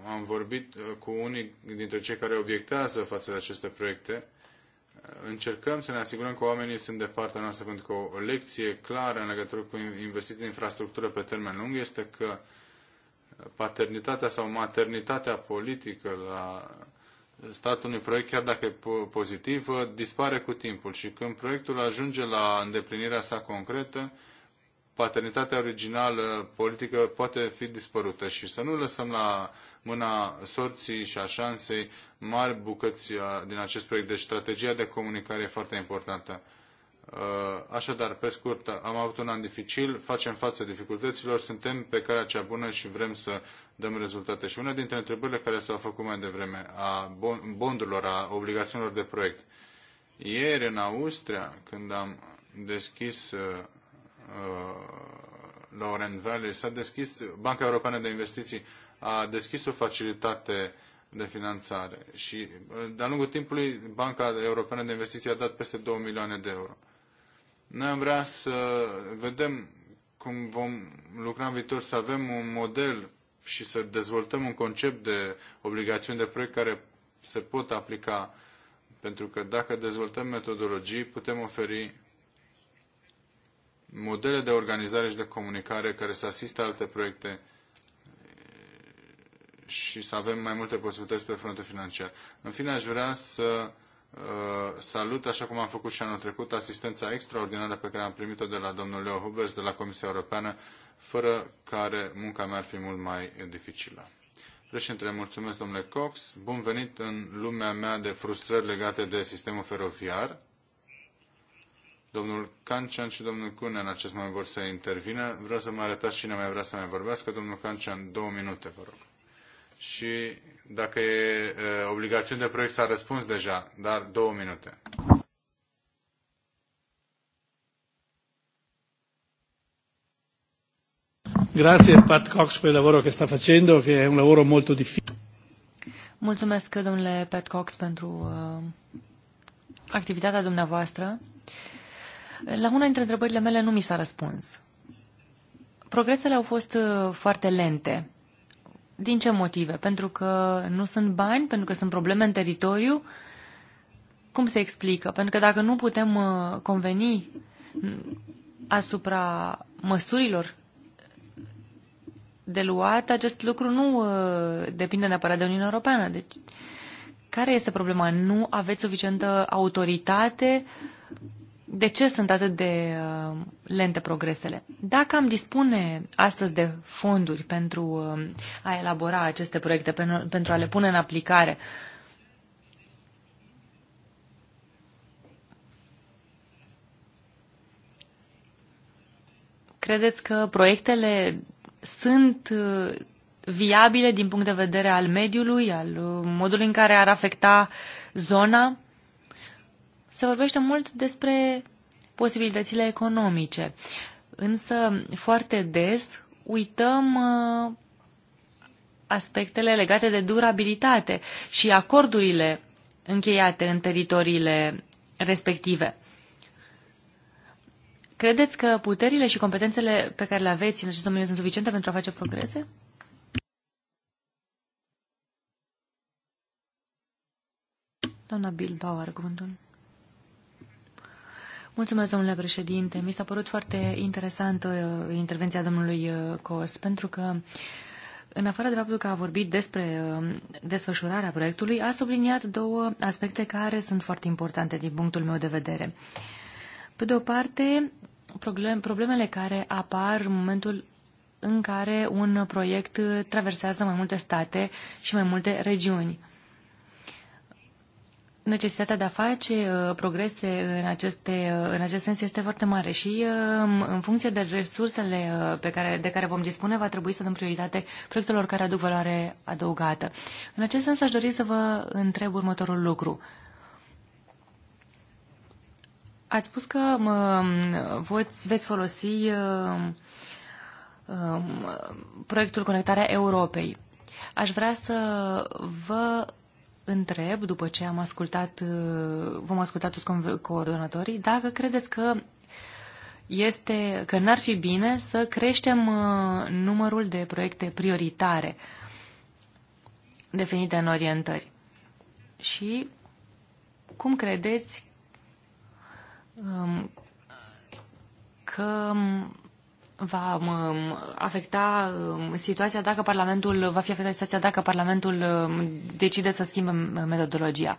Am vorbit uh, cu unii dintre cei care obiectează față de aceste proiecte. Uh, încercăm să ne asigurăm că oamenii sunt de partea noastră, pentru că o lecție clară în legătură cu investit în infrastructură pe termen lung este că paternitatea sau maternitatea politică la statul unui proiect, chiar dacă e pozitiv, dispare cu timpul și când proiectul ajunge la îndeplinirea sa concretă, paternitatea originală politică poate fi dispărută și să nu lăsăm la mâna sorții și a șansei mari bucăți din acest proiect. Deci strategia de comunicare e foarte importantă. Uh, așadar, pe scurt, am avut un an dificil, facem față dificultăților, suntem pe calea cea bună și vrem să dăm rezultate. Și una dintre întrebările care s-au făcut mai devreme, a bondurilor, a obligațiunilor de proiect. Ieri, în Austria, când am deschis uh, Uh, Laurent Valley, s-a deschis, Banca Europeană de Investiții a deschis o facilitate de finanțare și uh, de-a lungul timpului Banca Europeană de Investiții a dat peste 2 milioane de euro. Noi am vrea să vedem cum vom lucra în viitor, să avem un model și să dezvoltăm un concept de obligațiuni de proiect care se pot aplica, pentru că dacă dezvoltăm metodologii, putem oferi modele de organizare și de comunicare care să asiste alte proiecte și să avem mai multe posibilități pe frontul financiar. În fine, aș vrea să salut, așa cum am făcut și anul trecut, asistența extraordinară pe care am primit-o de la domnul Leo Hubers, de la Comisia Europeană, fără care munca mea ar fi mult mai dificilă. Președinte, mulțumesc domnule Cox, bun venit în lumea mea de frustrări legate de sistemul feroviar. Domnul Cancian și domnul Cune în acest moment vor să intervină. Vreau să mă arătați cine mai vrea să mai vorbească. Domnul Cancian, două minute, vă rog. Și dacă e obligațiune de proiect, s-a răspuns deja, dar două minute. Grazie Pat Cox per il lavoro che sta facendo, che è un lavoro molto difficile. Mulțumesc, domnule Pat Cox, pentru uh, activitatea dumneavoastră. La una dintre întrebările mele nu mi s-a răspuns. Progresele au fost uh, foarte lente. Din ce motive? Pentru că nu sunt bani? Pentru că sunt probleme în teritoriu? Cum se explică? Pentru că dacă nu putem uh, conveni asupra măsurilor de luat, acest lucru nu uh, depinde neapărat de Uniunea Europeană. Deci, care este problema? Nu aveți suficientă autoritate de ce sunt atât de uh, lente progresele? Dacă am dispune astăzi de fonduri pentru uh, a elabora aceste proiecte, pentru a le pune în aplicare, credeți că proiectele sunt uh, viabile din punct de vedere al mediului, al modului în care ar afecta zona? Se vorbește mult despre posibilitățile economice, însă foarte des uităm uh, aspectele legate de durabilitate și acordurile încheiate în teritoriile respective. Credeți că puterile și competențele pe care le aveți în acest domeniu sunt suficiente pentru a face progrese? Doamna Bill Bauer, cuvântul. Mulțumesc, domnule președinte. Mi s-a părut foarte interesantă uh, intervenția domnului uh, Cos, pentru că în afară de faptul că a vorbit despre uh, desfășurarea proiectului, a subliniat două aspecte care sunt foarte importante din punctul meu de vedere. Pe de o parte, problemele care apar în momentul în care un proiect traversează mai multe state și mai multe regiuni necesitatea de a face uh, progrese în, aceste, uh, în acest sens este foarte mare și uh, în funcție de resursele pe care, de care vom dispune, va trebui să dăm prioritate proiectelor care aduc valoare adăugată. În acest sens aș dori să vă întreb următorul lucru. Ați spus că mă, um, voți, veți folosi uh, uh, proiectul Conectarea Europei. Aș vrea să vă întreb, după ce am ascultat, uh, vom asculta toți coordonatorii, dacă credeți că este că n-ar fi bine să creștem uh, numărul de proiecte prioritare definite în orientări. Și cum credeți um, că va um, afecta um, situația dacă Parlamentul, va fi afectat situația dacă Parlamentul um, decide să schimbe metodologia.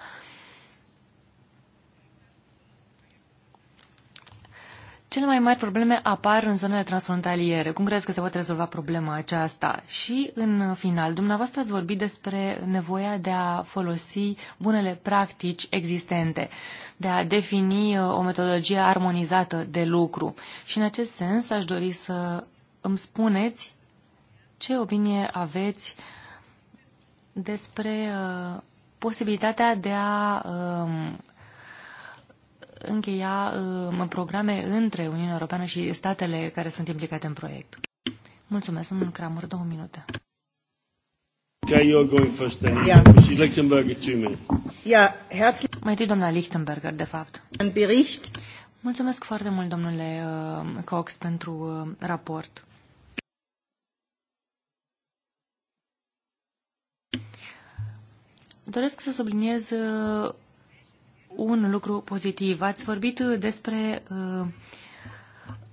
Cele mai mari probleme apar în zonele transfrontaliere. Cum crezi că se poate rezolva problema aceasta? Și, în final, dumneavoastră ați vorbit despre nevoia de a folosi bunele practici existente, de a defini uh, o metodologie armonizată de lucru. Și, în acest sens, aș dori să îmi spuneți ce opinie aveți despre uh, posibilitatea de a um, încheia uh, programe între Uniunea Europeană și statele care sunt implicate în proiect. Mulțumesc, domnul Cramur, două minute. Okay, you're going first then. Yeah. Mrs. Lichtenberger, two minutes. Yeah, herzlich. Mai întâi doamna Lichtenberger, de fapt. În bericht. Mulțumesc foarte mult, domnule uh, Cox, pentru uh, raport. Doresc să subliniez uh, un lucru pozitiv. Ați vorbit uh, despre uh,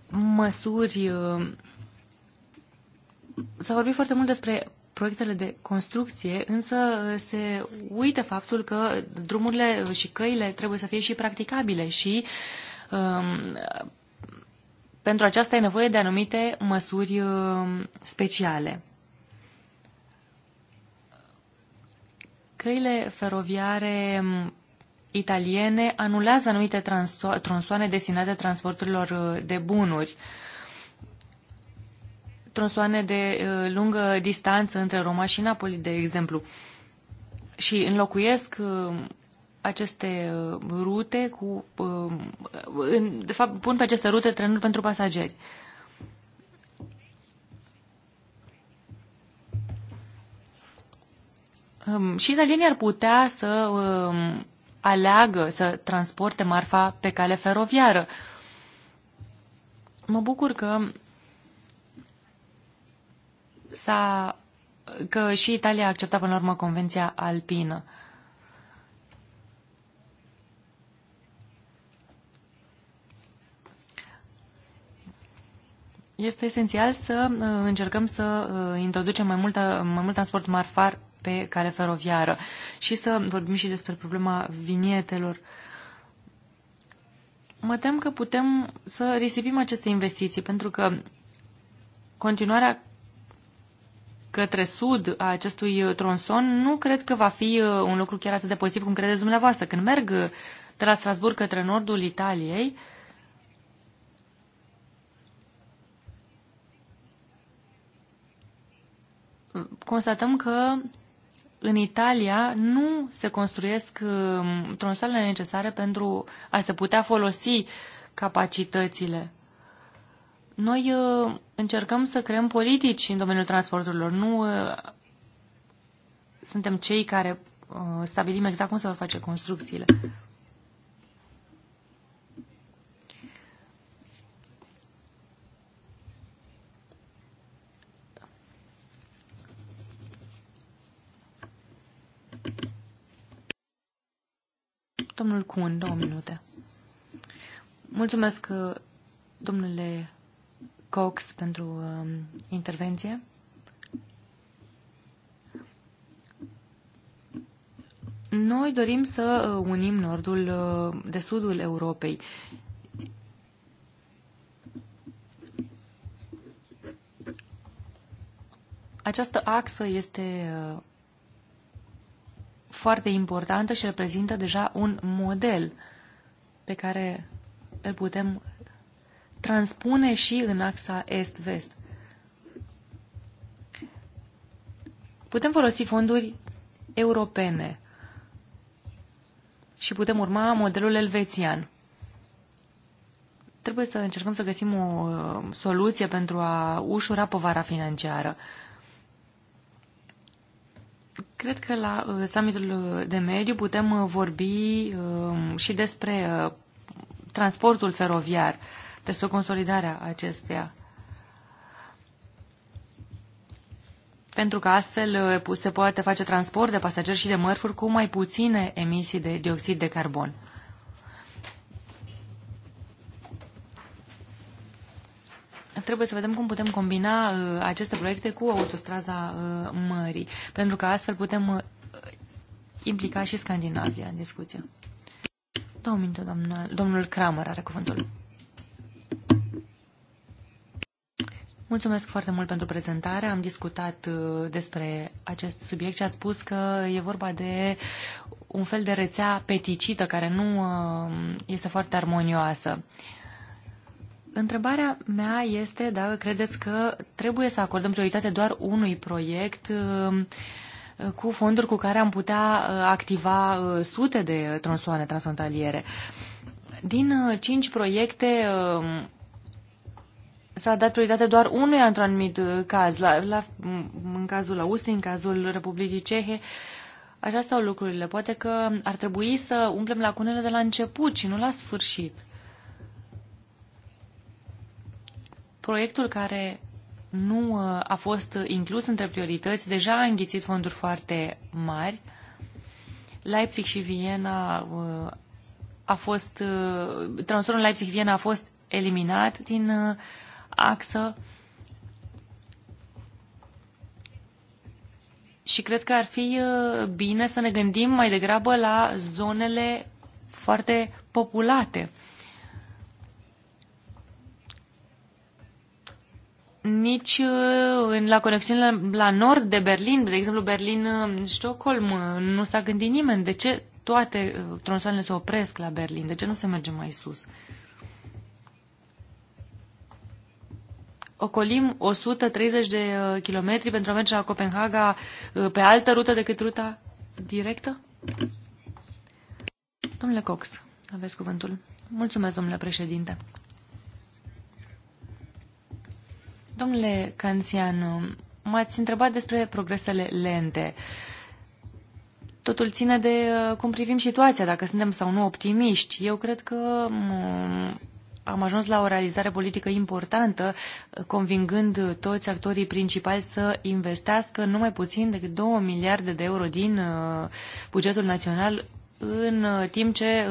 măsuri. Uh, s-a vorbit foarte mult despre proiectele de construcție, însă se uită faptul că drumurile și căile trebuie să fie și practicabile și um, pentru aceasta e nevoie de anumite măsuri speciale. Căile feroviare um, italiene anulează anumite tronsoane destinate transporturilor uh, de bunuri, tronsoane de uh, lungă distanță între Roma și Napoli, de exemplu, și înlocuiesc uh, aceste rute cu... De fapt, pun pe aceste rute trenuri pentru pasageri. Um, și italienii ar putea să um, aleagă să transporte marfa pe cale feroviară. Mă bucur că s-a, că și Italia a acceptat până la urmă Convenția Alpină. Este esențial să uh, încercăm să uh, introducem mai mult, mai mult transport marfar pe cale feroviară și să vorbim și despre problema vinietelor. Mă tem că putem să risipim aceste investiții, pentru că continuarea către sud a acestui tronson nu cred că va fi uh, un lucru chiar atât de pozitiv cum credeți dumneavoastră. Când merg uh, de la Strasburg către nordul Italiei, constatăm că în Italia nu se construiesc um, tronsoanele necesare pentru a se putea folosi capacitățile. Noi uh, încercăm să creăm politici în domeniul transporturilor. Nu uh, suntem cei care uh, stabilim exact cum se vor face construcțiile. Domnul Kuhn, două minute. Mulțumesc, domnule Cox, pentru um, intervenție. Noi dorim să uh, unim nordul uh, de sudul Europei. Această axă este uh, foarte importantă și reprezintă deja un model pe care îl putem transpune și în axa est-vest. Putem folosi fonduri europene și putem urma modelul elvețian. Trebuie să încercăm să găsim o uh, soluție pentru a ușura povara financiară. Cred că la uh, summitul uh, de mediu putem uh, vorbi um, și despre transportul feroviar, despre consolidarea acesteia. Pentru că astfel se poate face transport de pasageri și de mărfuri cu mai puține emisii de dioxid de carbon. trebuie să vedem cum putem combina uh, aceste proiecte cu autostrada uh, mării, pentru că astfel putem uh, implica și Scandinavia în discuție. Două domnul Kramer are cuvântul. Mulțumesc foarte mult pentru prezentare. Am discutat despre acest subiect și a spus că e vorba de un fel de rețea peticită care nu este foarte armonioasă. Uh, Întrebarea mea este dacă credeți că trebuie să acordăm prioritate doar unui proiect uh, cu fonduri cu care am putea uh, activa uh, sute de tronsoane transfrontaliere. Din cinci proiecte um, s-a dat prioritate doar unui într-un anumit caz, la, la, în cazul Austriei, în cazul Republicii Cehe. Așa stau lucrurile. Poate că ar trebui să umplem lacunele de la început și nu la sfârșit. proiectul care nu uh, a fost inclus între priorități deja a înghițit fonduri foarte mari. Leipzig și Viena uh, a fost uh, transferul Leipzig-Viena a fost eliminat din axă și cred că ar fi bine să ne gândim mai degrabă la zonele foarte populate nici uh, în, la conexiunile la nord de Berlin, de exemplu Berlin-Stockholm, uh, uh, nu s-a gândit nimeni. De ce toate tronsoanele se opresc la Berlin? De ce nu se merge mai sus? Ocolim 130 de kilometri pentru a merge la Copenhaga pe altă rută decât ruta directă? Domnule Cox, aveți cuvântul. Mulțumesc, domnule președinte. Domnule Canțian, m-ați întrebat despre progresele lente. Totul ține de uh, cum privim situația, dacă suntem sau nu optimiști. Eu cred că mm, am ajuns la o realizare politică importantă, convingând toți actorii principali să investească numai puțin decât 2 miliarde de euro din uh, bugetul național în uh, timp ce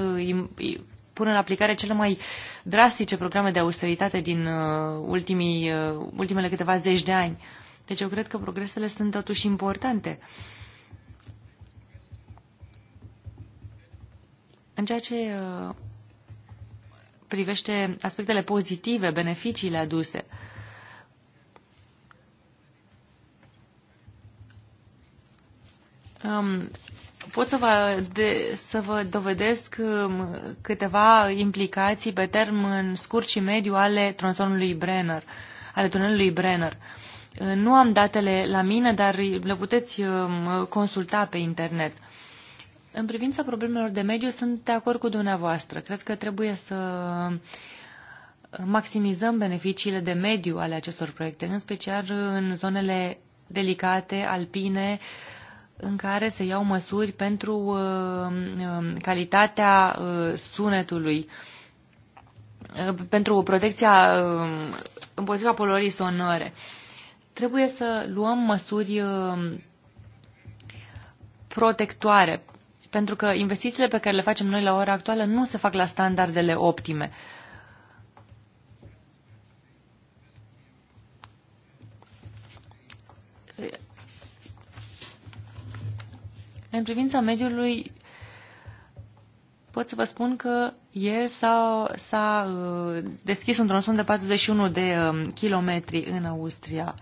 pun în aplicare cele mai drastice programe de austeritate din uh, ultimii, uh, ultimele câteva zeci de ani. Deci eu cred că progresele sunt totuși importante. În ceea ce uh, privește aspectele pozitive, beneficiile aduse, Um, pot să vă, de, să vă dovedesc um, câteva implicații pe termen scurt și mediu ale tronsonului Brenner, ale tunelului Brenner. Uh, nu am datele la mine, dar le puteți um, consulta pe internet. În privința problemelor de mediu, sunt de acord cu dumneavoastră. Cred că trebuie să maximizăm beneficiile de mediu ale acestor proiecte, în special în zonele delicate, alpine, uh, în care se iau măsuri pentru uh, um, calitatea uh, sunetului, uh, pentru protecția um, împotriva polorii sonore. Trebuie să luăm măsuri um, protectoare, pentru că investițiile pe care le facem noi la ora actuală nu se fac la standardele optime. Uh, În privința mediului, pot să vă spun că ieri s-a, s-a uh, deschis un tronson de 41 de um, kilometri în Austria,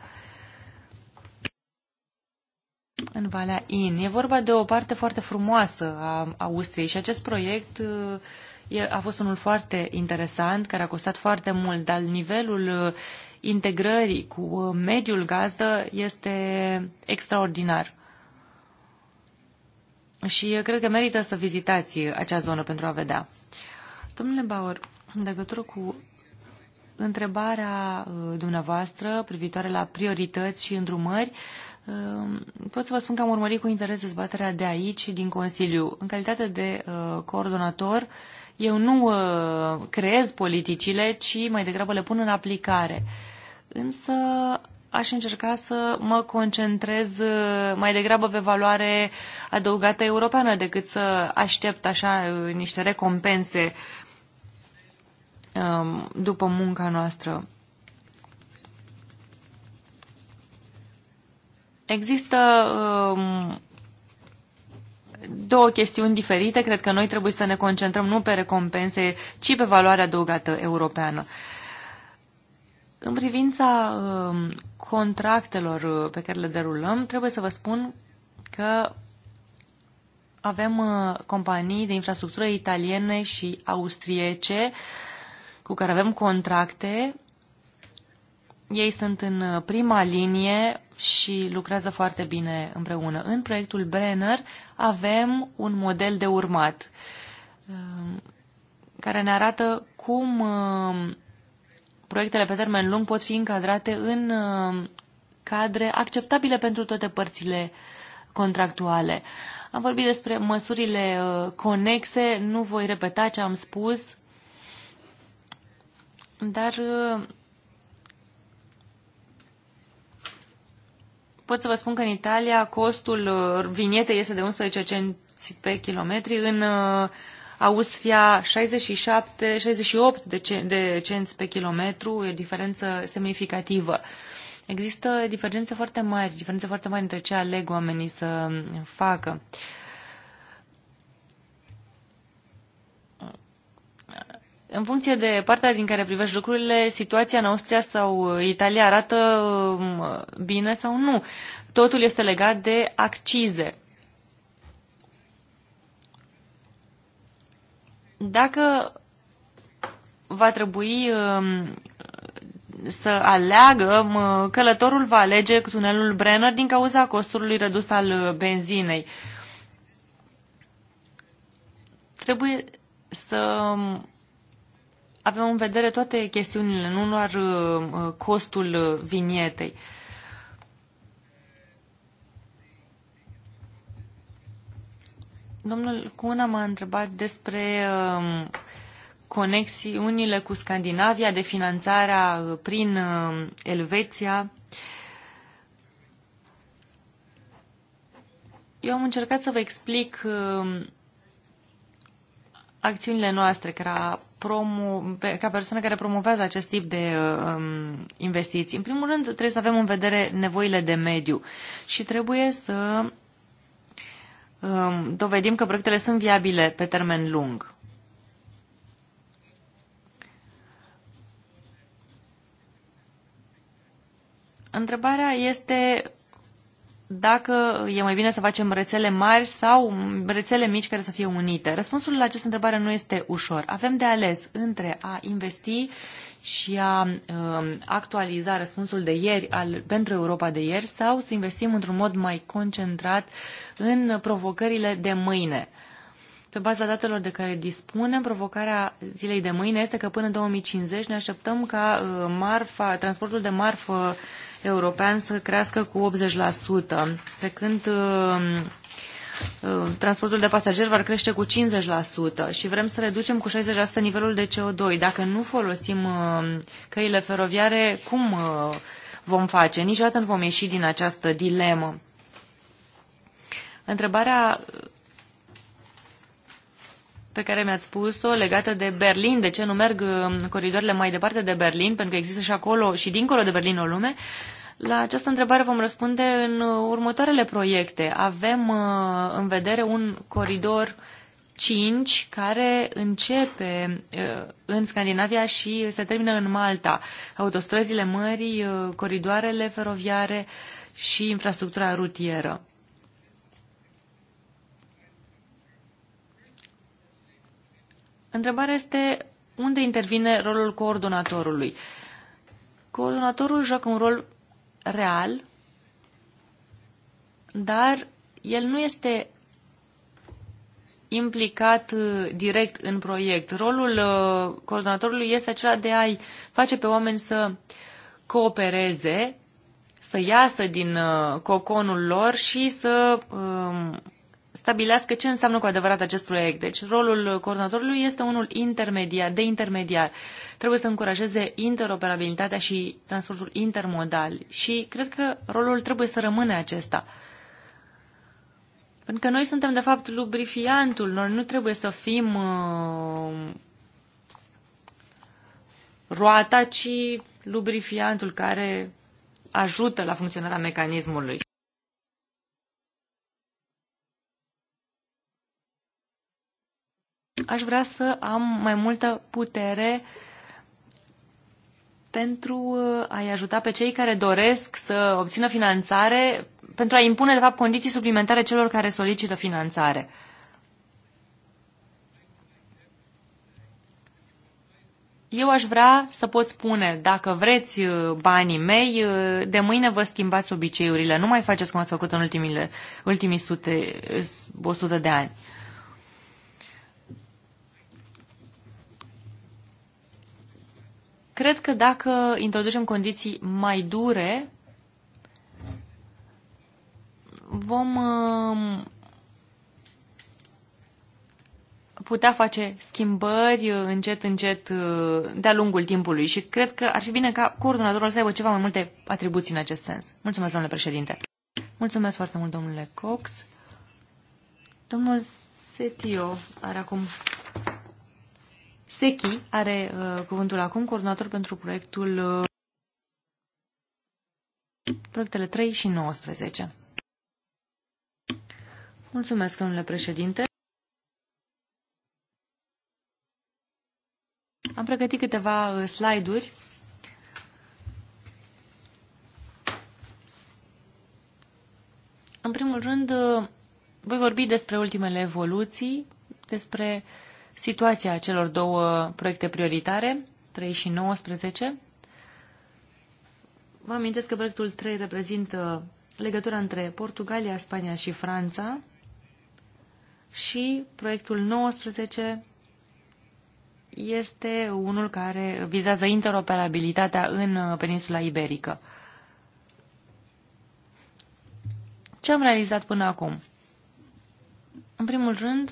în Valea In. E vorba de o parte foarte frumoasă a Austriei și acest proiect uh, a fost unul foarte interesant, care a costat foarte mult, dar nivelul uh, integrării cu mediul gazdă este extraordinar și cred că merită să vizitați acea zonă pentru a vedea. Domnule Bauer, în legătură cu întrebarea uh, dumneavoastră privitoare la priorități și îndrumări, uh, pot să vă spun că am urmărit cu interes dezbaterea de aici, din Consiliu. În calitate de uh, coordonator, eu nu creez politicile, ci mai degrabă le pun în aplicare. Însă aș încerca să mă concentrez uh, mai degrabă pe valoare adăugată europeană decât să aștept așa uh, niște recompense um, după munca noastră. Există um, două chestiuni diferite. Cred că noi trebuie să ne concentrăm nu pe recompense, ci pe valoarea adăugată europeană. Uh, în privința um, contractelor uh, pe care le derulăm, trebuie să vă spun că avem uh, companii de infrastructură italiene și austriece cu care avem contracte. Ei sunt în uh, prima linie și lucrează foarte bine împreună. În proiectul Brenner avem un model de urmat um, care ne arată cum um, proiectele pe termen lung pot fi încadrate în uh, cadre acceptabile pentru toate părțile contractuale. Am vorbit despre măsurile uh, conexe, nu voi repeta ce am spus, dar uh, pot să vă spun că în Italia costul vinietei este de 11 cenți pe kilometri, în Austria 67, 68 de, ce, de cenți pe kilometru, e o diferență semnificativă. Există diferențe foarte mari, diferențe foarte mari între ce aleg oamenii să facă. În funcție de partea din care privești lucrurile, situația în Austria sau Italia arată mm, bine sau nu. Totul este legat de accize. dacă va trebui um, să aleagă, um, călătorul va alege tunelul Brenner din cauza costului redus al uh, benzinei. Trebuie să um, avem în vedere toate chestiunile, nu doar uh, uh, costul vinietei. Domnul Cuna m-a întrebat despre um, conexiunile cu Scandinavia, de finanțarea uh, prin um, Elveția. Eu am încercat să vă explic um, acțiunile noastre ca, promo, ca persoană care promovează acest tip de um, investiții. În primul rând, trebuie să avem în vedere nevoile de mediu și trebuie să Um, dovedim că proiectele sunt viabile pe termen lung. Întrebarea este dacă e mai bine să facem rețele mari sau rețele mici care să fie unite. Răspunsul la această întrebare nu este ușor. Avem de ales între a investi uh, și a um, actualiza răspunsul de ieri al, pentru Europa de ieri sau să investim într-un mod mai concentrat în provocările de mâine. Pe baza datelor de care dispunem, provocarea zilei de mâine este că până în 2050 ne așteptăm ca uh, marfa, transportul de marfă european să crească cu 80%, pe când um, Uh, transportul de pasageri va crește cu 50% și vrem să reducem cu 60% nivelul de CO2. Dacă nu folosim uh, căile feroviare, cum uh, vom face? Niciodată nu vom ieși din această dilemă. Întrebarea pe care mi-ați spus-o legată de Berlin, de ce nu merg coridoarele mai departe de Berlin, pentru că există și acolo și dincolo de Berlin o lume, uh, la această întrebare vom răspunde în uh, următoarele proiecte. Avem uh, în vedere un coridor 5 care începe uh, în Scandinavia și se termină în Malta. Autostrăzile mării, coridoarele feroviare și infrastructura rutieră. Întrebarea este unde intervine rolul coordonatorului. Coordonatorul joacă un rol real, dar el nu este implicat uh, direct în proiect. Rolul uh, coordonatorului este acela de a-i face pe oameni să coopereze, să iasă din uh, coconul lor și să um, stabilească ce înseamnă cu adevărat acest proiect. Deci rolul coordonatorului este unul intermediar, de intermediar. Trebuie să încurajeze interoperabilitatea și transportul intermodal și cred că rolul trebuie să rămâne acesta. Pentru că noi suntem, de fapt, lubrifiantul. Noi nu trebuie să fim uh, roata, ci lubrifiantul care ajută la funcționarea mecanismului. aș vrea să am mai multă putere pentru uh, a-i ajuta pe cei care doresc să obțină finanțare, pentru a impune, de fapt, condiții suplimentare celor care solicită finanțare. Eu aș vrea să pot spune, dacă vreți uh, banii mei, uh, de mâine vă schimbați obiceiurile, nu mai faceți cum ați făcut în ultimile, ultimii sute, 100 de ani. Cred că dacă introducem condiții mai dure, vom um, putea face schimbări încet, încet uh, de-a lungul timpului și cred că ar fi bine ca coordonatorul să aibă ceva mai multe atribuții în acest sens. Mulțumesc, domnule președinte. Mulțumesc foarte mult, domnule Cox. Domnul Setio are acum Sechi are uh, cuvântul acum, coordonator pentru proiectul uh, proiectele 3 și 19. Mulțumesc, domnule președinte. Am pregătit câteva uh, slide-uri. În primul rând, uh, voi vorbi despre ultimele evoluții, despre uh, situația celor două proiecte prioritare, 3 și 19. Vă amintesc că proiectul 3 reprezintă legătura între Portugalia, Spania și Franța și proiectul 19 este unul care vizează interoperabilitatea în peninsula iberică. Ce am realizat până acum? În primul rând,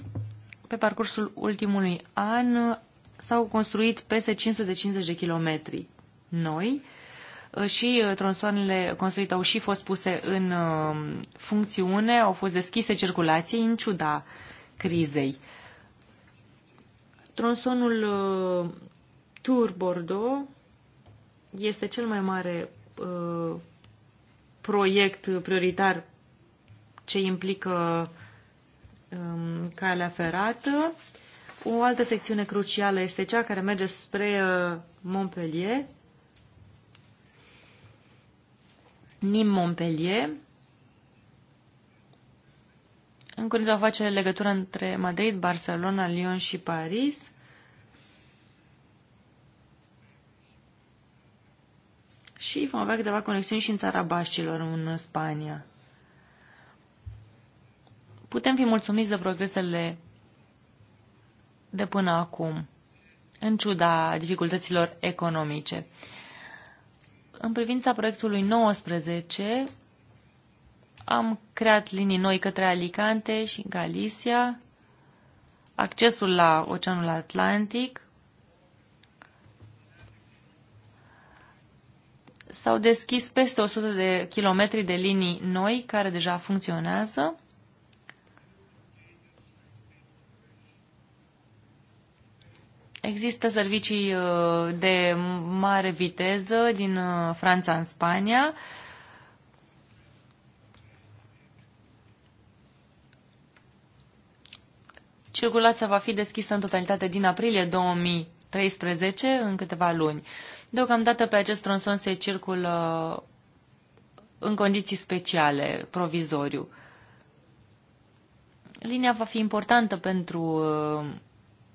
pe parcursul ultimului an uh, s-au construit peste 550 de kilometri noi uh, și uh, tronsoanele construite au și fost puse în funcțiune, au fost deschise circulației în ciuda crizei. Tronsonul Tour Bordeaux este cel mai mare proiect prioritar ce implică Um, calea ferată. O altă secțiune crucială este cea care merge spre uh, Montpellier, Nim montpellier În curând va face legătura între Madrid, Barcelona, Lyon și Paris. Și vom avea câteva conexiuni și în țara Baștilor, în Spania putem fi mulțumiți de progresele de până acum, în ciuda dificultăților economice. În privința proiectului 19, am creat linii noi către Alicante și Galicia, accesul la Oceanul Atlantic, s-au deschis peste 100 de kilometri de linii noi care deja funcționează. Există servicii uh, de mare viteză din uh, Franța în Spania. Circulația va fi deschisă în totalitate din aprilie 2013, în câteva luni. Deocamdată pe acest tronson se circulă în condiții speciale, provizoriu. Linia va fi importantă pentru uh,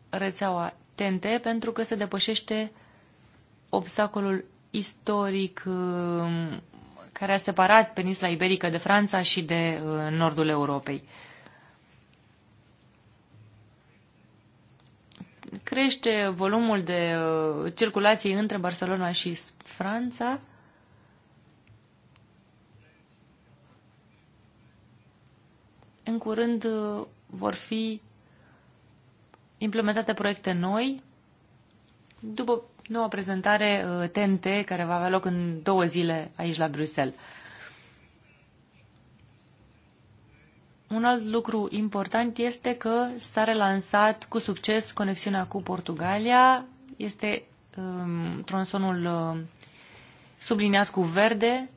rețeaua TNT pentru că se depășește obstacolul istoric um, care a separat peninsula iberică de Franța și de uh, nordul Europei. Crește volumul de uh, circulație între Barcelona și Franța. În curând uh, vor fi implementate proiecte noi. După noua prezentare TNT, uh, care va avea loc în două zile aici la Bruxelles. Un alt lucru important este că s-a relansat cu succes conexiunea cu Portugalia. Este um, tronsonul um, subliniat cu verde.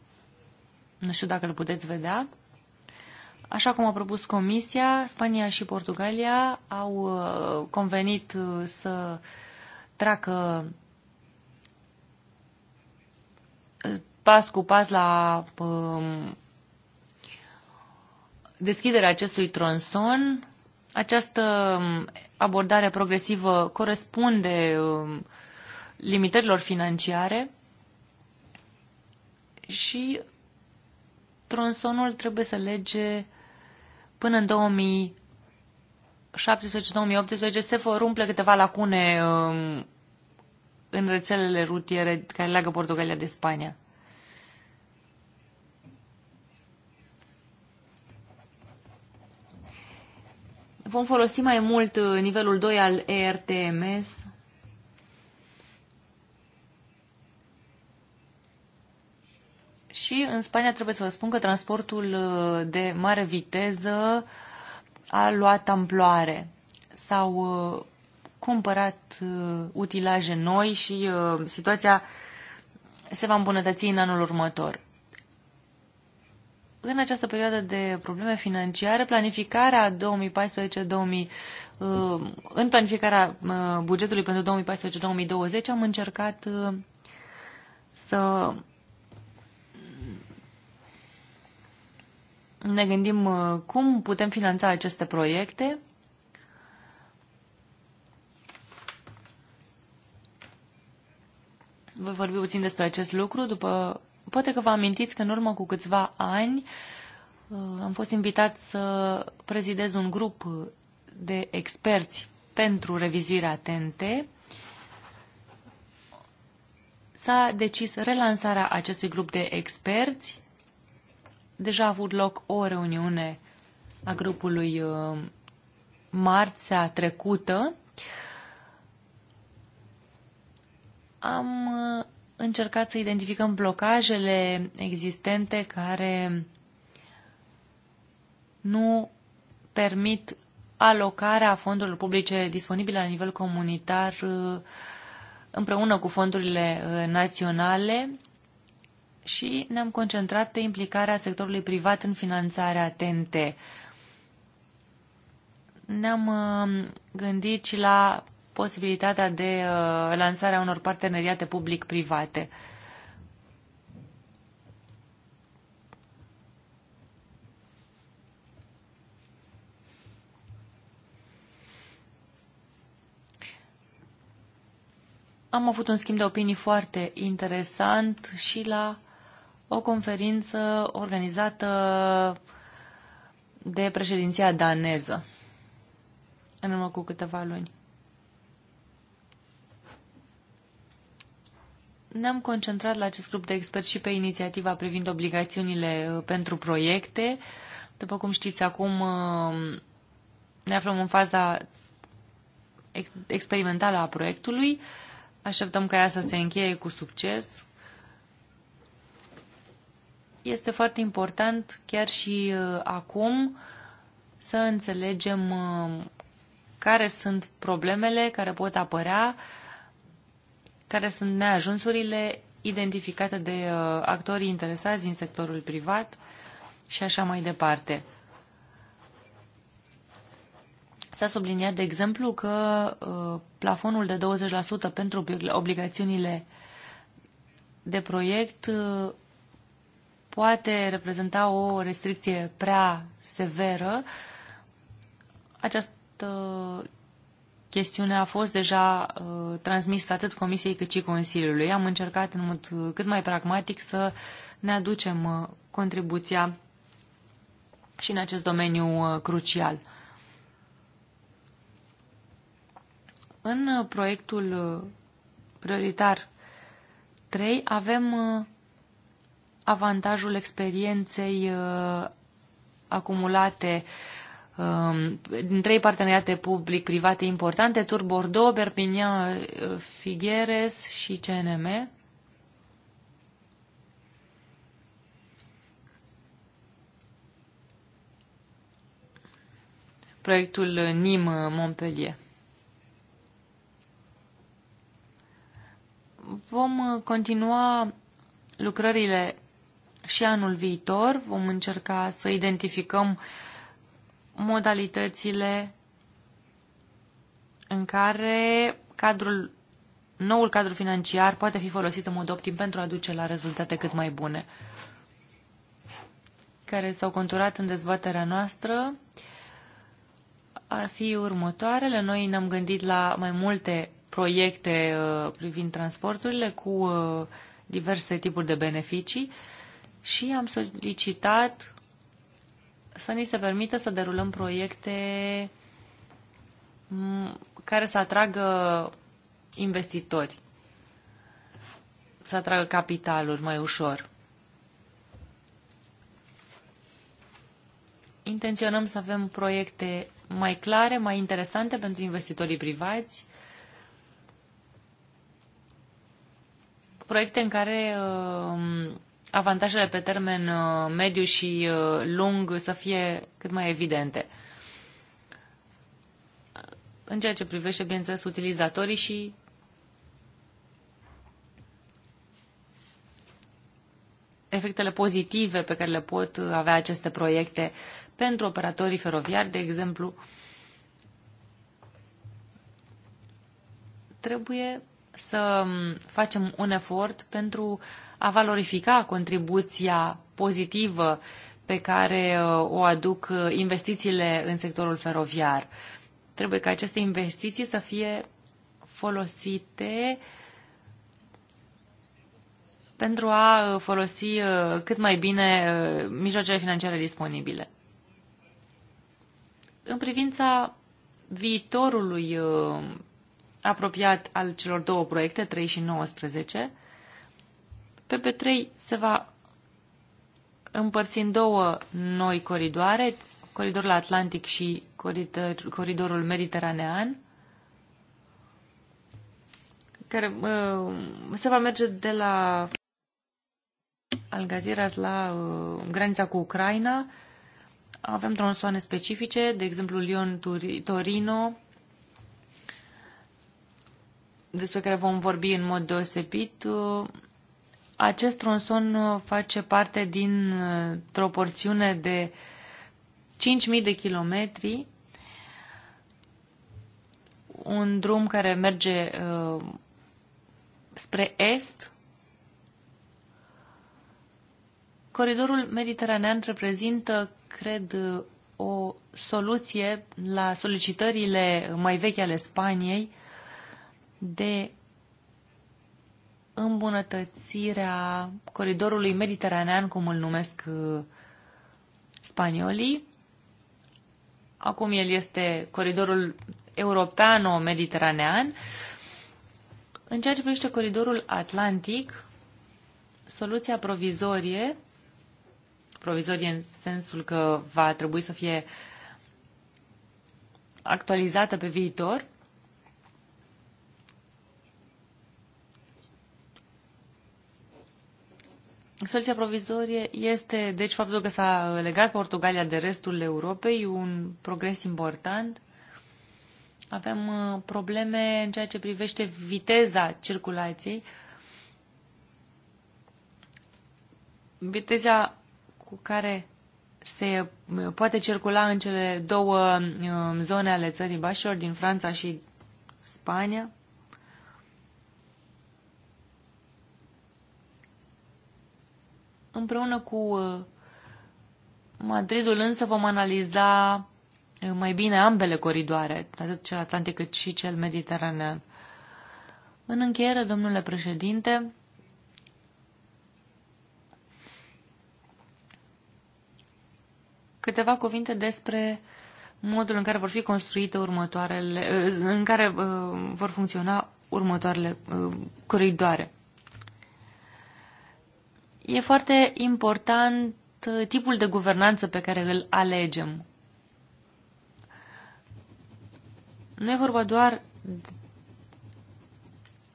Nu știu dacă îl puteți vedea. Așa cum a propus Comisia, Spania și Portugalia au uh, convenit uh, să treacă uh, pas cu pas la um, deschiderea acestui tronson. Această um, abordare progresivă corespunde um, limitărilor financiare și tronsonul trebuie să lege până în 2017-2018 se vor umple câteva lacune um, în rețelele rutiere care leagă Portugalia de Spania. Vom folosi mai mult uh, nivelul 2 al ERTMS Și în Spania trebuie să vă spun că transportul uh, de mare viteză a luat amploare. S-au uh, cumpărat uh, utilaje noi și situația se va îmbunătăți în anul următor. În această perioadă de probleme financiare, planificarea 2014-2000, în planificarea bugetului pentru 2014-2020 am încercat să ne gândim uh, cum putem finanța aceste proiecte. Voi vorbi puțin despre acest lucru. După, poate că vă amintiți că în urmă cu câțiva ani uh, am fost invitat să prezidez un grup de experți pentru revizuirea atente. S-a decis relansarea acestui grup de experți deja a avut loc o reuniune a grupului uh, marțea trecută. Am uh, încercat să identificăm blocajele existente care nu permit alocarea fondurilor publice disponibile la nivel comunitar uh, împreună cu fondurile naționale și ne-am concentrat pe implicarea sectorului privat în finanțarea TNT. Ne-am uh, gândit și la posibilitatea de uh, lansarea unor parteneriate public-private. Am avut un schimb de opinii foarte interesant și la o conferință organizată de președinția daneză în urmă cu câteva luni. Ne-am concentrat la acest grup de experți și pe inițiativa privind obligațiunile uh, pentru proiecte. După cum știți, acum uh, ne aflăm în faza experimentală a proiectului. Așteptăm ca ea să se încheie cu succes este foarte important chiar și uh, acum să înțelegem uh, care sunt problemele care pot apărea, care sunt neajunsurile identificate de uh, actorii interesați din sectorul privat și așa mai departe. S-a subliniat, de exemplu, că plafonul de 20% pentru obligațiunile de proiect poate reprezenta o restricție prea severă. Această chestiune a fost deja uh, transmisă atât Comisiei cât și Consiliului. Am încercat în mod cât mai pragmatic să ne aducem uh, contribuția și în acest domeniu uh, crucial. În uh, proiectul uh, prioritar 3 avem uh, avantajul experienței uh, acumulate um, din trei parteneriate public-private importante, Tur Bordeaux, Perpignan, uh, Figueres și CNM. Proiectul NIM-Montpellier. Vom uh, continua lucrările și anul viitor vom încerca să identificăm modalitățile în care cadrul, noul cadru financiar poate fi folosit în mod optim pentru a duce la rezultate cât mai bune, care s-au conturat în dezbaterea noastră ar fi următoarele. Noi ne-am gândit la mai multe proiecte uh, privind transporturile cu uh, diverse tipuri de beneficii și am solicitat să ni se permită să derulăm proiecte care să atragă investitori, să atragă capitaluri mai ușor. Intenționăm să avem proiecte mai clare, mai interesante pentru investitorii privați, proiecte în care uh, avantajele pe termen uh, mediu și uh, lung să fie cât mai evidente. În ceea ce privește, bineînțeles, utilizatorii și efectele pozitive pe care le pot avea aceste proiecte pentru operatorii feroviari, de exemplu, trebuie să mm, facem un efort pentru a valorifica contribuția pozitivă pe care uh, o aduc uh, investițiile în sectorul feroviar. Trebuie ca aceste investiții să fie folosite pentru a uh, folosi cât mai bine mijloacele financiare disponibile. În privința viitorului apropiat al celor două proiecte, 3 și 19, PP3 se va împărți în două noi coridoare, coridorul Atlantic și coridor, coridorul mediteranean, care uh, se va merge de la Algaziras la uh, granița cu Ucraina. Avem tronsoane specifice, de exemplu Lyon-Torino, despre care vom vorbi în mod deosebit. Uh, acest tronson uh, face parte dintr-o uh, porțiune de 5.000 de kilometri, un drum care merge uh, spre est. Coridorul mediteranean reprezintă, cred, o soluție la solicitările mai vechi ale Spaniei de îmbunătățirea coridorului mediteranean, cum îl numesc uh, spaniolii. Acum el este coridorul europeano-mediteranean. În ceea ce privește coridorul atlantic, soluția provizorie, provizorie în sensul că va trebui să fie actualizată pe viitor, Soluția provizorie este, deci, faptul că s-a legat Portugalia de restul Europei, un progres important. Avem uh, probleme în ceea ce privește viteza circulației. Viteza cu care se uh, poate circula în cele două uh, zone ale țării Bașilor, din Franța și Spania, Împreună cu uh, Madridul însă vom analiza uh, mai bine ambele coridoare, atât cel atlantic cât și cel mediteranean. În încheiere, domnule președinte, câteva cuvinte despre modul în care vor fi construite următoarele, uh, în care vor funcționa următoarele coridoare. E foarte important uh, tipul de guvernanță pe care îl alegem. Nu e vorba doar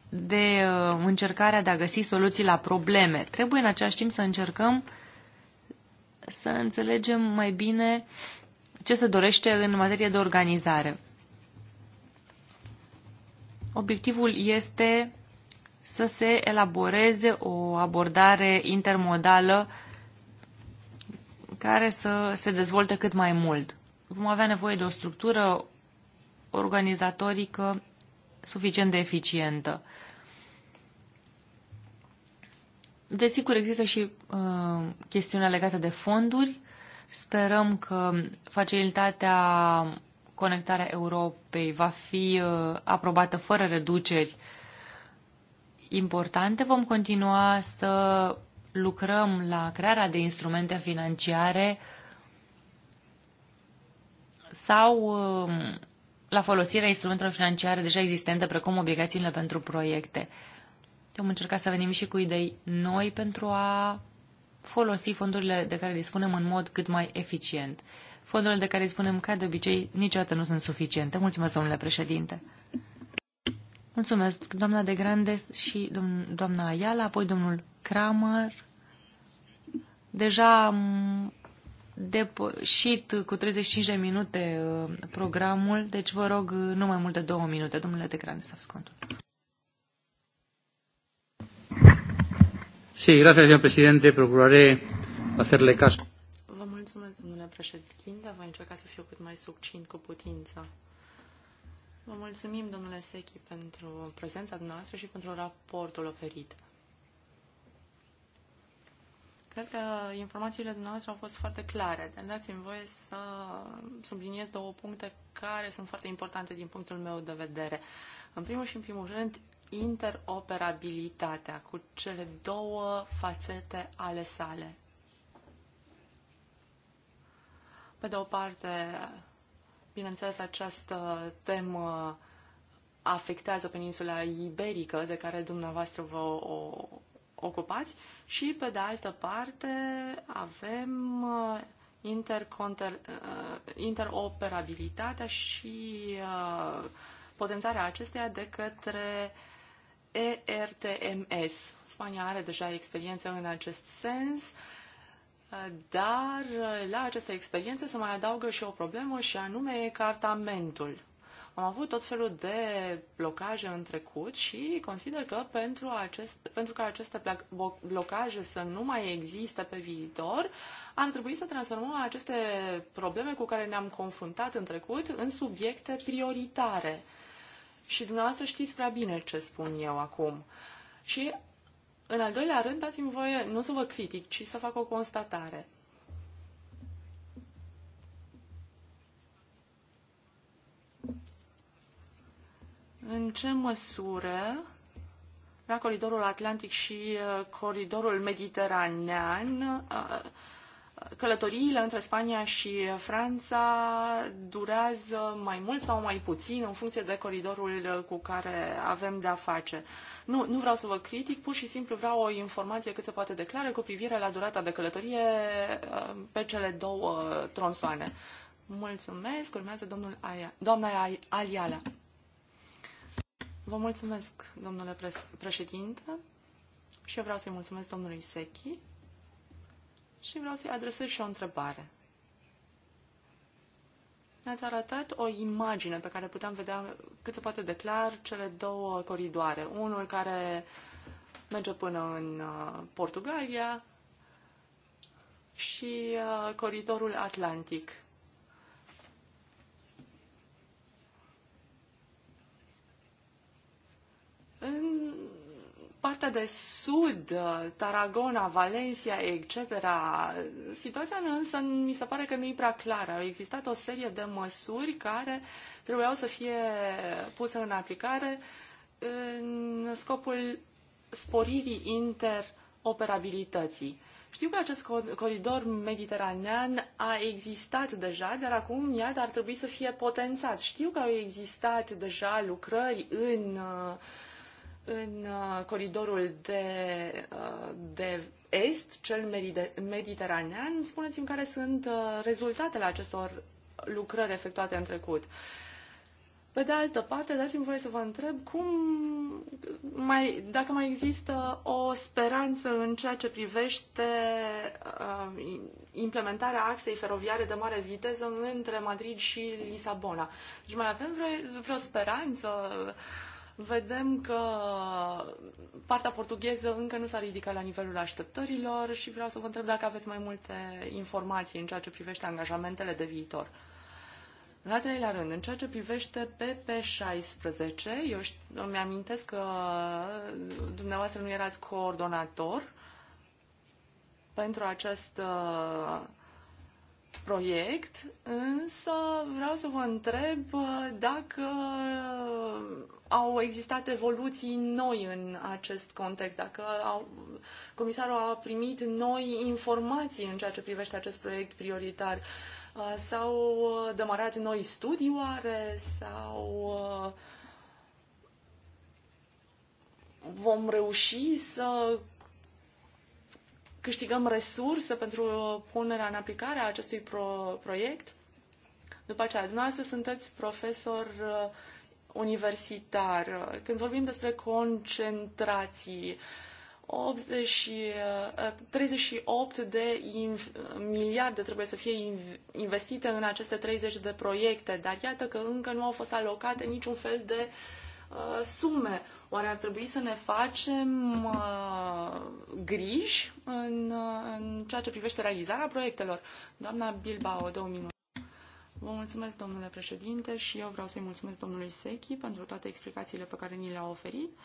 de uh, încercarea de a găsi soluții la probleme. Trebuie în același timp să încercăm să înțelegem mai bine ce se dorește în materie de organizare. Obiectivul este să se elaboreze o abordare intermodală care să se dezvolte cât mai mult. Vom avea nevoie de o structură organizatorică suficient de eficientă. Desigur, există și uh, chestiunea legată de fonduri. Sperăm că facilitatea conectarea Europei va fi uh, aprobată fără reduceri uh, importante. Vom continua să lucrăm la crearea de instrumente financiare sau um, la folosirea instrumentelor financiare deja existente, precum obligațiunile pentru proiecte. Am încercat să venim și cu idei noi pentru a folosi fondurile de care dispunem în mod cât mai eficient. Fondurile de care dispunem, ca de obicei, niciodată nu sunt suficiente. Mulțumesc, domnule președinte. Mulțumesc, doamna de Grandes și doamna Ayala, apoi domnul Kramer. Deja am depășit cu 35 de minute uh, programul, deci vă rog uh, nu mai mult de două minute. Domnule de Grandes, să contul. Sí, gracias, señor presidente. Procuraré hacerle caso. Vă mulțumesc, domnule președinte. Voi încerca să fiu cât mai succint cu putință. Vă mulțumim, domnule Sechi, pentru prezența dumneavoastră și pentru raportul oferit. Cred că informațiile dumneavoastră au fost foarte clare, dar dați-mi voie să subliniez două puncte care sunt foarte importante din punctul meu de vedere. În primul și în primul rând, interoperabilitatea cu cele două fațete ale sale. Pe de o parte, Bineînțeles, această temă afectează peninsula iberică de care dumneavoastră vă o ocupați și, pe de altă parte, avem uh, uh, interoperabilitatea și uh, potențarea acesteia de către ERTMS. Spania are deja experiență în acest sens. Uh, dar la această experiențe se mai adaugă și o problemă și anume cartamentul. Am avut tot felul de blocaje în trecut și consider că pentru, acest, pentru ca aceste blocaje să nu mai existe pe viitor, ar trebui să transformăm aceste probleme cu care ne-am confruntat în trecut în subiecte prioritare. Și dumneavoastră știți prea bine ce spun eu acum. Și în al doilea rând, dați-mi voie nu să vă critic, ci să fac o constatare. În ce măsură la coridorul atlantic și uh, coridorul mediteranean uh, călătoriile între Spania și Franța durează mai mult sau mai puțin în funcție de coridorul cu care avem de-a face. Nu, nu vreau să vă critic, pur și simplu vreau o informație cât se poate declară cu privire la durata de călătorie uh, pe cele două tronsoane. Mulțumesc. Urmează domnul Aia, doamna Aliala. Vă mulțumesc, domnule președinte, și eu vreau să-i mulțumesc domnului Sechi și vreau să-i adresez și o întrebare. Ne-ați arătat o imagine pe care puteam vedea cât se poate declar cele două coridoare. Unul care merge până în uh, Portugalia și uh, coridorul Atlantic. În partea de sud, uh, Tarragona, Valencia, etc. Situația însă mi se pare că nu e prea clară. Au existat o serie de măsuri care trebuiau să fie puse în aplicare în scopul sporirii interoperabilității. Știu că acest coridor mediteranean a existat deja, dar acum, iată, ar trebui să fie potențat. Știu că au existat deja lucrări în uh, în uh, coridorul de, uh, de est, cel mediteranean. Spuneți-mi care sunt uh, rezultatele acestor lucrări efectuate în trecut. Pe de altă parte, dați-mi voie să vă întreb cum mai, dacă mai există o speranță în ceea ce privește uh, implementarea axei feroviare de mare viteză între Madrid și Lisabona. Deci mai avem vreo, vreo speranță uh, vedem că partea portugheză încă nu s-a ridicat la nivelul așteptărilor și vreau să vă întreb dacă aveți mai multe informații în ceea ce privește angajamentele de viitor. În al treilea rând, în ceea ce privește PP16, eu îmi amintesc că dumneavoastră nu erați coordonator pentru acest proiect, însă vreau să vă întreb uh, dacă uh, au existat evoluții noi în acest context, dacă au, comisarul a primit noi informații în ceea ce privește acest proiect prioritar. Uh, s-au demarat noi studii oare? Sau vom reuși să câștigăm resurse pentru punerea în aplicare a acestui pro- proiect. După aceea, dumneavoastră sunteți profesor uh, universitar. Când vorbim despre concentrații, 80, 38 uh, de miliarde trebuie să fie investite în aceste 30 de proiecte, dar iată că încă nu au fost alocate niciun fel de uh, Uh, sume. Oare ar trebui să ne facem uh, griji în, uh, în ceea ce privește realizarea proiectelor? Doamna Bilbao, două minute. Vă mulțumesc, domnule președinte, și eu vreau să-i mulțumesc domnului Sechi pentru toate explicațiile pe care ni le-a oferit.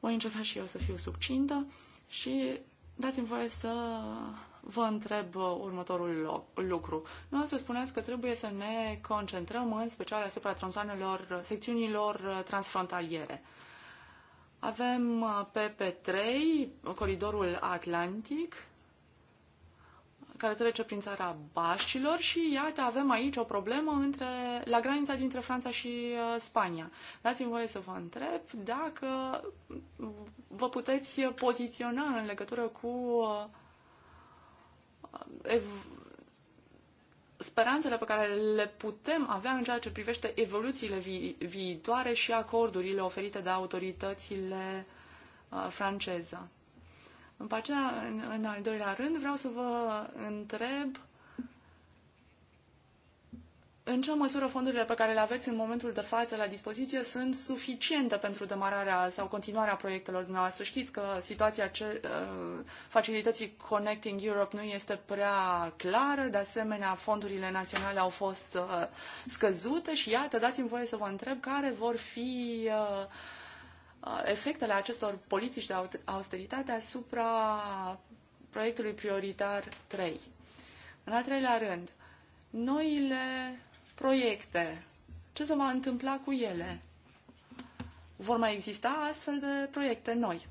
Voi încerca și eu să fiu subcintă și dați-mi voie să vă întreb uh, următorul lucru. Nu să spuneți că trebuie să ne concentrăm în special asupra tronsoanelor, secțiunilor uh, transfrontaliere. Avem uh, PP3, coridorul Atlantic, care trece prin țara Baștilor și iată avem aici o problemă între, la granița dintre Franța și Spania. Dați-mi voie să vă întreb dacă vă puteți poziționa în legătură cu uh, speranțele pe care le putem avea în ceea ce privește evoluțiile vi- viitoare și acordurile oferite de autoritățile uh, franceză. În, aceea, în, în al doilea rând, vreau să vă întreb în ce măsură fondurile pe care le aveți în momentul de față la dispoziție sunt suficiente pentru demararea sau continuarea proiectelor dumneavoastră? Știți că situația ce, uh, facilității Connecting Europe nu este prea clară, de asemenea fondurile naționale au fost uh, scăzute și iată, dați-mi voie să vă întreb care vor fi uh, uh efectele acestor politici de austeritate asupra proiectului prioritar 3. În al treilea rând, noile proiecte. Ce se va întâmpla cu ele? Vor mai exista astfel de proiecte noi?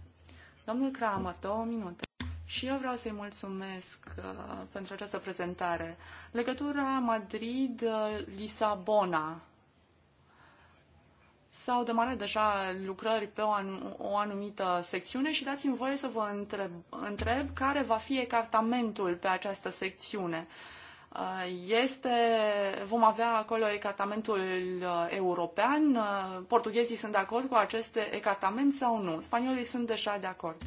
Domnul Kramer, două minute. Și eu vreau să-i mulțumesc uh, pentru această prezentare. Legătura Madrid-Lisabona. S-au demarat deja lucrări pe o, an- o anumită secțiune și dați-mi voie să vă întreb, întreb care va fi ecartamentul pe această secțiune. Uh, Uh, este, vom avea acolo ecartamentul uh, european, uh, portughezii sunt de acord cu acest ecartament sau nu, spaniolii sunt deja de acord.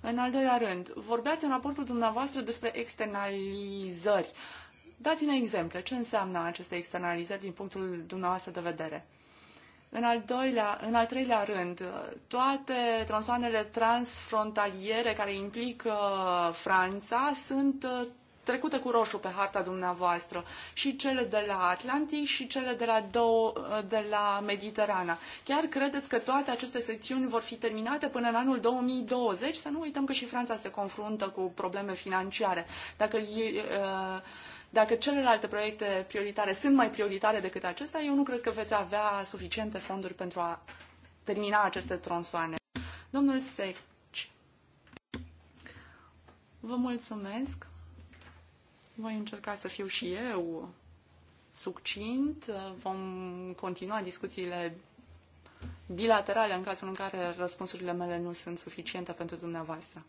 În al doilea rând, vorbeați în raportul dumneavoastră despre externalizări. Dați-ne exemple. Ce înseamnă aceste externalizări din punctul dumneavoastră de vedere? În al, doilea, în al treilea rând, toate transoanele transfrontaliere care implică Franța sunt trecute cu roșu pe harta dumneavoastră și cele de la Atlantic și cele de la, două, de la Mediterana. Chiar credeți că toate aceste secțiuni vor fi terminate până în anul 2020? Să nu uităm că și Franța se confruntă cu probleme financiare. Dacă dacă celelalte proiecte prioritare sunt mai prioritare decât acestea, eu nu cred că veți avea suficiente fonduri pentru a termina aceste tronsoane. Domnul Sec, vă mulțumesc. Voi încerca să fiu și eu succint. Vom continua discuțiile bilaterale în cazul în care răspunsurile mele nu sunt suficiente pentru dumneavoastră.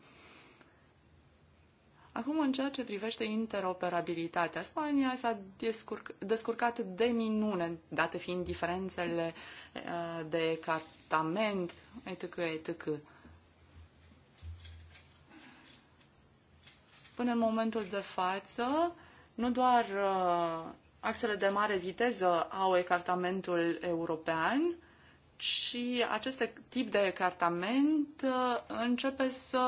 Acum, în ceea ce privește interoperabilitatea, Spania s-a descurc- descurcat de minune, date fiind diferențele uh, de cartament, etc., etc. Până în momentul de față, nu doar uh, axele de mare viteză au ecartamentul european, și acest tip de ecartament uh, începe să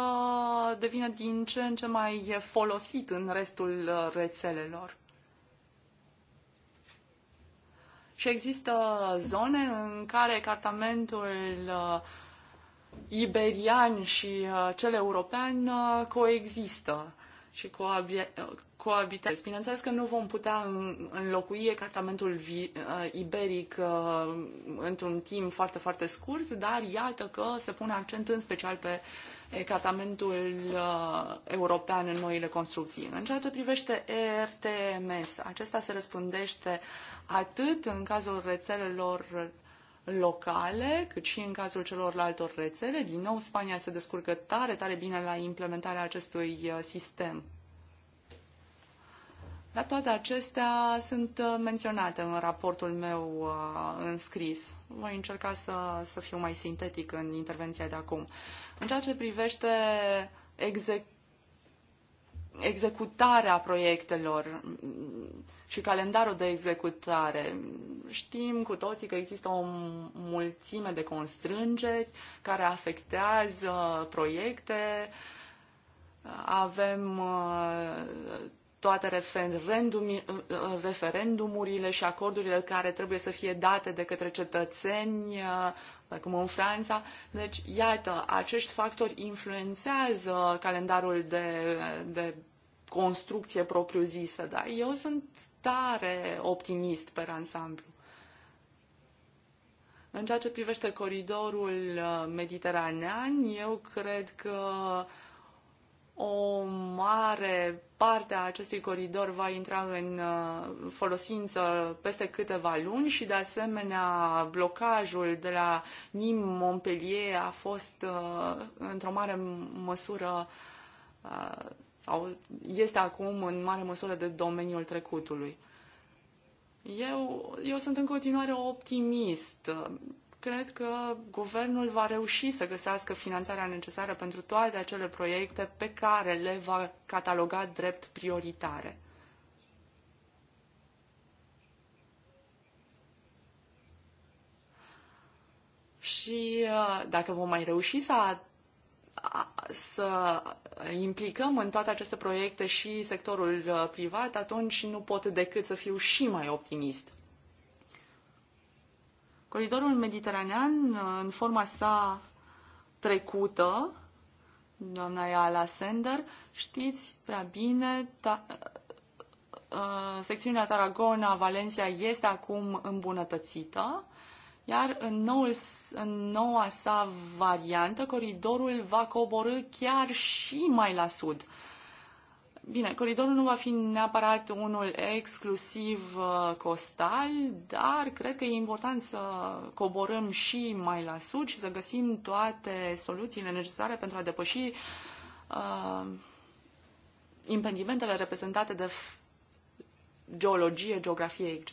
devină din ce în ce mai folosit în restul uh, rețelelor. Și există zone în care ecartamentul iberian și cel european coexistă și coabitați. Bineînțeles că nu vom putea înlocui ecartamentul uh, iberic uh, într-un timp foarte, foarte scurt, dar iată că se pune accent în special pe ecartamentul uh, european în noile construcții. În ceea ce privește ERTMS, acesta se răspândește atât în cazul rețelelor locale, cât și în cazul celorlalte rețele. Din nou, Spania se descurcă tare, tare bine la implementarea acestui uh, sistem. Dar toate acestea sunt uh, menționate în raportul meu uh, înscris. Voi încerca să, să fiu mai sintetic în intervenția de acum. În ceea ce privește exec executarea proiectelor și calendarul de executare. Știm cu toții că există o mulțime de constrângeri care afectează proiecte. Avem uh, toate referendumurile și acordurile care trebuie să fie date de către cetățeni, precum în Franța. Deci, iată, acești factori influențează calendarul de, de construcție propriu-zisă, dar eu sunt tare optimist pe ansamblu. În ceea ce privește coridorul uh, mediteranean, eu cred că uh, o mare parte a acestui coridor va intra în uh, folosință peste câteva luni și, de asemenea, blocajul de la Nîmes-Montpellier a fost, uh, într-o mare măsură, uh, sau este acum în mare măsură de domeniul trecutului. Eu, eu sunt în continuare optimist cred că guvernul va reuși să găsească finanțarea necesară pentru toate acele proiecte pe care le va cataloga drept prioritare. Și uh, dacă vom mai reuși să să implicăm în toate aceste proiecte și sectorul uh, privat, atunci nu pot decât să fiu și mai optimist. Coridorul mediteranean, în forma sa trecută, doamna Iala Sender, știți prea bine, ta, uh, uh, secțiunea Tarragona, Valencia este acum îmbunătățită, iar în, noul, în noua sa variantă, coridorul va coborâ chiar și mai la sud. Uh, Bine, coridorul nu va fi neapărat unul exclusiv uh, costal, dar cred că e important să coborâm și mai la sud și să găsim toate soluțiile necesare pentru a depăși uh, impedimentele reprezentate de geologie, geografie, etc.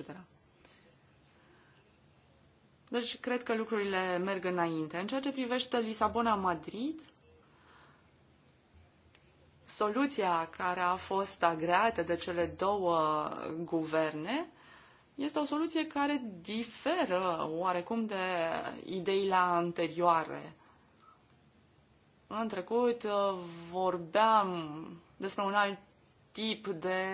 Deci, cred că lucrurile merg înainte. În ceea ce privește Lisabona-Madrid, Soluția care a fost agreată de cele două guverne este o soluție care diferă oarecum de ideile anterioare. În trecut uh, vorbeam despre un alt tip de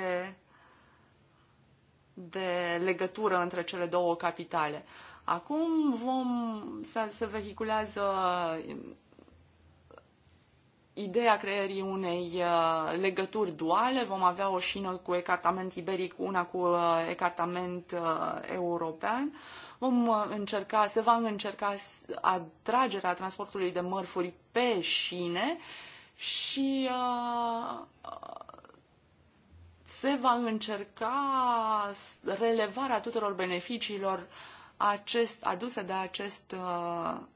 de legătură între cele două capitale. Acum vom, se, se vehiculează ideea creării unei uh, legături duale. Vom avea o șină cu ecartament iberic, una cu uh, ecartament uh, european. Vom încerca, se va încerca atragerea transportului de mărfuri pe șine și se va încerca relevarea tuturor beneficiilor acest, aduse de acest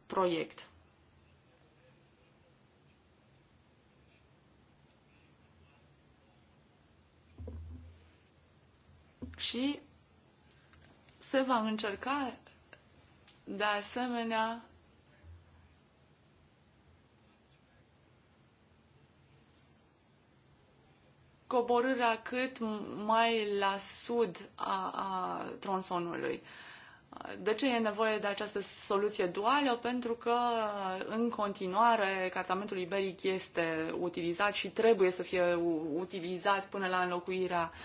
proiect. și se va încerca de asemenea coborârea cât mai la sud a, a tronsonului. De ce e nevoie de această soluție duală? Pentru că în continuare cartamentul iberic este utilizat și trebuie să fie utilizat până la înlocuirea uh,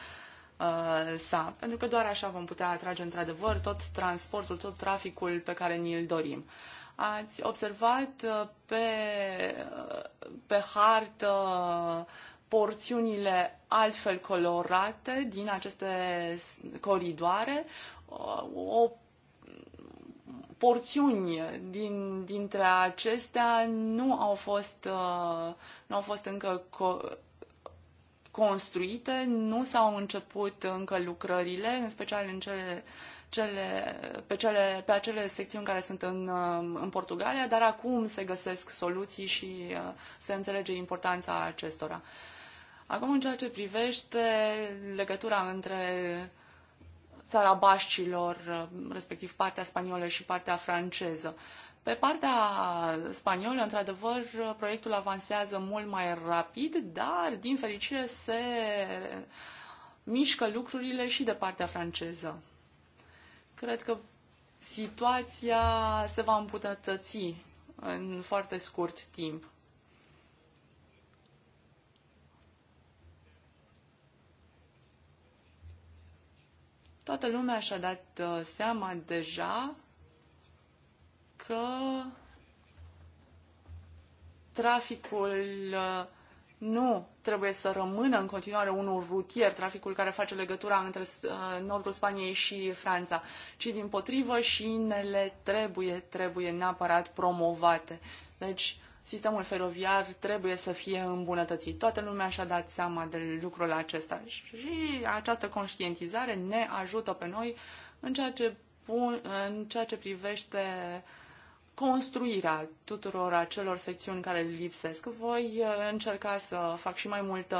Uh, sa, pentru că doar așa vom putea atrage într-adevăr tot transportul, tot traficul pe care ni-l dorim. Ați observat uh, pe, uh, pe hartă porțiunile altfel colorate din aceste coridoare, o porțiuni din, dintre acestea nu au fost, nu au fost încă co- construite, nu s-au început încă lucrările, în special în cele, cele, pe, cele, pe acele secțiuni care sunt în, în Portugalia, dar acum se găsesc soluții și uh, se înțelege importanța acestora. Acum, în ceea ce privește legătura între țara Bașcilor, uh, respectiv partea spaniolă și partea franceză. Uh, pe partea spaniolă, într-adevăr, proiectul avansează mult mai rapid, dar, din fericire, se mișcă lucrurile și de partea franceză. Cred că situația se va îmbunătăți în foarte scurt timp. Toată lumea și-a dat uh, seama deja că traficul uh, nu trebuie să rămână în continuare unul rutier, traficul care face legătura între uh, nordul Spaniei și Franța, ci din potrivă șinele trebuie, trebuie neapărat promovate. Deci sistemul feroviar trebuie să fie îmbunătățit. Toată lumea și-a dat seama de lucrul acesta și această conștientizare ne ajută pe noi în ceea ce, în ceea ce privește uh, construirea tuturor acelor secțiuni care lipsesc. Voi uh, încerca să fac și mai multă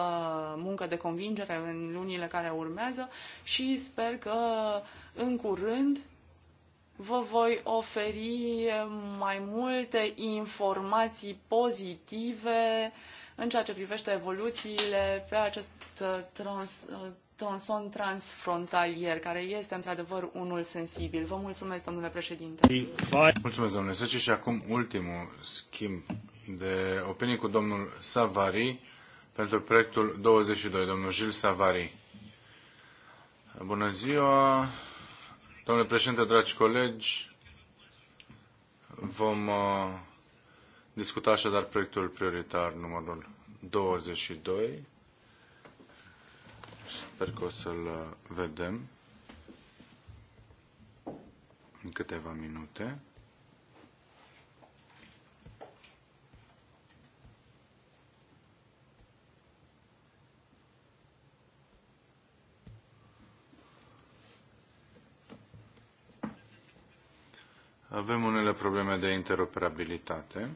muncă de convingere în lunile care urmează și sper că în curând vă voi oferi mai multe informații pozitive în ceea ce privește evoluțiile pe acest uh, trans, uh, tronson transfrontalier, care este într-adevăr unul sensibil. Vă mulțumesc, domnule președinte. Mulțumesc, domnule Să Și acum ultimul schimb de opinii cu domnul Savari pentru proiectul 22, domnul Gil Savari. Bună ziua, domnule președinte, dragi colegi. Vom uh, discuta așadar proiectul prioritar numărul 22 Sper că o să-l uh, vedem în câteva minute. Avem unele probleme de interoperabilitate.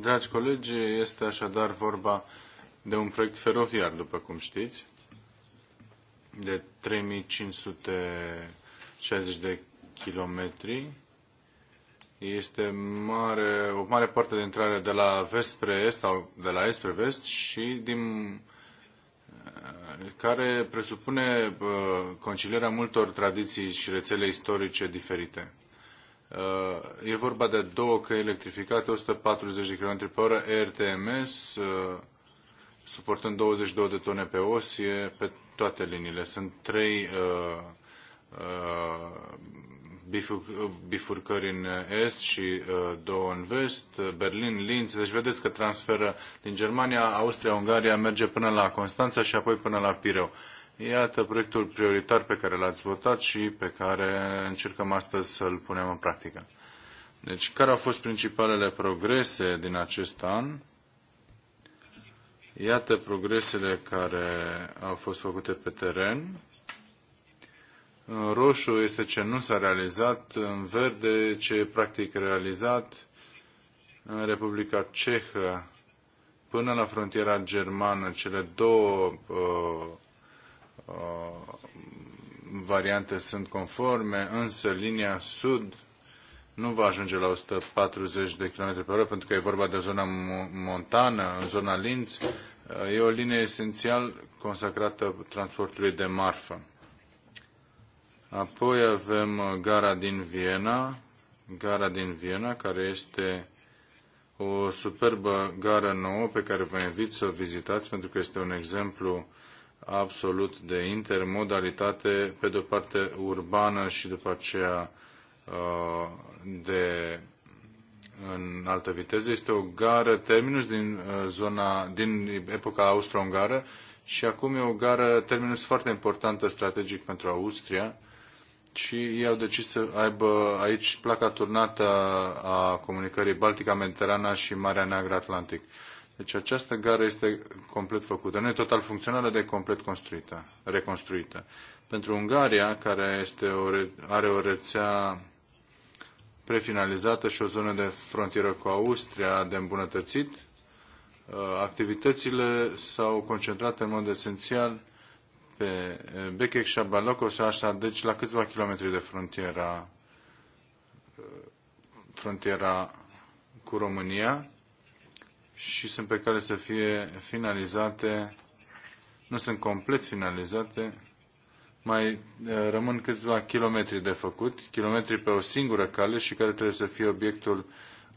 Dragi colegi, este așadar vorba de un proiect feroviar, după cum știți, de 3560 de kilometri. Este mare, o mare parte de intrare de la vest spre est sau de la est spre vest și din uh, care presupune uh, concilierea multor tradiții și rețele istorice diferite. Uh, e vorba de două căi electrificate, 140 km pe oră, ERTMS, uh, suportând 22 de tone pe osie, pe toate liniile. Sunt trei uh, uh, bifurcări în est și uh, două în vest, Berlin, Linz. Deci vedeți că transferă din Germania, Austria, Ungaria, merge până la Constanța și apoi până la Pireu. Iată proiectul prioritar pe care l-ați votat și pe care încercăm astăzi să-l punem în practică. Deci, care au fost principalele progrese din acest an? Iată progresele care au fost făcute pe teren. În roșu este ce nu s-a realizat, în verde ce e practic realizat, în Republica Cehă până la frontiera germană, cele două uh, Uh, variante sunt conforme, însă linia sud nu va ajunge la 140 de km pe oră, pentru că e vorba de zona montană, în zona linț, uh, E o linie esențial consacrată transportului de marfă. Apoi avem gara din Viena, gara din Viena, care este o superbă gară nouă pe care vă invit să o vizitați, pentru că este un exemplu absolut de intermodalitate, pe de-o parte urbană și după aceea uh, de în altă viteză. Este o gară terminus din uh, zona, din epoca austro-ungară și acum e o gară terminus foarte importantă strategic pentru Austria și ei au decis să aibă aici placa turnată a comunicării Baltica, Mediterana și Marea Neagră Atlantic. Deci această gară este complet făcută. Nu e total funcțională, dar e complet construită, reconstruită. Pentru Ungaria, care este o re... are o rețea prefinalizată și o zonă de frontieră cu Austria de îmbunătățit, uh, activitățile s-au concentrat în mod esențial pe uh, Bekek și așa, deci la câțiva kilometri de frontiera, uh, frontiera cu România și sunt pe care să fie finalizate, nu sunt complet finalizate, mai eh, rămân câțiva kilometri de făcut, kilometri pe o singură cale și care trebuie să fie obiectul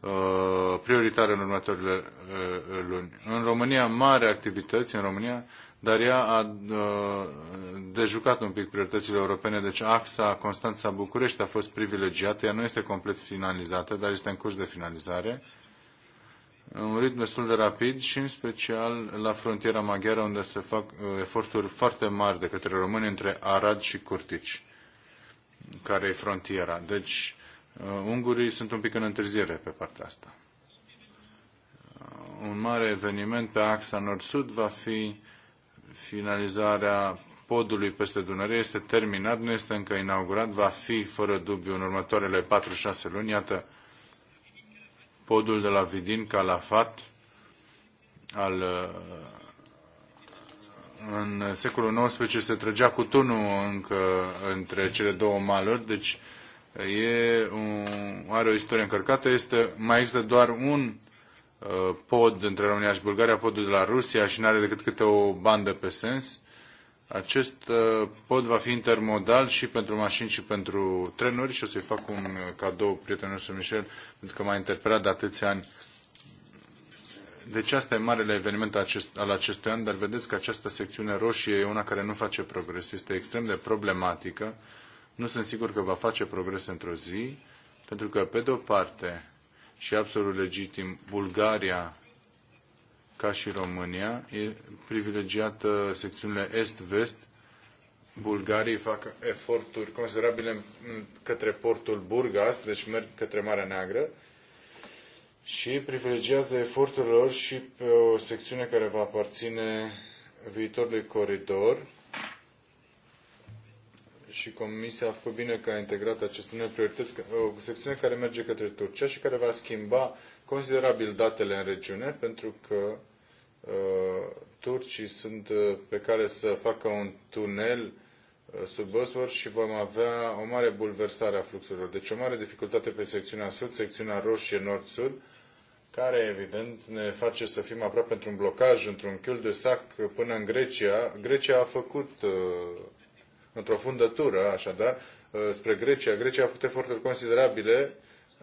uh, prioritar în următoarele uh, luni. În România, mare activități în România, dar ea a dejucat un pic prioritățile europene, deci axa Constanța-București a fost privilegiată, ea nu este complet finalizată, dar este în curs de finalizare în ritm destul de rapid și în special la frontiera maghiară unde se fac uh, eforturi foarte mari de către români între Arad și Curtici, care e frontiera. Deci uh, ungurii sunt un pic în întârziere pe partea asta. Uh, un mare eveniment pe axa nord-sud va fi finalizarea podului peste Dunăre. Este terminat, nu este încă inaugurat, va fi fără dubiu în următoarele 4-6 luni. Iată, podul de la Vidin Calafat al uh, în secolul XIX se trăgea cu tunul încă între cele două maluri, deci e un, are o istorie încărcată. Este, mai există doar un uh, pod între România și Bulgaria, podul de la Rusia și nu are decât câte o bandă pe sens. Acest uh, pod va fi intermodal și pentru mașini și pentru trenuri și o să-i fac un uh, cadou prietenul nostru Michel, pentru că m-a interpelat de atâția ani. Deci asta e marele eveniment al acestui an, dar vedeți că această secțiune roșie e una care nu face progres. Este extrem de problematică. Nu sunt sigur că va face progres într-o zi, pentru că, pe de o parte, și absolut legitim, Bulgaria ca și România, e privilegiată secțiunile est-vest. Bulgarii fac eforturi considerabile către portul Burgas, deci merg către Marea Neagră și privilegiază eforturile lor și pe o secțiune care va aparține viitorului coridor. Și Comisia a făcut bine că a integrat aceste noi priorități, o secțiune care merge către Turcia și care va schimba considerabil datele în regiune, pentru că Uh, turcii sunt uh, pe care să facă un tunel uh, sub Bosfor și vom avea o mare bulversare a fluxurilor. Deci o mare dificultate pe secțiunea sud, secțiunea roșie nord-sud, care evident ne face să fim aproape într-un blocaj, într-un chiul de sac până în Grecia. Grecia a făcut într-o fundătură, așadar, spre Grecia. Grecia a făcut eforturi considerabile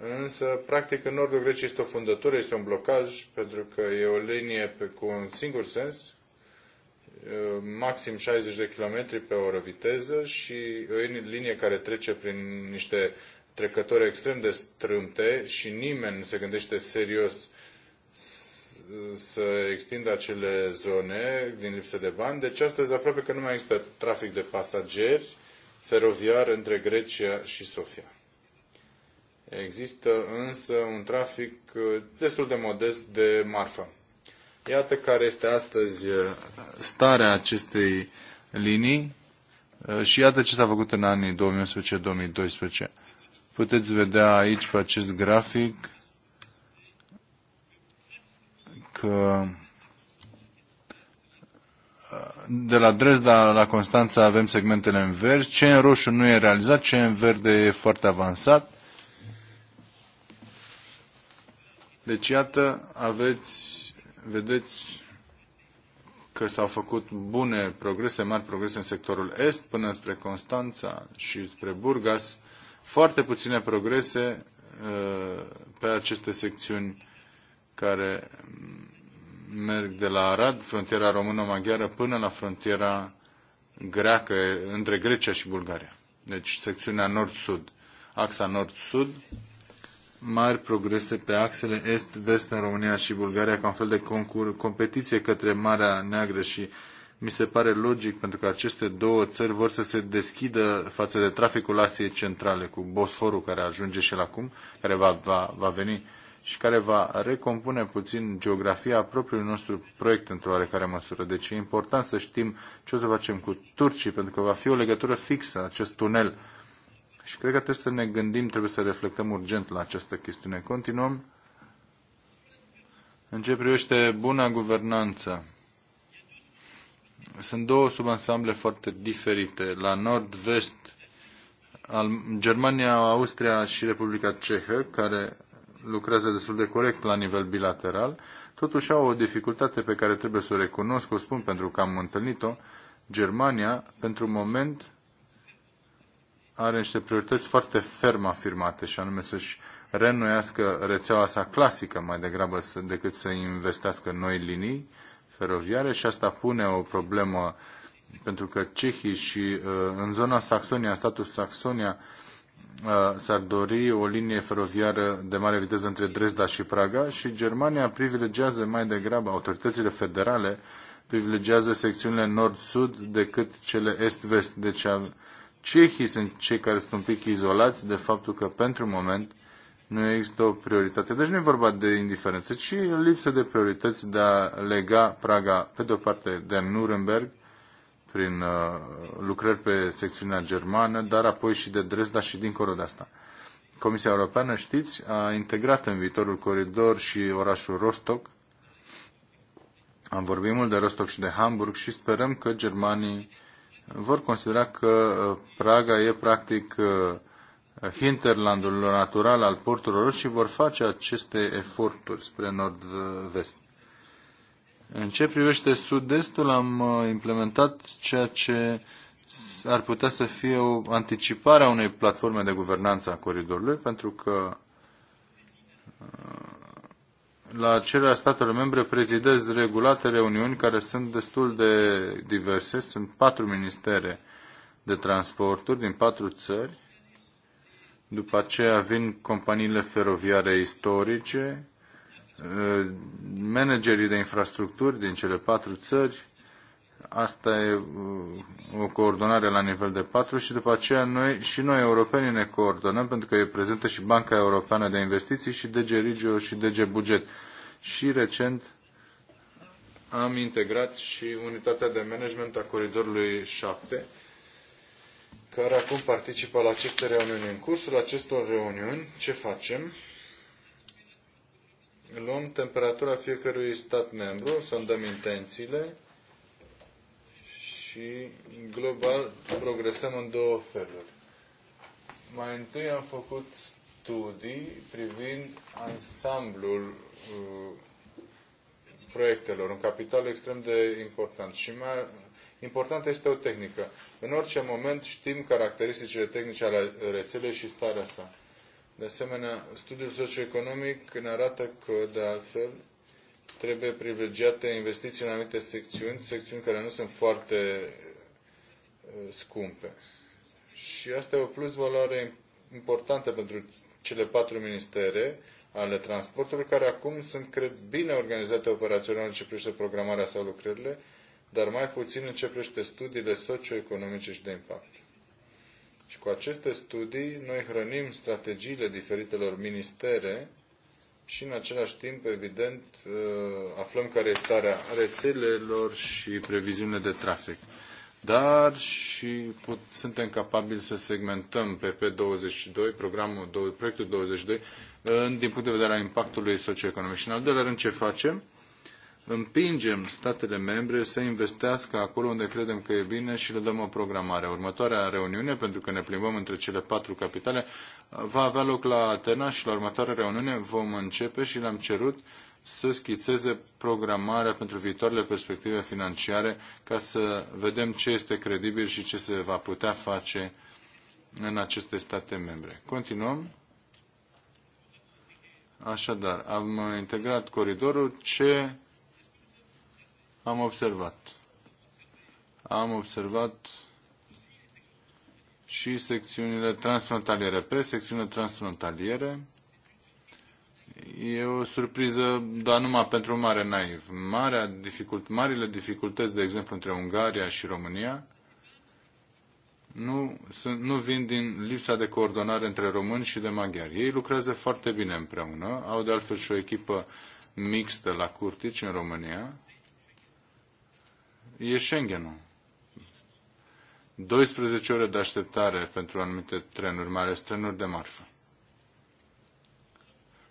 însă, practic, în nordul Greciei este o fundătură, este un blocaj, pentru că e o linie pe, cu un singur sens, uh, maxim 60 de km pe oră viteză și o linie care trece prin niște trecători extrem de strâmte și nimeni nu se gândește serios să extindă acele zone din lipsă de bani. Deci astăzi aproape că nu mai există trafic de pasageri feroviar între Grecia și Sofia. Există însă un trafic uh, destul de modest de marfă. Iată care este astăzi uh, starea acestei linii uh, și iată ce s-a făcut în anii 2011-2012. Puteți vedea aici pe acest grafic că de la Dresda la Constanța avem segmentele în verzi, ce în roșu nu e realizat, ce în verde e foarte avansat Deci, iată, aveți, vedeți că s-au făcut bune progrese, mari progrese în sectorul est, până spre Constanța și spre Burgas, foarte puține progrese uh, pe aceste secțiuni care merg de la Arad, frontiera română-maghiară, până la frontiera greacă, între Grecia și Bulgaria. Deci secțiunea nord-sud, axa nord-sud, mari progrese pe axele est-vest în România și Bulgaria, ca un fel de concur, competiție către Marea Neagră și mi se pare logic pentru că aceste două țări vor să se deschidă față de traficul Asiei Centrale cu Bosforul care ajunge și la acum, care va, va, va veni și care va recompune puțin geografia propriului nostru proiect într-o oarecare măsură. Deci e important să știm ce o să facem cu turcii, pentru că va fi o legătură fixă acest tunel și cred că trebuie să ne gândim, trebuie să reflectăm urgent la această chestiune. Continuăm. În ce privește buna guvernanță, sunt două subansamble foarte diferite. La nord-vest, Germania, Austria și Republica Cehă, care lucrează destul de corect la nivel bilateral, totuși au o dificultate pe care trebuie să o recunosc, o spun pentru că am întâlnit-o. Germania, pentru moment, are niște priorități foarte ferm afirmate și anume să-și reînnoiască rețeaua sa clasică mai degrabă decât să investească noi linii feroviare și asta pune o problemă pentru că cehii și uh, în zona Saxonia, statul Saxonia, uh, s-ar dori o linie feroviară de mare viteză între Dresda și Praga și Germania privilegiază mai degrabă, autoritățile federale privilegiază secțiunile nord-sud decât cele est-vest. Deci Cehii sunt cei care sunt un pic izolați de faptul că pentru moment nu există o prioritate. Deci nu e vorba de indiferență, ci lipsă de priorități de a lega Praga, pe de o parte, de Nuremberg, prin uh, lucrări pe secțiunea germană, dar apoi și de Dresda și dincolo de asta. Comisia Europeană, știți, a integrat în viitorul coridor și orașul Rostock. Am vorbit mult de Rostock și de Hamburg și sperăm că germanii vor considera că uh, Praga e practic uh, hinterlandul natural al porturilor și vor face aceste eforturi spre nord-vest. În ce privește sud-estul, am uh, implementat ceea ce ar putea să fie o anticipare a unei platforme de guvernanță a coridorului, pentru că la cererea statelor membre, prezidez regulate reuniuni care sunt destul de diverse. Sunt patru ministere de transporturi din patru țări. După aceea vin companiile feroviare istorice, eh, managerii de infrastructuri din cele patru țări, Asta e uh, o coordonare la nivel de patru și după aceea noi, și noi europenii ne coordonăm pentru că e prezentă și Banca Europeană de Investiții și DG Regio și DG Buget. Și recent am integrat și unitatea de management a Coridorului 7 care acum participă la aceste reuniuni. În cursul acestor reuniuni, ce facem? Luăm temperatura fiecărui stat membru, dăm intențiile, și global progresăm în două feluri. Mai întâi am făcut studii privind ansamblul uh, proiectelor, un capital extrem de important și mai importantă este o tehnică. În orice moment știm caracteristicile tehnice ale rețelei și starea sa. De asemenea, studiul socioeconomic ne arată că, de altfel, Trebuie privilegiate investiții în anumite secțiuni, secțiuni care nu sunt foarte uh, scumpe. Și asta e o plus valoare importantă pentru cele patru ministere ale transportului, care acum sunt, cred, bine organizate operațional în ce privește programarea sau lucrările, dar mai puțin în ce privește studiile socioeconomice și de impact. Și cu aceste studii, noi hrănim strategiile diferitelor ministere și în același timp, evident, uh, aflăm care este starea rețelelor și previziunile de trafic. Dar și put, suntem capabili să segmentăm pe P22, programul, proiectul 22, în, din punct de vedere al impactului socioeconomic. Și în al doilea rând, ce facem? împingem statele membre să investească acolo unde credem că e bine și le dăm o programare. Următoarea reuniune, pentru că ne plimbăm între cele patru capitale, va avea loc la Atena și la următoarea reuniune vom începe și le-am cerut să schițeze programarea pentru viitoarele perspective financiare ca să vedem ce este credibil și ce se va putea face în aceste state membre. Continuăm. Așadar, am integrat coridorul. Ce am observat. Am observat și secțiunile transfrontaliere. Pe secțiunile transfrontaliere e o surpriză, dar numai pentru mare naiv. Marea dificult, marile dificultăți, de exemplu, între Ungaria și România, nu, sunt, nu vin din lipsa de coordonare între români și de maghiari. Ei lucrează foarte bine împreună, au de altfel și o echipă mixtă la Curtici în România e Schengenul. 12 ore de așteptare pentru anumite trenuri, mai ales trenuri de marfă.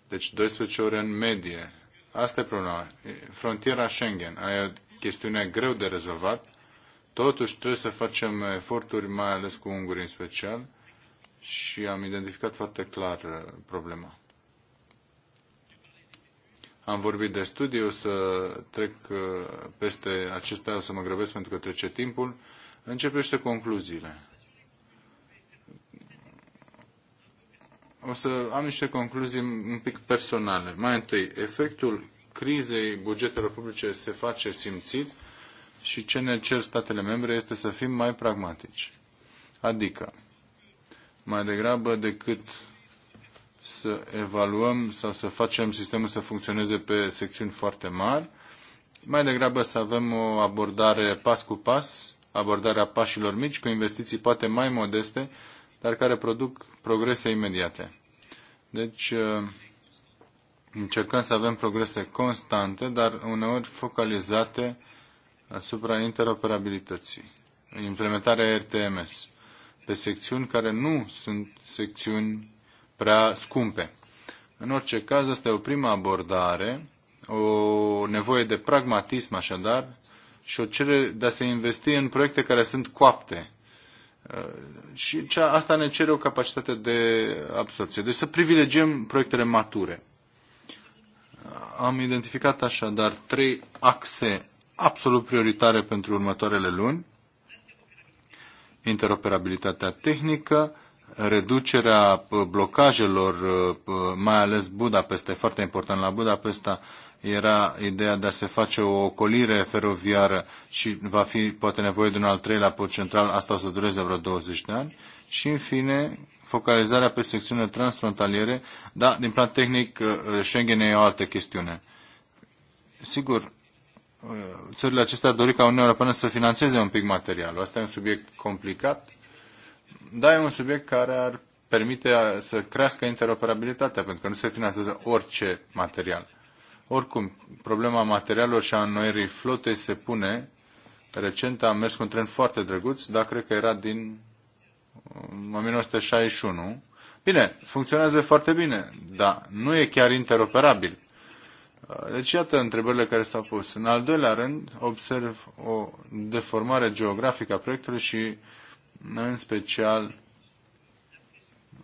Deci 12 ore în medie. Asta e problema. Frontiera Schengen. Aia e o chestiune greu de rezolvat. Totuși trebuie să facem eforturi, mai ales cu ungurii în special, și am identificat foarte clar uh, problema. Am vorbit de studii, o să trec uh, peste acestea, o să mă grăbesc pentru că trece timpul. Începește concluziile. O să am niște concluzii un pic personale. Mai întâi, efectul crizei bugetelor publice se face simțit și ce ne cer statele membre este să fim mai pragmatici. Adică, mai degrabă decât să evaluăm sau să facem sistemul să funcționeze pe secțiuni foarte mari, mai degrabă să avem o abordare pas cu pas, abordarea pașilor mici, cu investiții poate mai modeste, dar care produc progrese imediate. Deci, uh, încercăm să avem progrese constante, dar uneori focalizate asupra interoperabilității, implementarea RTMS, pe secțiuni care nu sunt secțiuni prea scumpe. În orice caz, asta e o primă abordare, o nevoie de pragmatism așadar și o cerere de a se investi în proiecte care sunt coapte. Uh, și asta ne cere o capacitate de absorpție. Deci să privilegiem proiectele mature. Uh, am identificat așadar trei axe absolut prioritare pentru următoarele luni. Interoperabilitatea tehnică, reducerea uh, blocajelor, uh, uh, mai ales Budapesta, e foarte important la Budapesta, era ideea de a se face o ocolire feroviară și va fi poate nevoie de un al treilea pod central, asta o să dureze vreo 20 de ani. Și în fine, focalizarea pe secțiune transfrontaliere, da, din plan tehnic, Schengen e o altă chestiune. Sigur, țările acestea ar dori ca Uniunea Europeană să financeze un pic materialul. Asta e un subiect complicat, da, e un subiect care ar permite să crească interoperabilitatea, pentru că nu se finanțează orice material. Oricum, problema materialelor și a înnoirii flotei se pune. Recent am mers cu un tren foarte drăguț, dar cred că era din 1961. Um, bine, funcționează foarte bine, dar nu e chiar interoperabil. Uh, deci iată întrebările care s-au pus. În al doilea rând, observ o deformare geografică a proiectului și în special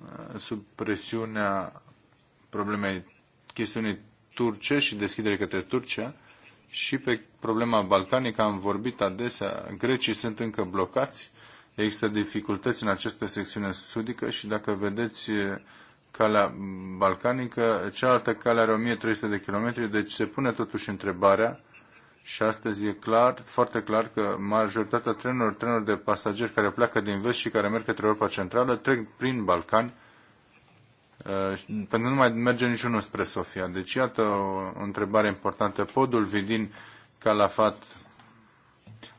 uh, sub presiunea problemei chestiunii turce și deschidere către Turcia și pe problema balcanică am vorbit adesea. Grecii sunt încă blocați, există dificultăți în această secțiune sudică și dacă vedeți uh, calea balcanică, cealaltă cale are 1300 de kilometri, deci se pune totuși întrebarea și astăzi e clar, foarte clar că majoritatea trenurilor, trenurilor de pasageri care pleacă din vest și care merg către Europa Centrală trec prin Balcani pentru că nu mai merge niciunul spre Sofia. Deci iată o întrebare importantă. Podul Vidin Calafat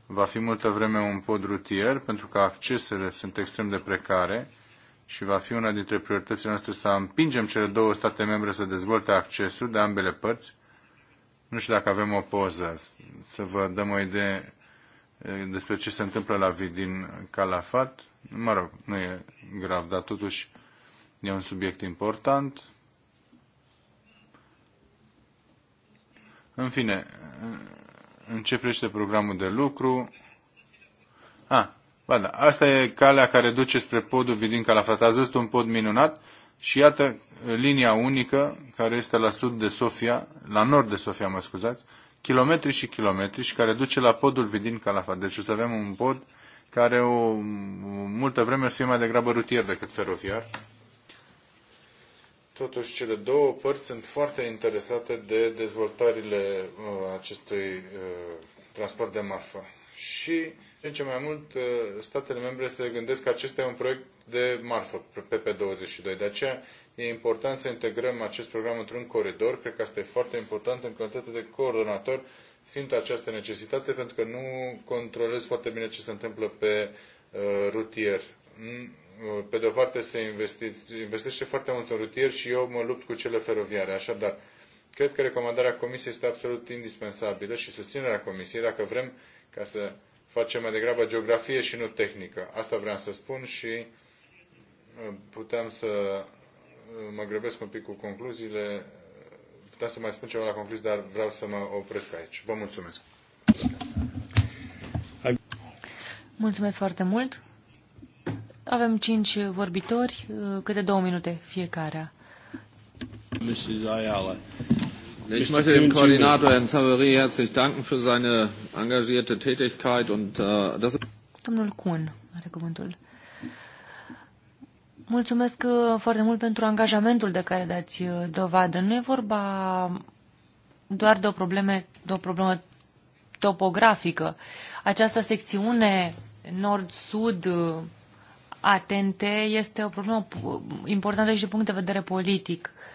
va fi multă vreme un pod rutier pentru că accesele sunt extrem de precare și va fi una dintre prioritățile noastre să împingem cele două state membre să dezvolte accesul de ambele părți nu știu dacă avem o poză, să vă dăm o idee despre ce se întâmplă la din Calafat. Mă rog, nu e grav, dar totuși e un subiect important. În fine, în ce privește programul de lucru. A, ba da, asta e calea care duce spre podul Vidin Calafat. Ați văzut un pod minunat? Și iată linia unică care este la sud de Sofia, la nord de Sofia, mă scuzați, kilometri și kilometri și care duce la podul Vidin Calafat. Deci o să avem un pod care o multă vreme o să fie mai degrabă rutier decât feroviar. Totuși, cele două părți sunt foarte interesate de dezvoltările uh, acestui uh, transport de marfă. Și din ce mai mult uh, statele membre se gândesc că acesta e un proiect de marfă, PP22. De aceea e important să integrăm acest program într-un coridor. Cred că asta e foarte important. În calitate de coordonator simt această necesitate pentru că nu controlez foarte bine ce se întâmplă pe uh, rutier. Mm, uh, pe de o parte se investește foarte mult în rutier și eu mă lupt cu cele feroviare. Așadar, cred că recomandarea Comisiei este absolut indispensabilă și susținerea Comisiei dacă vrem ca să facem mai degrabă geografie și nu tehnică. Asta vreau să spun și uh, putem să uh, mă grăbesc un pic cu concluziile. Putem să mai spun ceva la concluzii, dar vreau să mă opresc aici. Vă mulțumesc! Mulțumesc foarte mult! Avem cinci vorbitori, uh, câte două minute fiecare. Mrs. Ayala. Ich möchte dem Koordinator Herrn Savary herzlich danken für seine engagierte Tätigkeit und uh, das Domnul Kuhn are cuvântul. Mulțumesc uh, foarte mult pentru angajamentul de care dați uh, dovadă. Nu e vorba doar de o, probleme, de o problemă topografică. Această secțiune nord-sud uh, atente este o problemă importantă și din punct de vedere politic. Uh,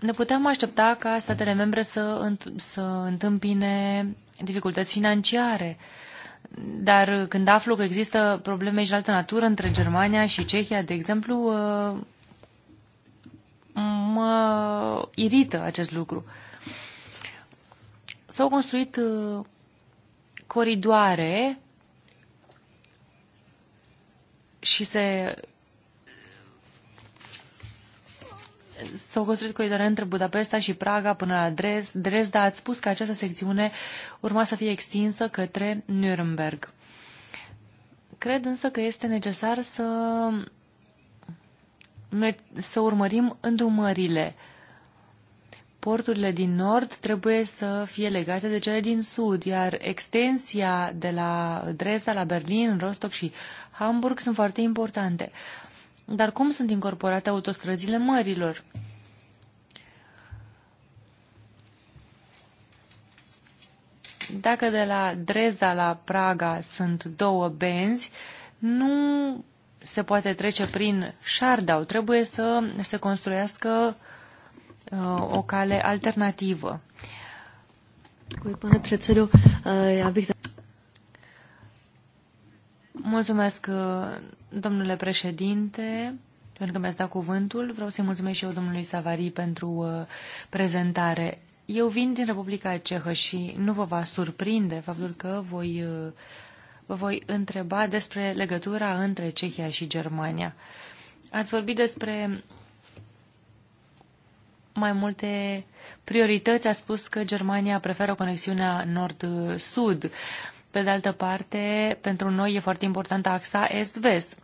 ne putem aștepta ca statele membre să, să întâmpine dificultăți financiare. Dar când aflu că există probleme și de altă natură între Germania și Cehia, de exemplu, ă, mă irită acest lucru. S-au construit ă, coridoare și se S-au construit coridoare între Budapesta și Praga până la Dresda. Ați spus că această secțiune urma să fie extinsă către Nuremberg. Cred însă că este necesar să, ne, să urmărim îndrumările. Porturile din nord trebuie să fie legate de cele din sud, iar extensia de la Dresda la Berlin, Rostock și Hamburg sunt foarte importante. Uh, dar cum sunt incorporate autostrăzile mărilor? Dacă de la Dresda la Praga sunt două benzi, nu se poate trece prin Șardau. Trebuie să se construiască uh, o cale alternativă. Děkuji, pane eh, Mulțumesc, uh, Domnule președinte, pentru că mi-ați dat cuvântul, vreau să-i mulțumesc și eu domnului Savari pentru uh, prezentare. Eu vin din Republica Cehă și nu vă va surprinde faptul că voi, uh, vă voi întreba despre legătura între Cehia și Germania. Ați vorbit despre mai multe priorități. A spus că Germania preferă conexiunea nord-sud. Uh, pe de altă parte, pentru noi e foarte important axa est-vest.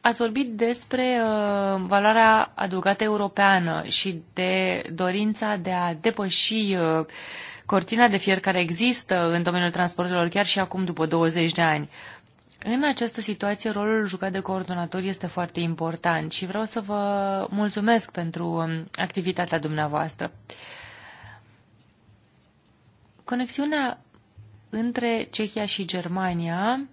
Ați vorbit despre uh, valoarea adăugată europeană și de dorința de a depăși uh, cortina de fier care există în domeniul transporturilor chiar și acum după 20 de ani. În această situație, rolul jucat de coordonator este foarte important și vreau să vă mulțumesc pentru um, activitatea dumneavoastră. Conexiunea între Cehia și Germania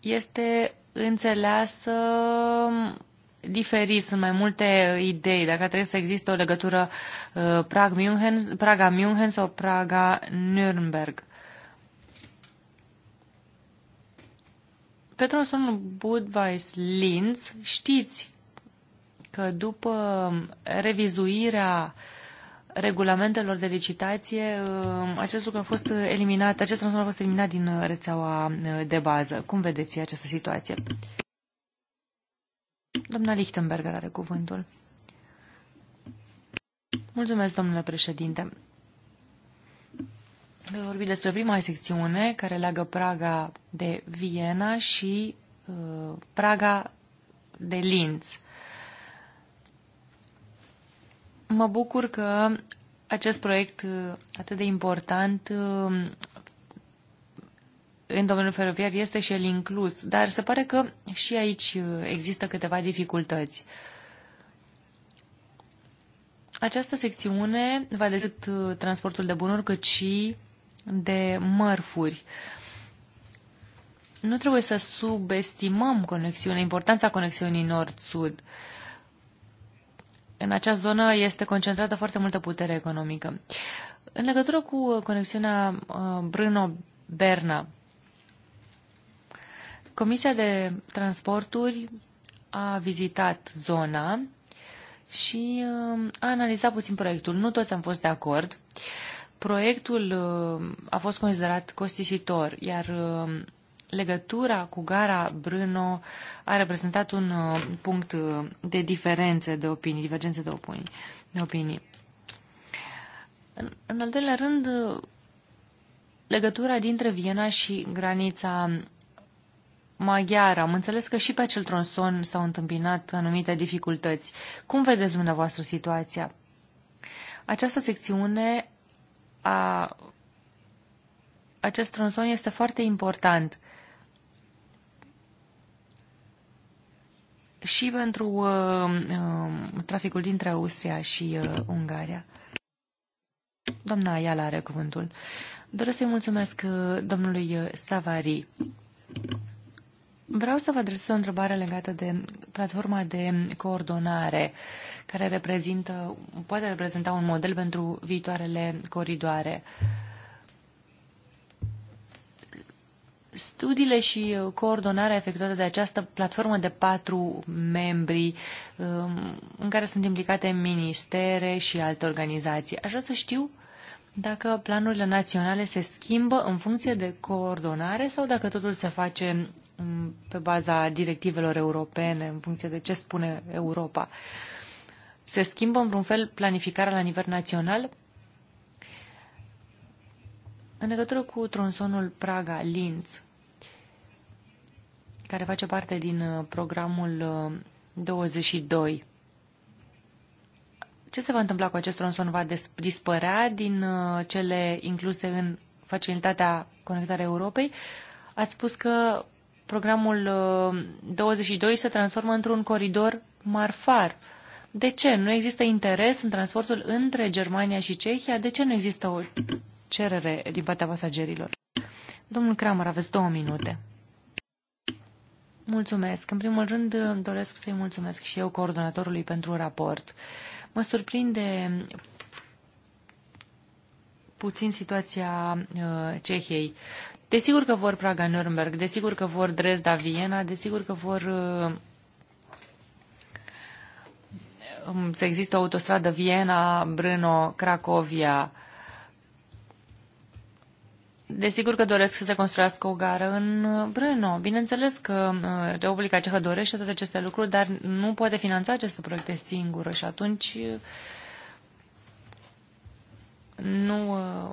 este înțeleasă diferit, sunt mai multe idei, dacă trebuie să există o legătură uh, prag Praga-München Praga -München sau Praga-Nürnberg. Petroson Budweis Linz, știți că după revizuirea uh, regulamentelor de licitație, uh, acest lucru a fost eliminat, acest transfer a fost eliminat din uh, rețeaua uh, de bază. Cum vedeți această situație? Doamna Lichtenberger are cuvântul. Mulțumesc, domnule președinte. Voi vorbi despre prima secțiune care leagă Praga de Viena și uh, Praga de Linz. Mă bucur că acest proiect uh, atât de important uh, în domeniul feroviar este și el inclus, dar se pare că și aici uh, există câteva dificultăți. Această secțiune va atât transportul de bunuri, cât și de mărfuri. Nu trebuie să subestimăm conexiunea, importanța conexiunii nord-sud. Uh, în acea zonă este concentrată foarte multă putere economică. În legătură cu conexiunea uh, Brno-Berna, Comisia de Transporturi a vizitat zona și uh, a analizat puțin proiectul. Nu toți am fost de acord. Proiectul uh, a fost considerat costisitor, iar legătura cu gara Brno a reprezentat un uh, punct uh, de diferențe de opinii, divergențe de opinii. De opinii. În, în al doilea rând, uh, legătura dintre Viena și granița maghiară. Am înțeles că și pe acel tronson s-au întâmpinat anumite dificultăți. Cum vedeți dumneavoastră situația? Această secțiune a acest tronson este foarte important și pentru uh, uh, traficul dintre Austria și uh, Ungaria. Doamna Ayala are cuvântul. Doresc să-i mulțumesc uh, domnului uh, Savari. Vreau să vă adresez o întrebare legată de platforma de coordonare, care reprezintă, poate reprezenta un model pentru viitoarele coridoare. Uh, Studiile și uh, coordonarea efectuată de această platformă de patru membri um, în care sunt implicate ministere și alte organizații. Aș vrea să știu dacă planurile naționale se schimbă în funcție de coordonare sau dacă totul se face um, pe baza directivelor europene, în funcție de ce spune Europa. Se schimbă într-un fel planificarea la nivel național? În legătură cu tronsonul Praga-Linz, care face parte din uh, programul 22, uh, ce se va întâmpla cu acest tronson? Va dispărea din uh, cele incluse în facilitatea Conectarea Europei? Ați spus că programul 22 se transformă într-un coridor marfar. De ce? Nu există interes în transportul între Germania și Cehia? De ce nu există o cerere din partea pasagerilor. Domnul Kramer, aveți două minute. Mulțumesc. În primul rând, doresc să-i mulțumesc și eu coordonatorului pentru raport. Mă surprinde puțin situația uh, Cehiei. Desigur că vor Praga-Nürnberg, desigur că vor Dresda-Viena, desigur că vor uh, um, să există o autostradă Viena, Brno, Cracovia, Desigur că doresc să se construiască o gară în Brno. Bineînțeles că uh, Republica Cehă dorește toate aceste lucruri, dar nu poate finanța aceste proiecte singură și atunci uh, nu uh,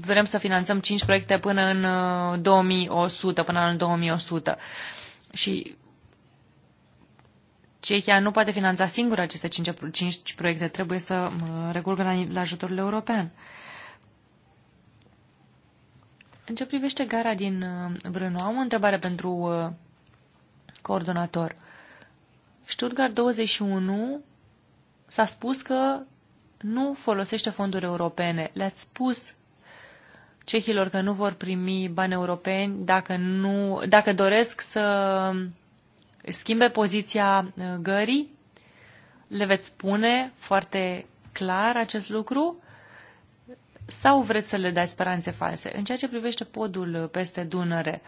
vrem să finanțăm 5 proiecte până în 2100, până în 2100. Și Cehia nu poate finanța singură aceste cinci proiecte, trebuie să uh, recurgă la, la ajutorul european. În ce privește gara din uh, Brno, am o întrebare pentru uh, coordonator. Stuttgart 21 s-a spus că nu folosește fonduri europene. Le-ați spus cehilor că nu vor primi bani europeni dacă, nu, dacă doresc să își schimbe poziția uh, gării, le veți spune foarte clar acest lucru sau vreți să le dai speranțe false? În ceea ce privește podul uh, peste Dunăre,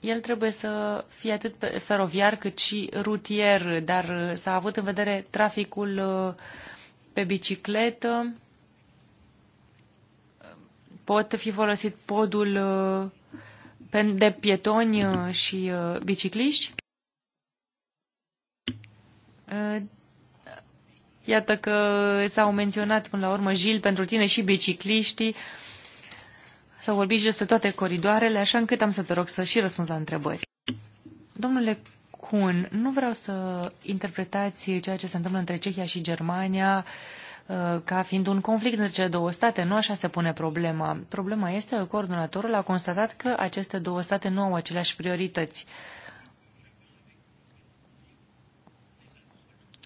el trebuie să fie atât feroviar cât și rutier, dar uh, s-a avut în vedere traficul pe bicicletă. Pot fi folosit podul de pietoni uh, și uh, bicicliști. Uh, iată că s-au menționat până la urmă, Jil, pentru tine și bicicliștii. S-au vorbit și despre toate coridoarele, așa încât am să te rog să și răspunzi la întrebări. Domnule Kuhn, nu vreau să interpretați ceea ce se întâmplă între Cehia și Germania Uh, ca fiind un conflict între cele două state. Nu așa se pune problema. Problema este că coordonatorul a constatat că aceste două state nu au aceleași priorități.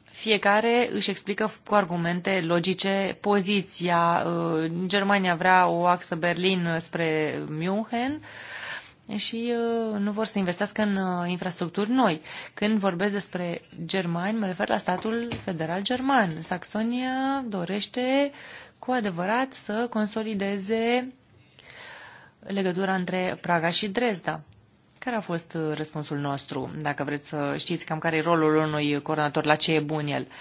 Fiecare își explică cu argumente logice poziția. Uh, Germania vrea o axă Berlin spre München, și uh, nu vor să investească în uh, infrastructuri noi. Când vorbesc despre germani, mă refer la statul federal german. Saxonia dorește cu adevărat să consolideze legătura între Praga și Dresda. Care a fost uh, răspunsul nostru, dacă vreți să știți cam care e rolul unui coordonator, la ce e bun el? Uh,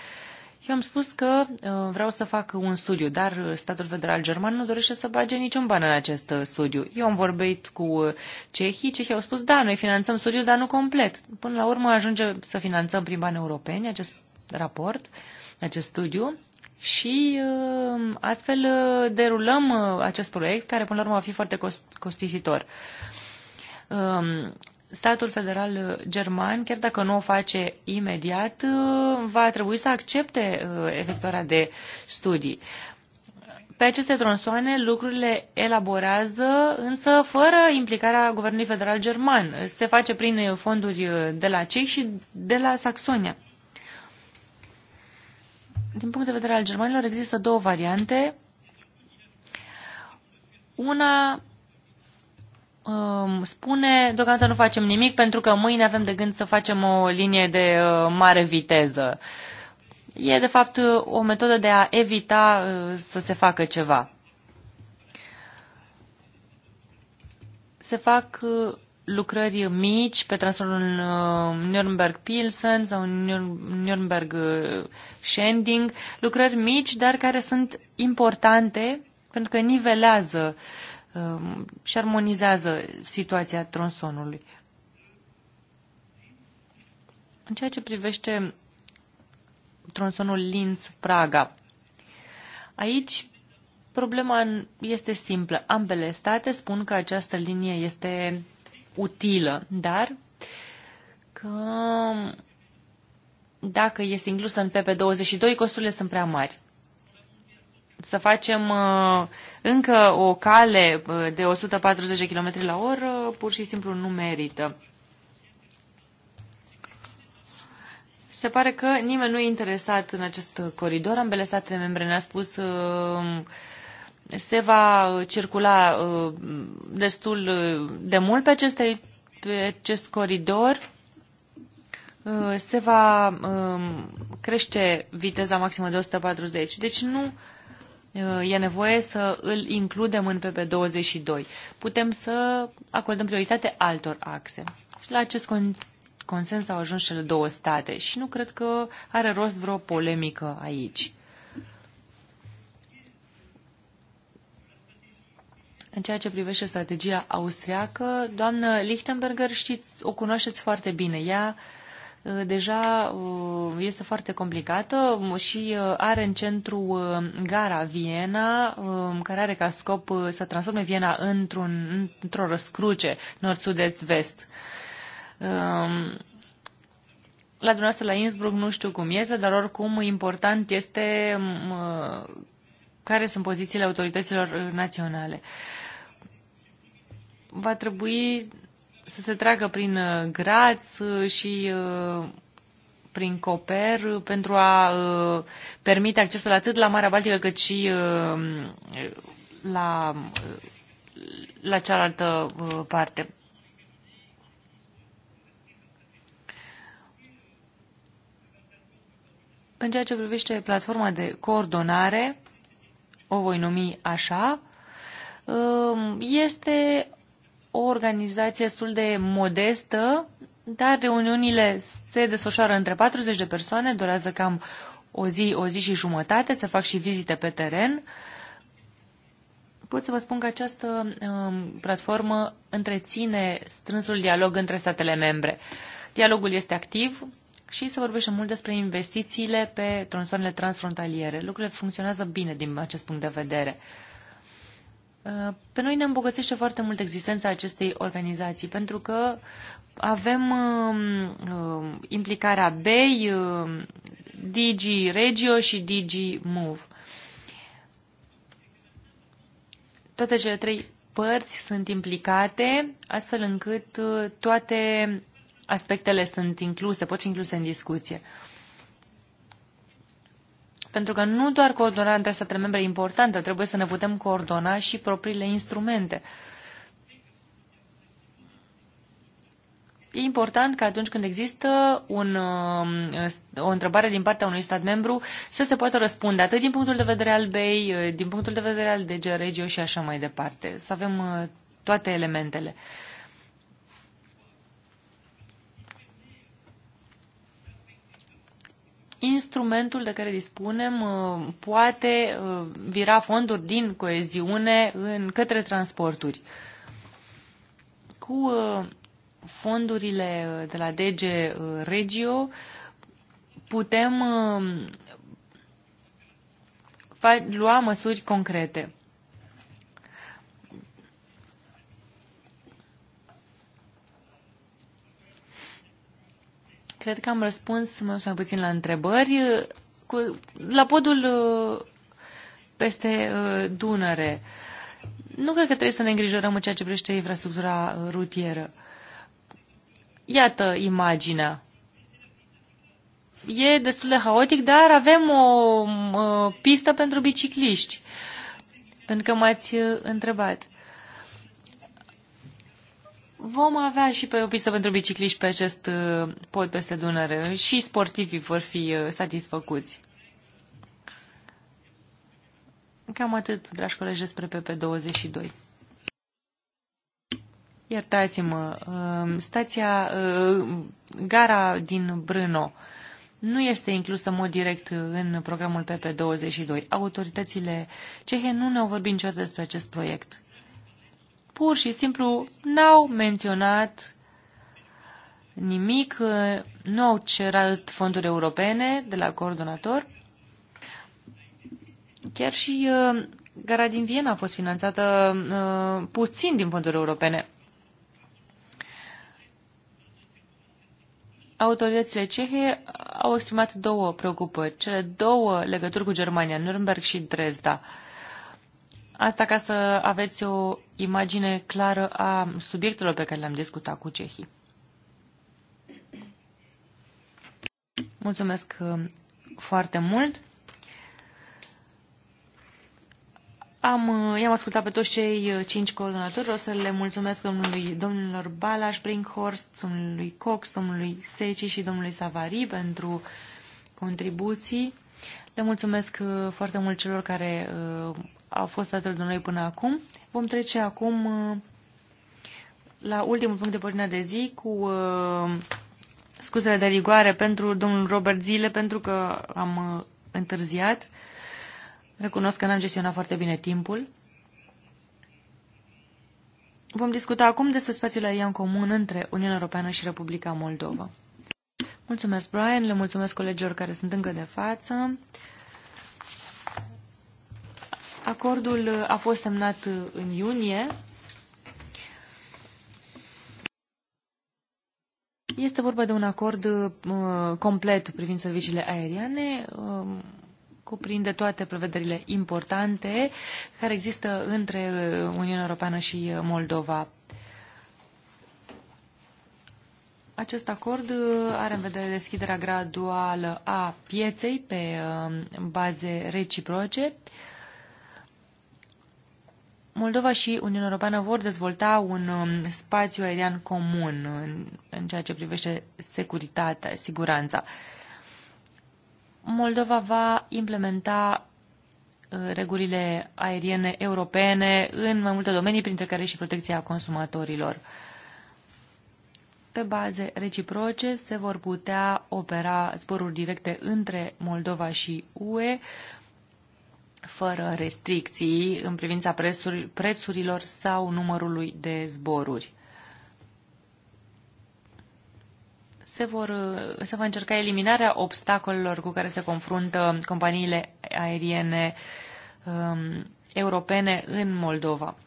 eu am spus că uh, vreau să fac un studiu, dar statul federal german nu dorește să bage niciun ban în acest uh, studiu. Eu am vorbit cu uh, cehii, cehii au spus, da, noi finanțăm studiul, dar nu complet. Până la urmă ajunge să finanțăm prin bani europeni acest raport, acest studiu, și astfel derulăm acest proiect, care până la urmă va fi foarte cost costisitor. Um, statul federal uh, german, chiar dacă nu o face imediat, uh, va trebui să accepte uh, efectuarea de studii. Pe aceste tronsoane lucrurile elaborează, însă fără implicarea Guvernului Federal German. Se face prin fonduri de la CEC și de la Saxonia. Din punct de vedere al germanilor există două variante. Una Um, spune, deocamdată nu facem nimic pentru că mâine avem de gând să facem o linie de uh, mare viteză. E, de fapt, o metodă de a evita uh, să se facă ceva. Se fac uh, lucrări mici pe transferul Nürnberg-Pilsen sau Nürnberg-Schending, lucrări mici, dar care sunt importante pentru că nivelează Um, și armonizează situația tronsonului. În ceea ce privește tronsonul Linz-Praga, aici problema este simplă. Ambele state spun că această linie este utilă, dar că dacă este inclusă în PP22, costurile sunt prea mari să facem uh, încă o cale uh, de 140 km la oră, pur și simplu nu merită. Se pare că nimeni nu e interesat în acest coridor. Ambele state membre ne-a spus uh, se va circula destul de mult pe acest, pe acest coridor. Se va um, crește viteza maximă de 140. Deci nu Uh, e nevoie să îl includem în PP22. Putem să acordăm prioritate altor axe. Și la acest consens au ajuns cele două state și nu cred că are rost vreo polemică aici. În ceea ce privește strategia austriacă, doamnă Lichtenberger, știți, o cunoașteți foarte bine. Ea uh, Uh, deja uh, este foarte complicată și uh, are în centru gara Viena, um, care are ca scop să transforme Viena într-un, într-o răscruce nord-sud-est-vest. Um, la dumneavoastră la Innsbruck nu știu cum este, dar oricum important este um, care sunt pozițiile autorităților naționale. Va trebui să se treacă prin uh, Graț uh, și uh, prin Coper pentru a permite accesul atât la Marea Baltică cât și la, la cealaltă parte. În ceea ce privește platforma de coordonare, o voi numi așa, um, este o organizație destul de modestă, dar reuniunile se desfășoară între 40 de persoane, durează cam o zi, o zi și jumătate, se fac și vizite pe teren. Pot să vă spun că această um, platformă întreține strânsul dialog între statele membre. Dialogul este activ și se vorbește mult despre investițiile pe tronsoanele transfrontaliere. Lucrurile funcționează bine din acest punct de vedere. Uh, pe noi ne îmbogățește foarte mult existența acestei organizații, pentru că avem um, uh, implicarea BEI, um, DG Regio și DG Move. Toate cele trei părți sunt implicate, astfel încât uh, toate aspectele sunt incluse, pot fi incluse în discuție. Pentru că nu doar coordonarea între statele membre e importantă, trebuie să ne putem coordona și propriile instrumente. E important că atunci când există un, um, o întrebare din partea unui stat membru să se poată răspunde atât din punctul de vedere al BEI, uh, din punctul de vedere al DG Regio și așa mai departe. Să avem uh, toate elementele. Uh, instrumentul de care dispunem uh, poate uh, vira fonduri din coeziune în către transporturi. Cu uh, fondurile de la DG Regio putem lua măsuri concrete. Cred că am răspuns mai mai puțin la întrebări. Cu, la podul uh, peste uh, Dunăre, nu cred că trebuie să ne îngrijorăm în ceea ce privește infrastructura uh, rutieră. Iată imaginea. E destul de haotic, dar avem o, o pistă pentru bicicliști. Pentru că m-ați întrebat vom avea și pe o pistă pentru bicicliști pe acest uh, pod peste Dunăre și sportivii vor fi uh, satisfăcuți. Cam atât, dragi colegi, despre PP22. Iertați-mă, um, stația, uh, gara din Brno nu este inclusă în mod direct în programul PP22. Autoritățile cehe nu ne-au vorbit niciodată despre acest proiect pur și simplu n-au menționat nimic, nu au cerut fonduri europene de la coordonator. Chiar și uh, gara din Viena a fost finanțată uh, puțin din fonduri europene. Autoritățile cehe au exprimat două preocupări, cele două legături cu Germania, Nürnberg și Dresda. Uh, Asta ca să aveți o imagine clară a subiectelor pe care le-am discutat cu cehii. Mulțumesc uh, foarte mult. Am, uh, i-am ascultat pe toți cei uh, cinci coordonatori. O să le mulțumesc domnului, domnilor Balaș, Brinkhorst, domnului Cox, domnului Seci și domnului Savari pentru contribuții. Le mulțumesc foarte mult celor care a fost atât de noi până acum. Vom trece acum uh, la ultimul punct de pornire de zi cu uh, scuzele de rigoare pentru domnul Robert Zile, pentru că am uh, întârziat. Recunosc că n-am gestionat foarte bine timpul. Vom discuta acum despre spațiul aerian comun între Uniunea Europeană și Republica Moldova. Mulțumesc, Brian, le mulțumesc colegilor care sunt încă de față. Acordul uh, a fost semnat uh, în iunie. Este vorba de un acord uh, complet privind serviciile aeriane, um, cuprinde toate prevederile importante care există între Uniunea Europeană și Moldova. Acest acord are în vedere deschiderea graduală a pieței pe baze reciproce. Moldova și Uniunea Europeană vor dezvolta un um, spațiu aerian comun în, în ceea ce privește securitatea, siguranța. Moldova va implementa uh, regulile aeriene europene în mai multe domenii, printre care și protecția consumatorilor. Pe baze reciproce se vor putea opera zboruri directe între Moldova și UE fără restricții în privința prețurilor sau numărului de zboruri. Se, vor, se va încerca eliminarea obstacolelor cu care se confruntă companiile aeriene um, europene în Moldova.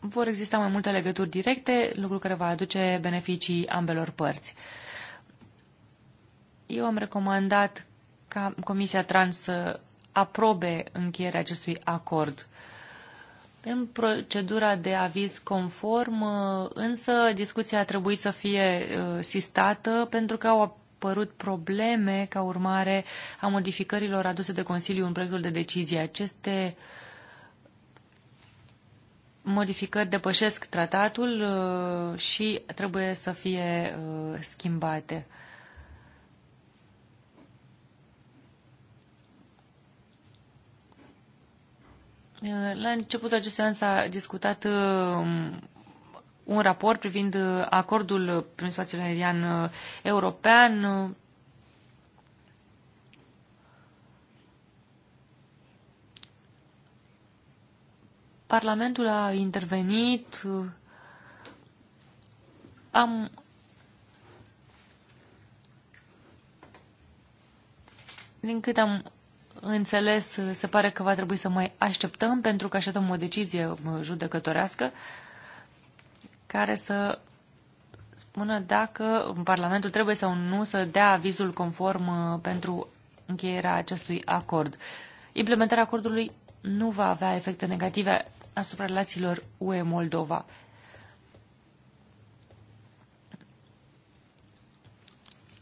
Vor exista mai multe legături directe, lucru care va aduce beneficii ambelor părți. Eu am recomandat ca Comisia Trans să aprobe încheierea acestui acord. În procedura de aviz conform, însă, discuția a trebuit să fie uh, sistată pentru că au apărut probleme ca urmare a modificărilor aduse de Consiliu în proiectul de decizie. Aceste modificări depășesc tratatul uh, și trebuie să fie uh, schimbate. Eh, la începutul acestui an s-a discutat eh, un raport privind eh, acordul prin spațiul aerian european. Parlamentul a intervenit. Am din cât am înțeles, se pare că va trebui să mai așteptăm pentru că așteptăm o decizie uh, judecătorească care să spună dacă Parlamentul trebuie sau nu să dea avizul conform uh, pentru încheierea acestui acord. Implementarea acordului nu va avea efecte negative asupra relațiilor UE-Moldova.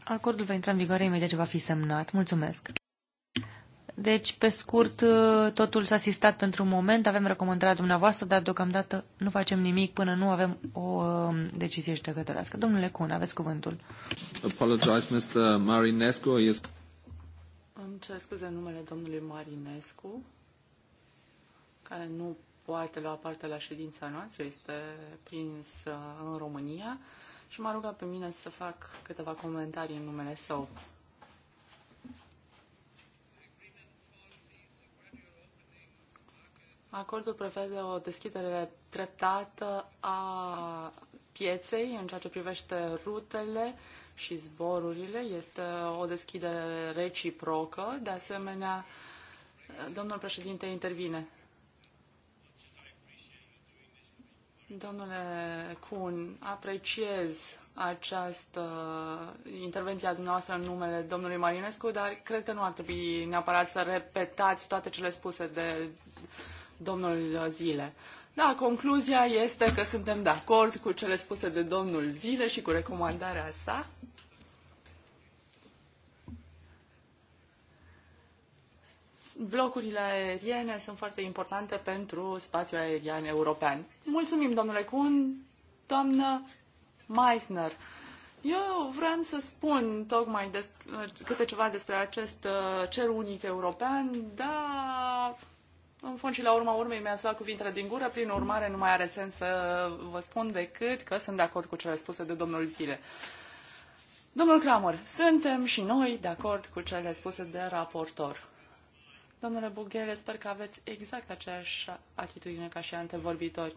Acordul va intra în vigoare imediat ce va fi semnat. Mulțumesc! Deci, pe scurt, totul s-a asistat pentru un moment, avem recomandarea dumneavoastră, dar deocamdată nu facem nimic până nu avem o uh, decizie judecătorească. Domnule Cun, aveți cuvântul. Apologize, Mr. Marinescu. Yes. Îmi cer scuze numele domnului Marinescu, care nu poate lua parte la ședința noastră, este prins uh, în România și m-a rugat pe mine să fac câteva comentarii în numele său. Acordul prevede o deschidere treptată a pieței în ceea ce privește rutele și zborurile. Este o deschidere reciprocă. De asemenea, domnul președinte intervine. Domnule Kuhn, apreciez această intervenție a dumneavoastră în numele domnului Marinescu, dar cred că nu ar trebui neapărat să repetați toate cele spuse de domnul Zile. Da, concluzia este că suntem de acord cu cele spuse de domnul Zile și cu recomandarea sa. blocurile aeriene sunt foarte importante pentru spațiul aerian european. Mulțumim, domnule Kuhn, doamnă Meissner. Eu vreau să spun tocmai des, câte ceva despre acest uh, cer unic european, dar în fond și la urma urmei mi-ați luat cuvintele din gură, prin urmare nu mai are sens să vă spun decât că sunt de acord cu cele spuse de domnul Zile. Domnul Cramer, suntem și noi de acord cu cele spuse de raportor. Domnule Bughele, sper că aveți exact aceeași atitudine ca și antevorbitori.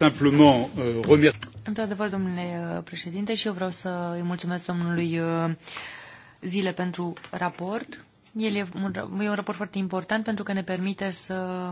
Simplement, uh, remer... Într-adevăr, domnule uh, președinte, și eu vreau să îi mulțumesc domnului uh, Zile pentru raport. El e un, e un raport foarte important pentru că ne permite să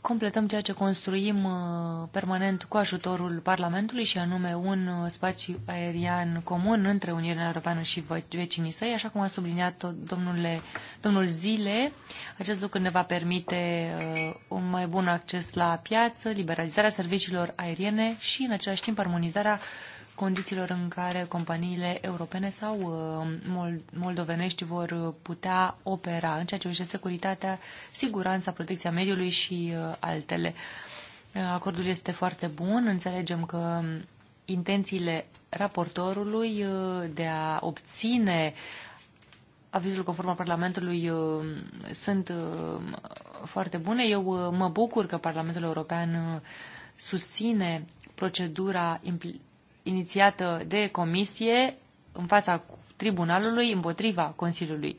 completăm ceea ce construim uh, permanent cu ajutorul Parlamentului și anume un uh, spațiu aerian comun între Uniunea Europeană și vecinii săi, așa cum a subliniat domnule, domnul Zile. Acest lucru ne va permite uh, un mai bun acces la piață, liberalizarea serviciilor aeriene și, în același timp, armonizarea condițiilor în care companiile europene sau uh, moldovenești vor putea opera în ceea ce privește securitatea, siguranța, protecția mediului și uh, altele. Uh, acordul este foarte bun, înțelegem că intențiile raportorului de a obține avizul conform al Parlamentului sunt foarte bune. Eu mă bucur că Parlamentul European susține procedura inițiată de comisie în fața tribunalului împotriva Consiliului.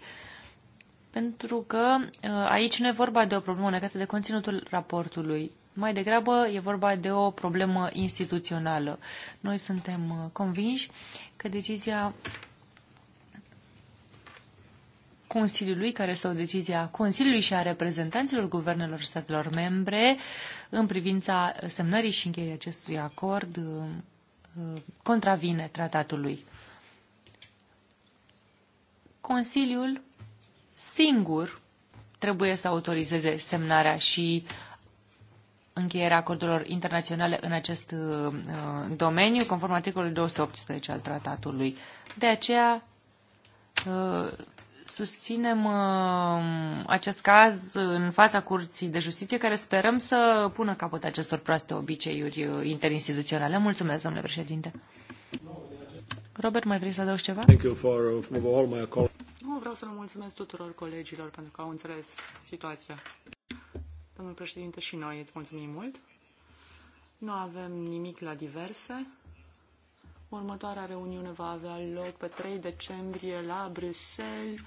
Pentru că uh, aici nu e vorba de o problemă legată de conținutul raportului. Mai degrabă e vorba de o problemă instituțională. Noi suntem uh, convinși că decizia Consiliului, care este o decizie a Consiliului și a reprezentanților guvernelor statelor membre în privința semnării și încheierii acestui acord uh, Uh, contravine tratatului. Consiliul singur trebuie să autorizeze semnarea și încheierea acordurilor internaționale în acest uh, uh, domeniu, conform articolului 218 al tratatului. De aceea, susținem uh, acest caz în fața Curții de Justiție, care sperăm să pună capăt acestor proaste obiceiuri uh, interinstituționale. Mulțumesc, domnule președinte. Robert, mai vrei să adaugi ceva? Thank you for, uh, all my nu vreau să le mulțumesc tuturor colegilor pentru că au înțeles situația. Domnul președinte, și noi îți mulțumim mult. Nu avem nimic la diverse. Următoarea reuniune va avea loc pe 3 decembrie la Bruxelles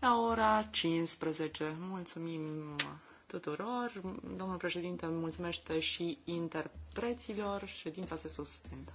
la ora 15. Mulțumim tuturor. Domnul președinte mulțumește și interpreților. Ședința se suspendă.